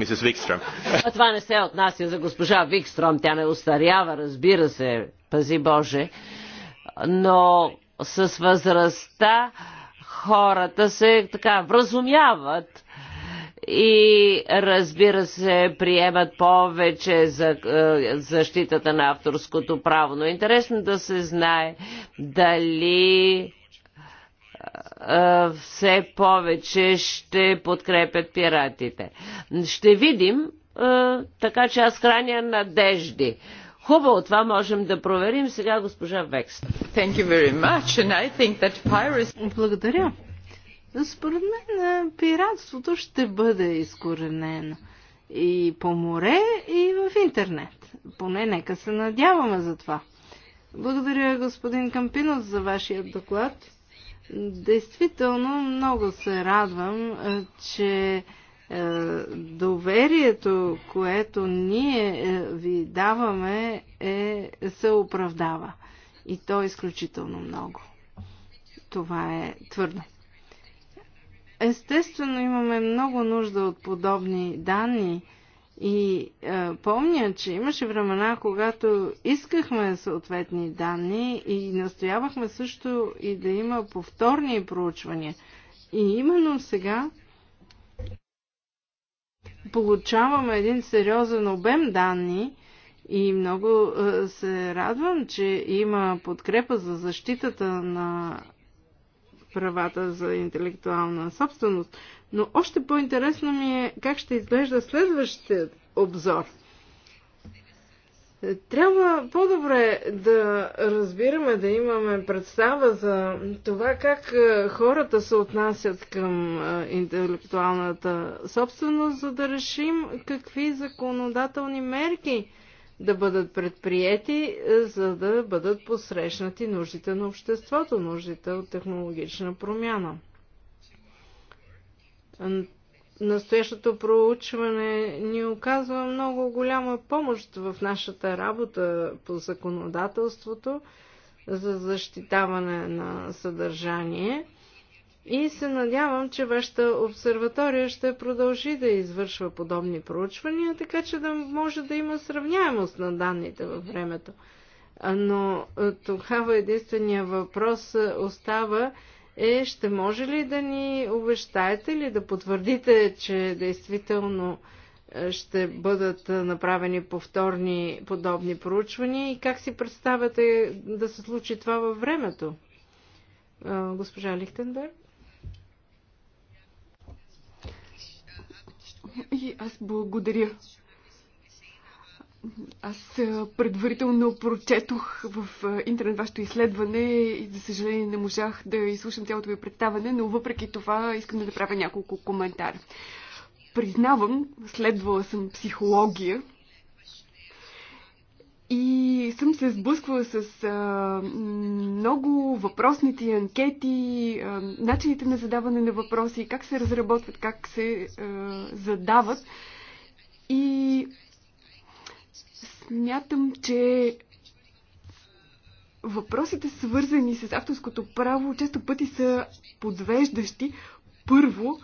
Мисис Викстрам. А това не се отнася за госпожа Викстром. Тя не остарява, разбира се, пази Боже. Но с възрастта хората се така вразумяват и разбира се приемат повече за е, защитата на авторското право. Но е интересно да се знае дали все повече ще подкрепят пиратите. Ще видим, така че аз храня надежди. Хубаво, това можем да проверим сега госпожа Векс. Pirates... Благодаря. Според мен пиратството ще бъде изкоренено и по море, и в интернет. Поне нека се надяваме за това. Благодаря господин Кампинос за вашия доклад. Действително много се радвам, е, че е, доверието, което ние е, ви даваме, е, се оправдава. И то е изключително много. Това е твърдо. Естествено, имаме много нужда от подобни данни, и е, помня, че имаше времена, когато искахме съответни данни и настоявахме също и да има повторни проучвания. И именно сега получаваме един сериозен обем данни и много е, се радвам, че има подкрепа за защитата на правата за интелектуална собственост. Но още по-интересно ми е как ще изглежда следващия обзор. Трябва по-добре да разбираме, да имаме представа за това как е, хората се отнасят към е, интелектуалната собственост, за да решим какви законодателни мерки да бъдат предприяти, е, за да бъдат посрещнати нуждите на обществото, нуждите от технологична промяна. Настоящото проучване ни оказва много голяма помощ в нашата работа по законодателството за защитаване на съдържание – и се надявам, че вашата обсерватория ще продължи да извършва подобни проучвания, така че да може да има сравняемост на данните във времето. Но тогава единствения въпрос остава е, ще може ли да ни обещаете или да потвърдите, че действително ще бъдат направени повторни подобни проучвания и как си представяте да се случи това във времето? Госпожа Лихтенберг? И аз благодаря. Аз предварително прочетох в интернет вашето изследване и, за съжаление, не можах да изслушам цялото ви представане, но въпреки това искам да направя няколко коментара. Признавам, следвала съм психология и съм се сблъсквала с а, много въпросните анкети, а, начините на задаване на въпроси, как се разработват, как се а, задават. И смятам, че въпросите, свързани с авторското право, често пъти са подвеждащи. Първо,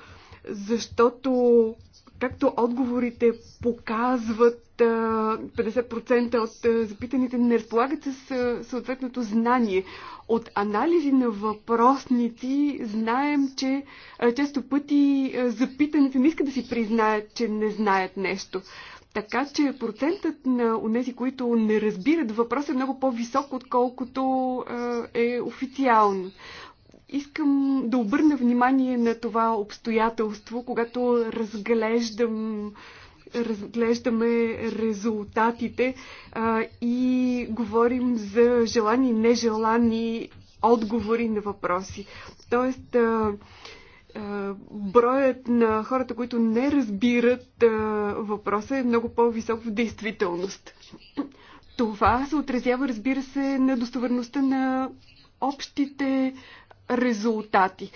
защото Както отговорите показват, 50% от запитаните не разполагат с съответното знание. От анализи на въпросници знаем, че често пъти запитаните не искат да си признаят, че не знаят нещо. Така че процентът на тези, които не разбират въпроса е много по-висок, отколкото е официално. Искам да обърна внимание на това обстоятелство, когато разглеждам разглеждаме резултатите а, и говорим за желани и нежелани отговори на въпроси. Тоест, а, а, броят на хората, които не разбират а, въпроса е много по-висок в действителност. Това се отразява, разбира се, на достоверността на общите резултати.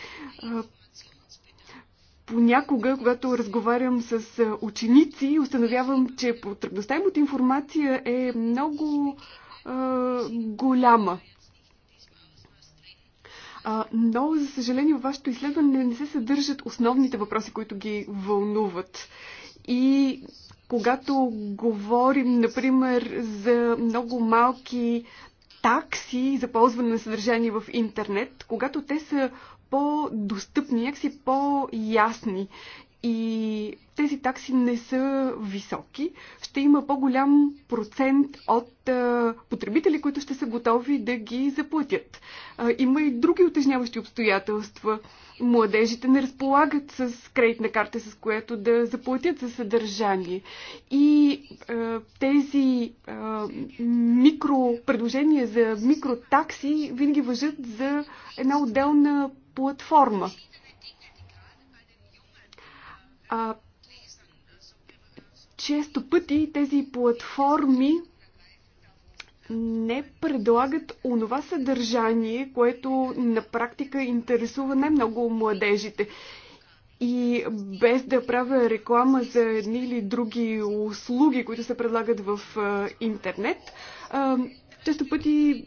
Понякога, когато разговарям с ученици, установявам, че потребността им от информация е много е, голяма. А, но, за съжаление, във вашето изследване не се съдържат основните въпроси, които ги вълнуват. И когато говорим, например, за много малки такси за ползване на съдържание в интернет, когато те са по-достъпни, някакси по-ясни и тези такси не са високи. Ще има по-голям процент от а, потребители, които ще са готови да ги заплатят. А, има и други отежняващи обстоятелства. Младежите не разполагат с кредитна карта, с която да заплатят за съдържание. И а, тези а, микро предложения за микротакси винаги въжат за една отделна платформа. А, често пъти тези платформи не предлагат онова съдържание, което на практика интересува най-много младежите. И без да правя реклама за едни или други услуги, които се предлагат в интернет, често пъти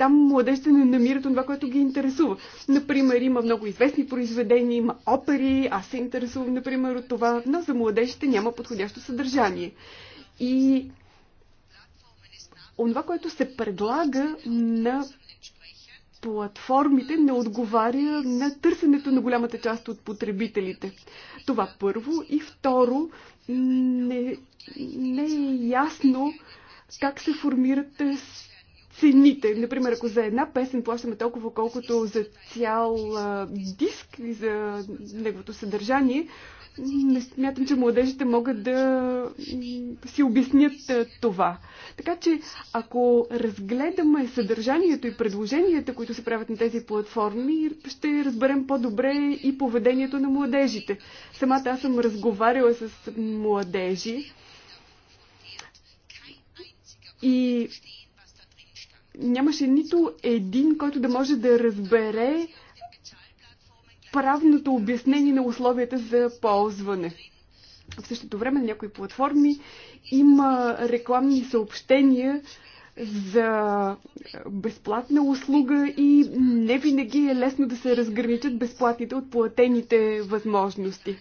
там младежите не намират това, което ги интересува. Например, има много известни произведения, има опери, аз се интересувам, например, от това, но за младежите няма подходящо съдържание. И онова, което се предлага на платформите не отговаря на търсенето на голямата част от потребителите. Това първо. И второ, не, не е ясно как се формират цените. Например, ако за една песен плащаме толкова, колкото за цял а, диск и за неговото съдържание, не смятам, че младежите могат да си обяснят а, това. Така че, ако разгледаме съдържанието и предложенията, които се правят на тези платформи, ще разберем по-добре и поведението на младежите. Самата аз съм разговаряла с младежи и нямаше нито един, който да може да разбере правното обяснение на условията за ползване. В същото време на някои платформи има рекламни съобщения за безплатна услуга и не винаги е лесно да се разграничат безплатните от платените възможности.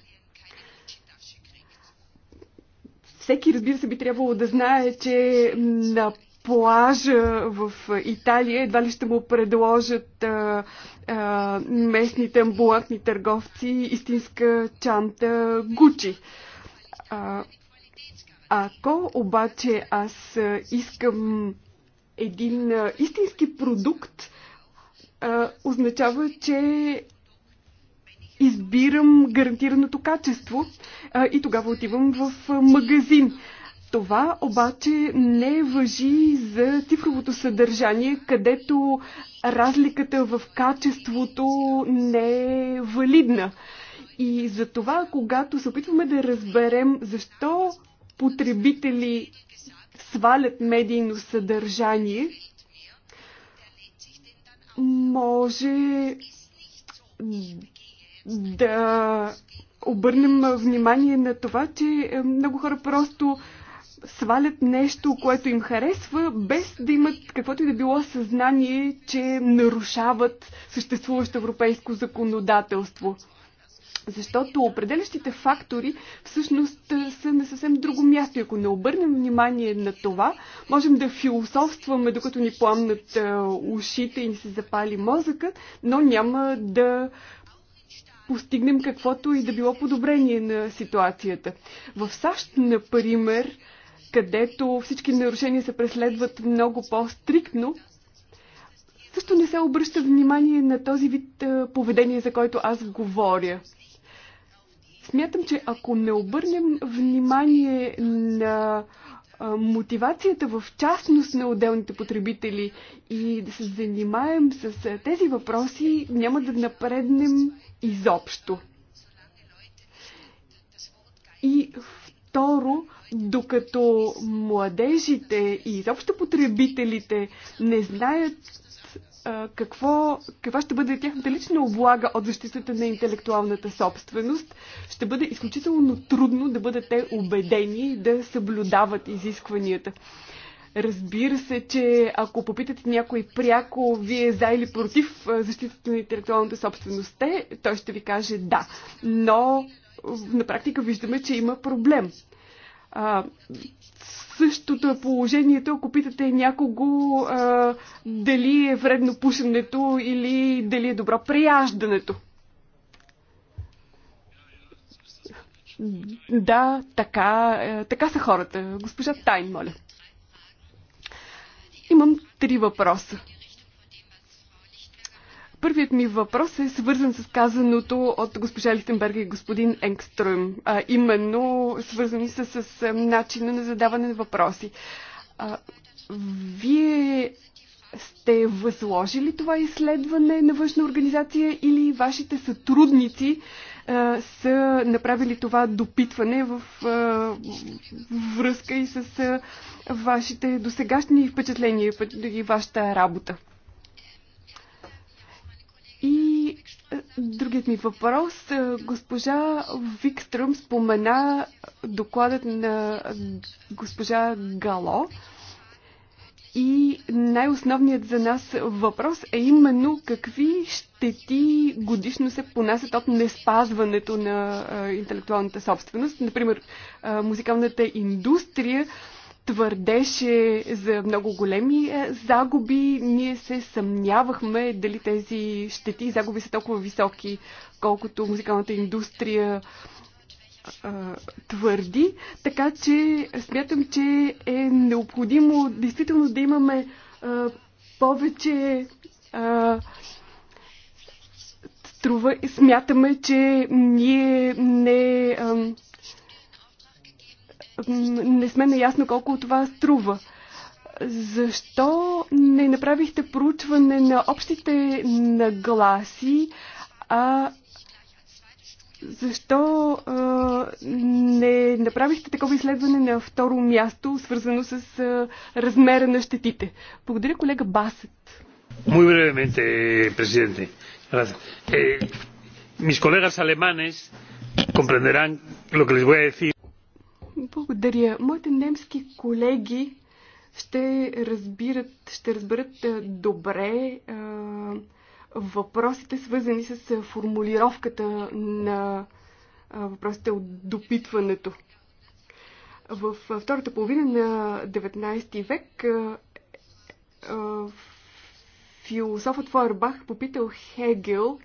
всеки, разбира се, би трябвало да знае, че на плажа в Италия, едва ли ще му предложат а, а, местните амбулантни търговци истинска чанта Гучи. А, ако обаче аз искам един а, истински продукт, а, означава, че избирам гарантираното качество а, и тогава отивам в магазин. Това обаче не въжи за цифровото съдържание, където разликата в качеството не е валидна. И за това, когато се опитваме да разберем защо потребители свалят медийно съдържание, може да обърнем внимание на това, че много хора просто свалят нещо, което им харесва, без да имат каквото и да било съзнание, че нарушават съществуващо европейско законодателство. Защото определящите фактори всъщност са на съвсем друго място. И ако не обърнем внимание на това, можем да философстваме, докато ни пламнат ушите и ни се запали мозъкът, но няма да постигнем каквото и да било подобрение на ситуацията. В САЩ, например, където всички нарушения се преследват много по-стриктно, също не се обръща внимание на този вид е, поведение, за който аз говоря. Смятам, че ако не обърнем внимание на е, мотивацията в частност на отделните потребители и да се занимаем с е, тези въпроси, няма да напреднем изобщо. И второ, докато младежите и изобщо потребителите не знаят какво, каква ще бъде тяхната лична облага от защитата на интелектуалната собственост, ще бъде изключително трудно да бъдат те убедени да съблюдават изискванията. Разбира се, че ако попитате някой пряко, вие за или против защитата на интелектуалната собственост, той ще ви каже да. Но на практика виждаме, че има проблем. А, същото е положението, ако питате някого а, дали е вредно пушенето или дали е добро прияждането. Да, така, е, така са хората. Госпожа Тайн, моля. Имам три въпроса. Първият ми въпрос е свързан с казаното от госпожа Лихтенберг и господин Енгстрюм, а, именно свързани с, с начина на задаване на въпроси. А, вие сте възложили това изследване на външна организация или вашите сътрудници а, са направили това допитване в а, връзка и с а, вашите досегашни впечатления и вашата работа? Другият ми въпрос. Е, госпожа Викстрюм спомена докладът на госпожа Гало. И най-основният за нас въпрос е именно какви щети годишно се понасят от неспазването на е, интелектуалната собственост. Например, е, музикалната индустрия твърдеше за много големи е, загуби. Ние се съмнявахме дали тези щети и загуби са толкова високи, колкото музикалната индустрия е, твърди. Така че смятам, че е необходимо действително да имаме а, е, повече. А, струва, смятаме, че ние не. А, не сме наясно колко от това струва. Защо не направихте проучване на общите нагласи, а защо а, не направихте такова изследване на второ място, свързано с а, размера на щетите? Благодаря, колега Басет. Muy brevemente, presidente. Gracias. Eh, mis colegas alemanes comprenderán lo que les voy a decir. Благодаря. Моите немски колеги ще разбират, ще разберат добре а, въпросите, свързани с формулировката на а, въпросите от допитването. В втората половина на 19 век а, а, философът Фойербах попитал Хегел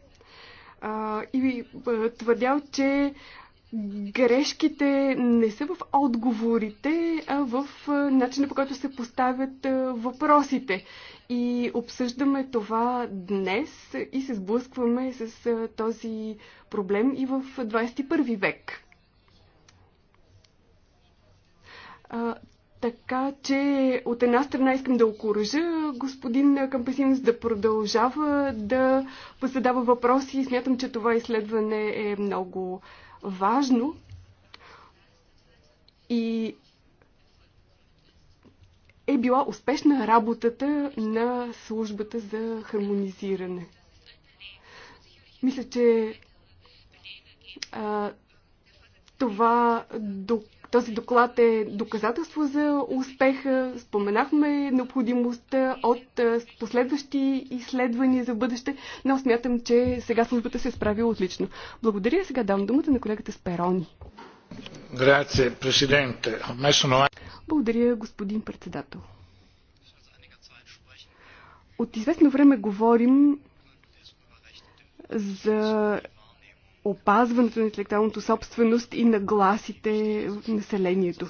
а, и а, твърдял, че грешките не са в отговорите, а в начина по който се поставят въпросите. И обсъждаме това днес и се сблъскваме с този проблем и в 21 век. А, така че от една страна искам да окоръжа господин Кампесинс да продължава да задава въпроси и смятам, че това изследване е много важно и е била успешна работата на службата за хармонизиране. Мисля, че а, това до, този доклад е доказателство за успеха. Споменахме необходимостта от последващи изследвания за бъдеще, но смятам, че сега службата се е справи отлично. Благодаря. Сега дам думата на колегата Сперони. Грация, президенте. Благодаря, господин председател. От известно време говорим за опазването на интелектуалното собственост и нагласите в населението.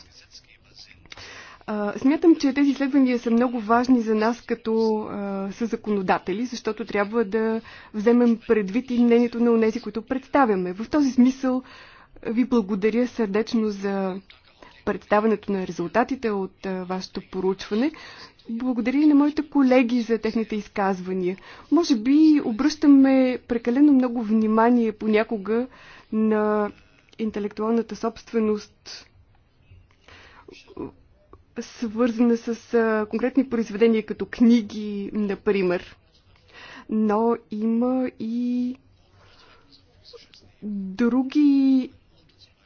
Смятам, че тези изследвания са много важни за нас като са законодатели, защото трябва да вземем предвид и мнението на унези, които представяме. В този смисъл ви благодаря сърдечно за Представането на резултатите от вашето проучване. Благодаря и на моите колеги за техните изказвания. Може би обръщаме прекалено много внимание понякога на интелектуалната собственост, свързана с конкретни произведения, като книги, например. Но има и други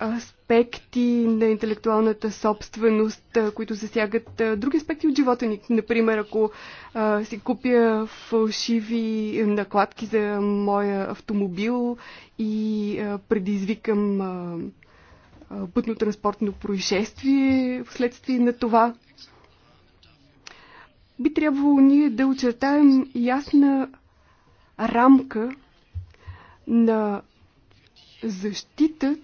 аспекти на интелектуалната собственост, които засягат други аспекти от живота ни. Например, ако а, си купя фалшиви накладки за моя автомобил и а, предизвикам пътно-транспортно происшествие вследствие на това, би трябвало ние да очертаем ясна рамка на защитата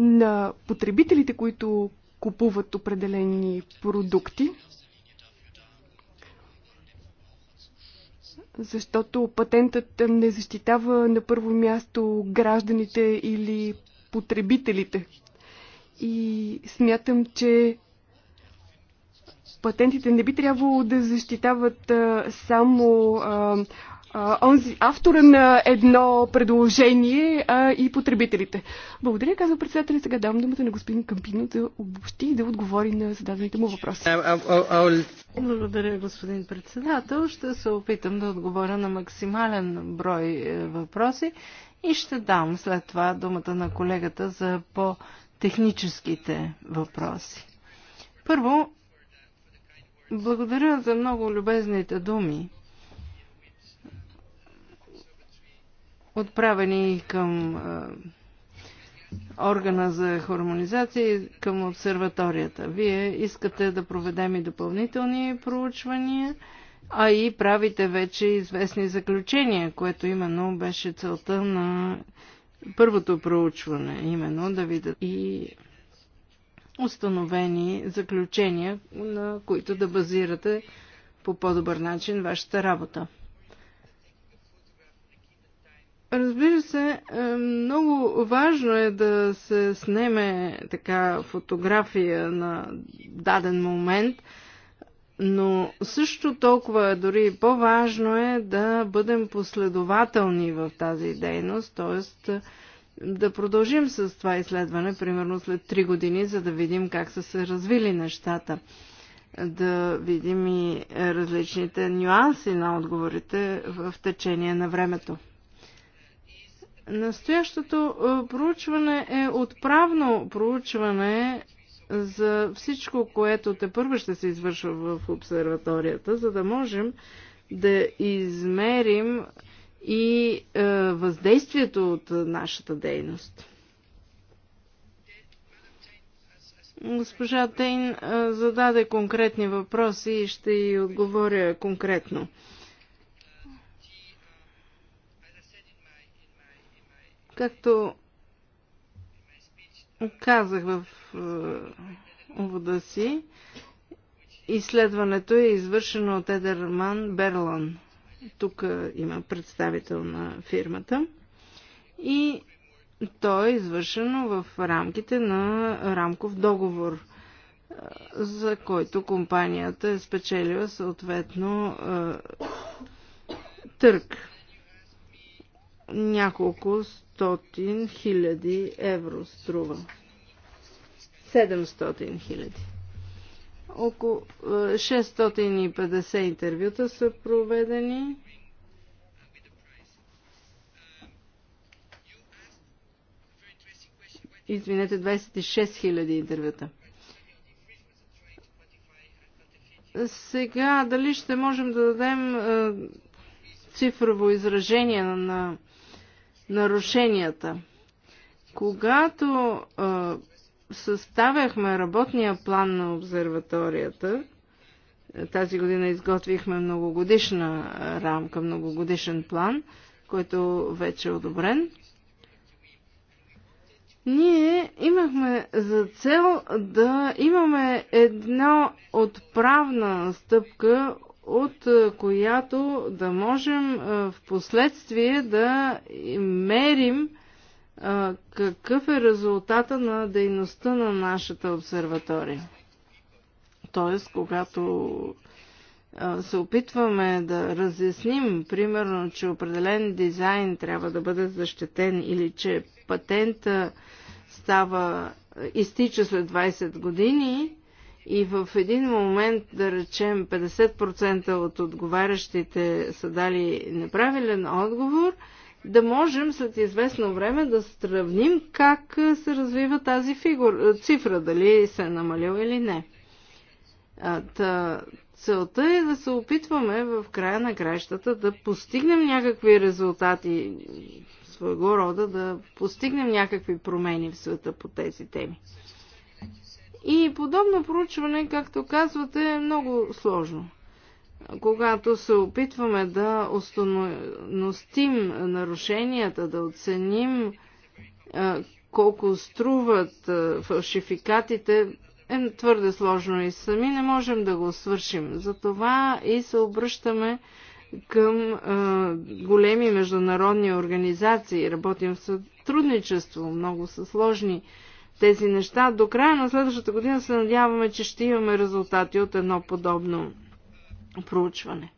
на потребителите, които купуват определени продукти, защото патентът не защитава на първо място гражданите или потребителите. И смятам, че патентите не би трябвало да защитават само онзи, автора на едно предложение а, и потребителите. Благодаря, казва председател, Сега давам думата на господин Кампино да обобщи и да отговори на зададените му въпроси. Благодаря, господин председател. Ще се опитам да отговоря на максимален брой е, въпроси и ще дам след това думата на колегата за по-техническите въпроси. Първо, благодаря за много любезните думи. отправени към органа за хармонизация и към обсерваторията. Вие искате да проведем и допълнителни проучвания, а и правите вече известни заключения, което именно беше целта на първото проучване, именно да видят и установени заключения, на които да базирате по по-добър начин вашата работа. Разбира се, е, много важно е да се снеме така фотография на даден момент, но също толкова, е дори по-важно е да бъдем последователни в тази дейност, т.е. да продължим с това изследване, примерно след 3 години, за да видим как са се развили нещата да видим и различните нюанси на отговорите в течение на времето. Настоящото е, проучване е отправно проучване за всичко, което те първо ще се извършва в обсерваторията, за да можем да измерим и е, въздействието от нашата дейност. Госпожа Тейн е, зададе конкретни въпроси и ще й отговоря конкретно. Е, Както казах в е, увода си, изследването е извършено от Едерман Берлан. Тук е, има представител на фирмата. И то е извършено в рамките на рамков договор, е, за който компанията е спечелила съответно търг. Няколко 600 хиляди евро струва. 700 хиляди. Около 650 е, интервюта са проведени. Извинете, 26 000 интервюта. Сега, дали ще можем да дадем е, цифрово изражение на, на нарушенията. Когато а, съставяхме работния план на обсерваторията, е, тази година изготвихме многогодишна рамка, многогодишен план, който вече е одобрен. Ние имахме за цел да имаме една отправна стъпка от е, която да можем е, в последствие да мерим е, какъв е резултата на дейността на нашата обсерватория. Тоест, когато се опитваме да разясним, примерно, че определен дизайн трябва да бъде защитен или че патента става, изтича след 20 години, и в един момент, да речем, 50% от отговарящите са дали неправилен отговор, да можем след известно време да сравним как се развива тази фигур, цифра, дали се е намалил или не. Та, целта е да се опитваме в края на кращата да постигнем някакви резултати, своего рода да постигнем някакви промени в света по тези теми. И подобно проучване, както казвате, е много сложно. Когато се опитваме да установим нарушенията, да оценим колко струват фалшификатите, е твърде сложно и сами не можем да го свършим. Затова и се обръщаме към големи международни организации. Работим в сътрудничество. Много са сложни тези неща. До края на следващата година се надяваме, че ще имаме резултати от едно подобно проучване.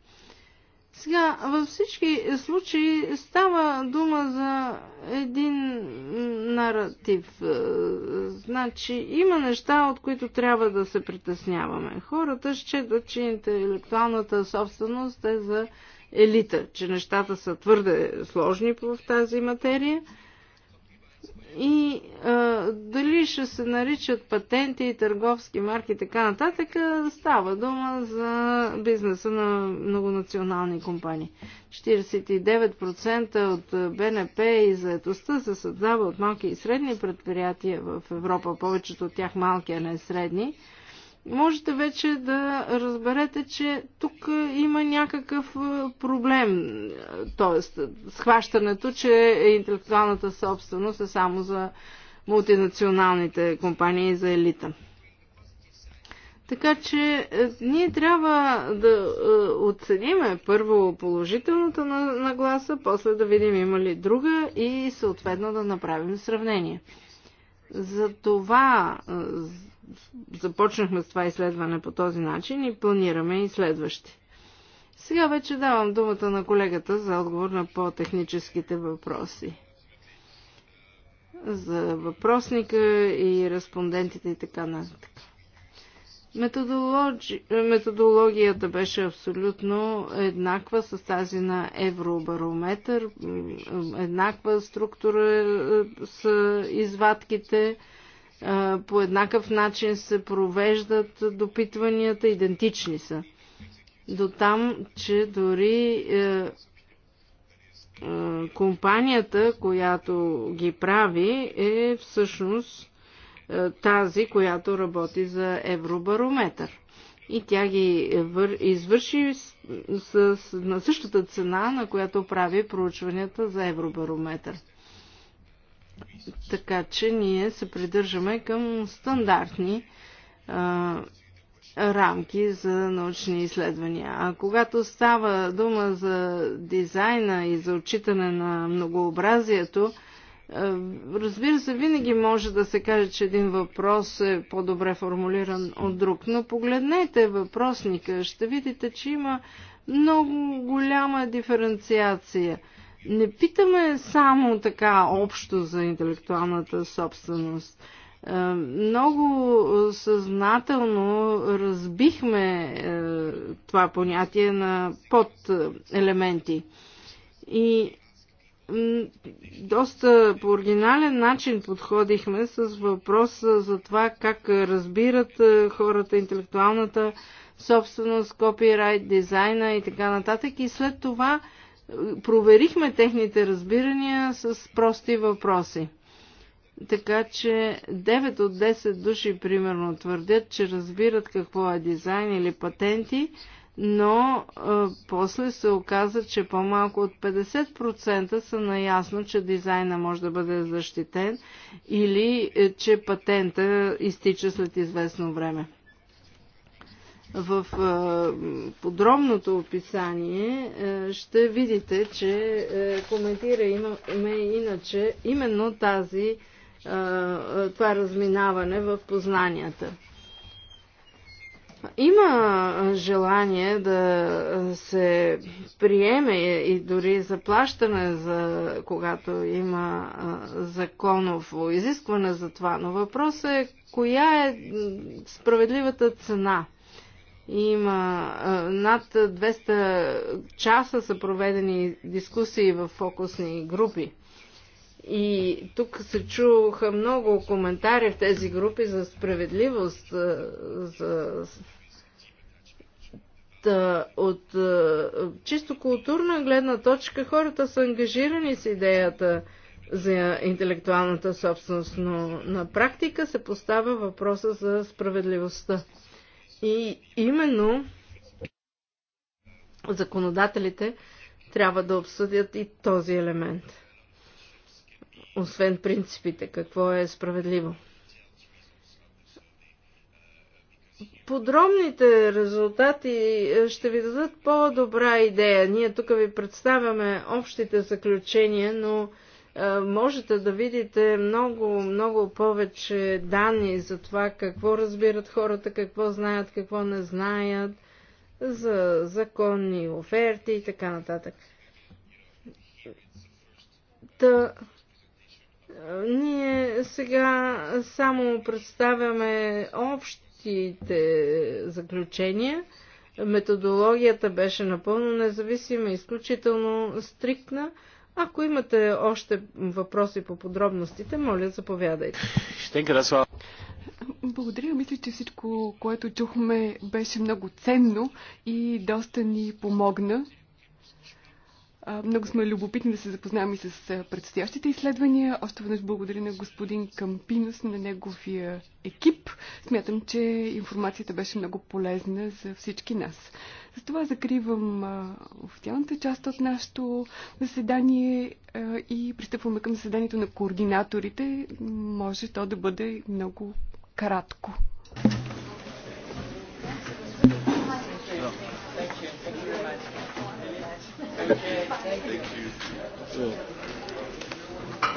Сега, във всички случаи става дума за един наратив. Е, значи, има неща, от които трябва да се притесняваме. Хората считат, че интелектуалната собственост е за елита, че нещата са твърде сложни в тази материя – и а, дали ще се наричат патенти и търговски марки и така нататък, става дума за бизнеса на многонационални компании. 49% от БНП и заетостта се създава от малки и средни предприятия в Европа, повечето от тях малки, а не средни можете вече да разберете, че тук има някакъв е, проблем. Тоест, схващането, че интелектуалната собственост е само за мултинационалните компании и за елита. Така че е, ние трябва да е, оцениме първо положителната нагласа, после да видим има ли друга и съответно да направим сравнение. За това започнахме с това изследване по този начин и планираме и следващи. Сега вече давам думата на колегата за отговор на по-техническите въпроси. За въпросника и респондентите и така нататък. Методологи... Методологията беше абсолютно еднаква с тази на Евробарометър, еднаква структура е, с извадките, по еднакъв начин се провеждат допитванията, идентични са. До там, че дори е, е, компанията, която ги прави, е всъщност е, тази, която работи за Евробарометър. И тя ги извърши с, с, на същата цена, на която прави проучванията за Евробарометър. Така че ние се придържаме към стандартни а, рамки за научни изследвания. А когато става дума за дизайна и за отчитане на многообразието, Разбира се, винаги може да се каже, че един въпрос е по-добре формулиран от друг, но погледнете въпросника, ще видите, че има много голяма диференциация – не питаме само така общо за интелектуалната собственост. Е, много съзнателно разбихме е, това понятие на под елементи И доста по оригинален начин подходихме с въпроса за това как разбират е, хората интелектуалната собственост, копирайт, дизайна и така нататък. И след това проверихме техните разбирания с прости въпроси. Така че 9 от 10 души примерно твърдят, че разбират какво е дизайн или патенти, но е, после се оказа, че по-малко от 50% са наясно, че дизайна може да бъде защитен или е, че патента изтича след известно време в подробното описание ще видите, че коментира имаме иначе именно тази, това разминаване в познанията. Има желание да се приеме и дори заплащане, за, когато има законово изискване за това, но въпросът е коя е справедливата цена – има над 200 часа са проведени дискусии в фокусни групи. И тук се чуха много коментари в тези групи за справедливост, за Та, от чисто културна гледна точка хората са ангажирани с идеята за интелектуалната собственост, но на практика се поставя въпроса за справедливостта. И именно законодателите трябва да обсъдят и този елемент. Освен принципите, какво е справедливо. Подробните резултати е, ще ви дадат по-добра идея. Ние тук ви представяме общите заключения, но е, можете да видите много, много повече данни за това какво разбират хората, какво знаят, какво не знаят, за законни оферти и така нататък. Та, е, ние сега само представяме общите заключения. Методологията беше напълно независима, изключително стриктна ако имате още въпроси по подробностите, моля, заповядайте. Благодаря. Мисля, че всичко, което чухме, беше много ценно и доста ни помогна. Много сме любопитни да се запознаем и с предстоящите изследвания. Още веднъж благодаря на господин Кампинус, на неговия екип. Смятам, че информацията беше много полезна за всички нас. Затова закривам официалната част от нашето заседание и пристъпваме към заседанието на координаторите. Може то да бъде много кратко. Thank you. Thank you you. Thank you. Thank you.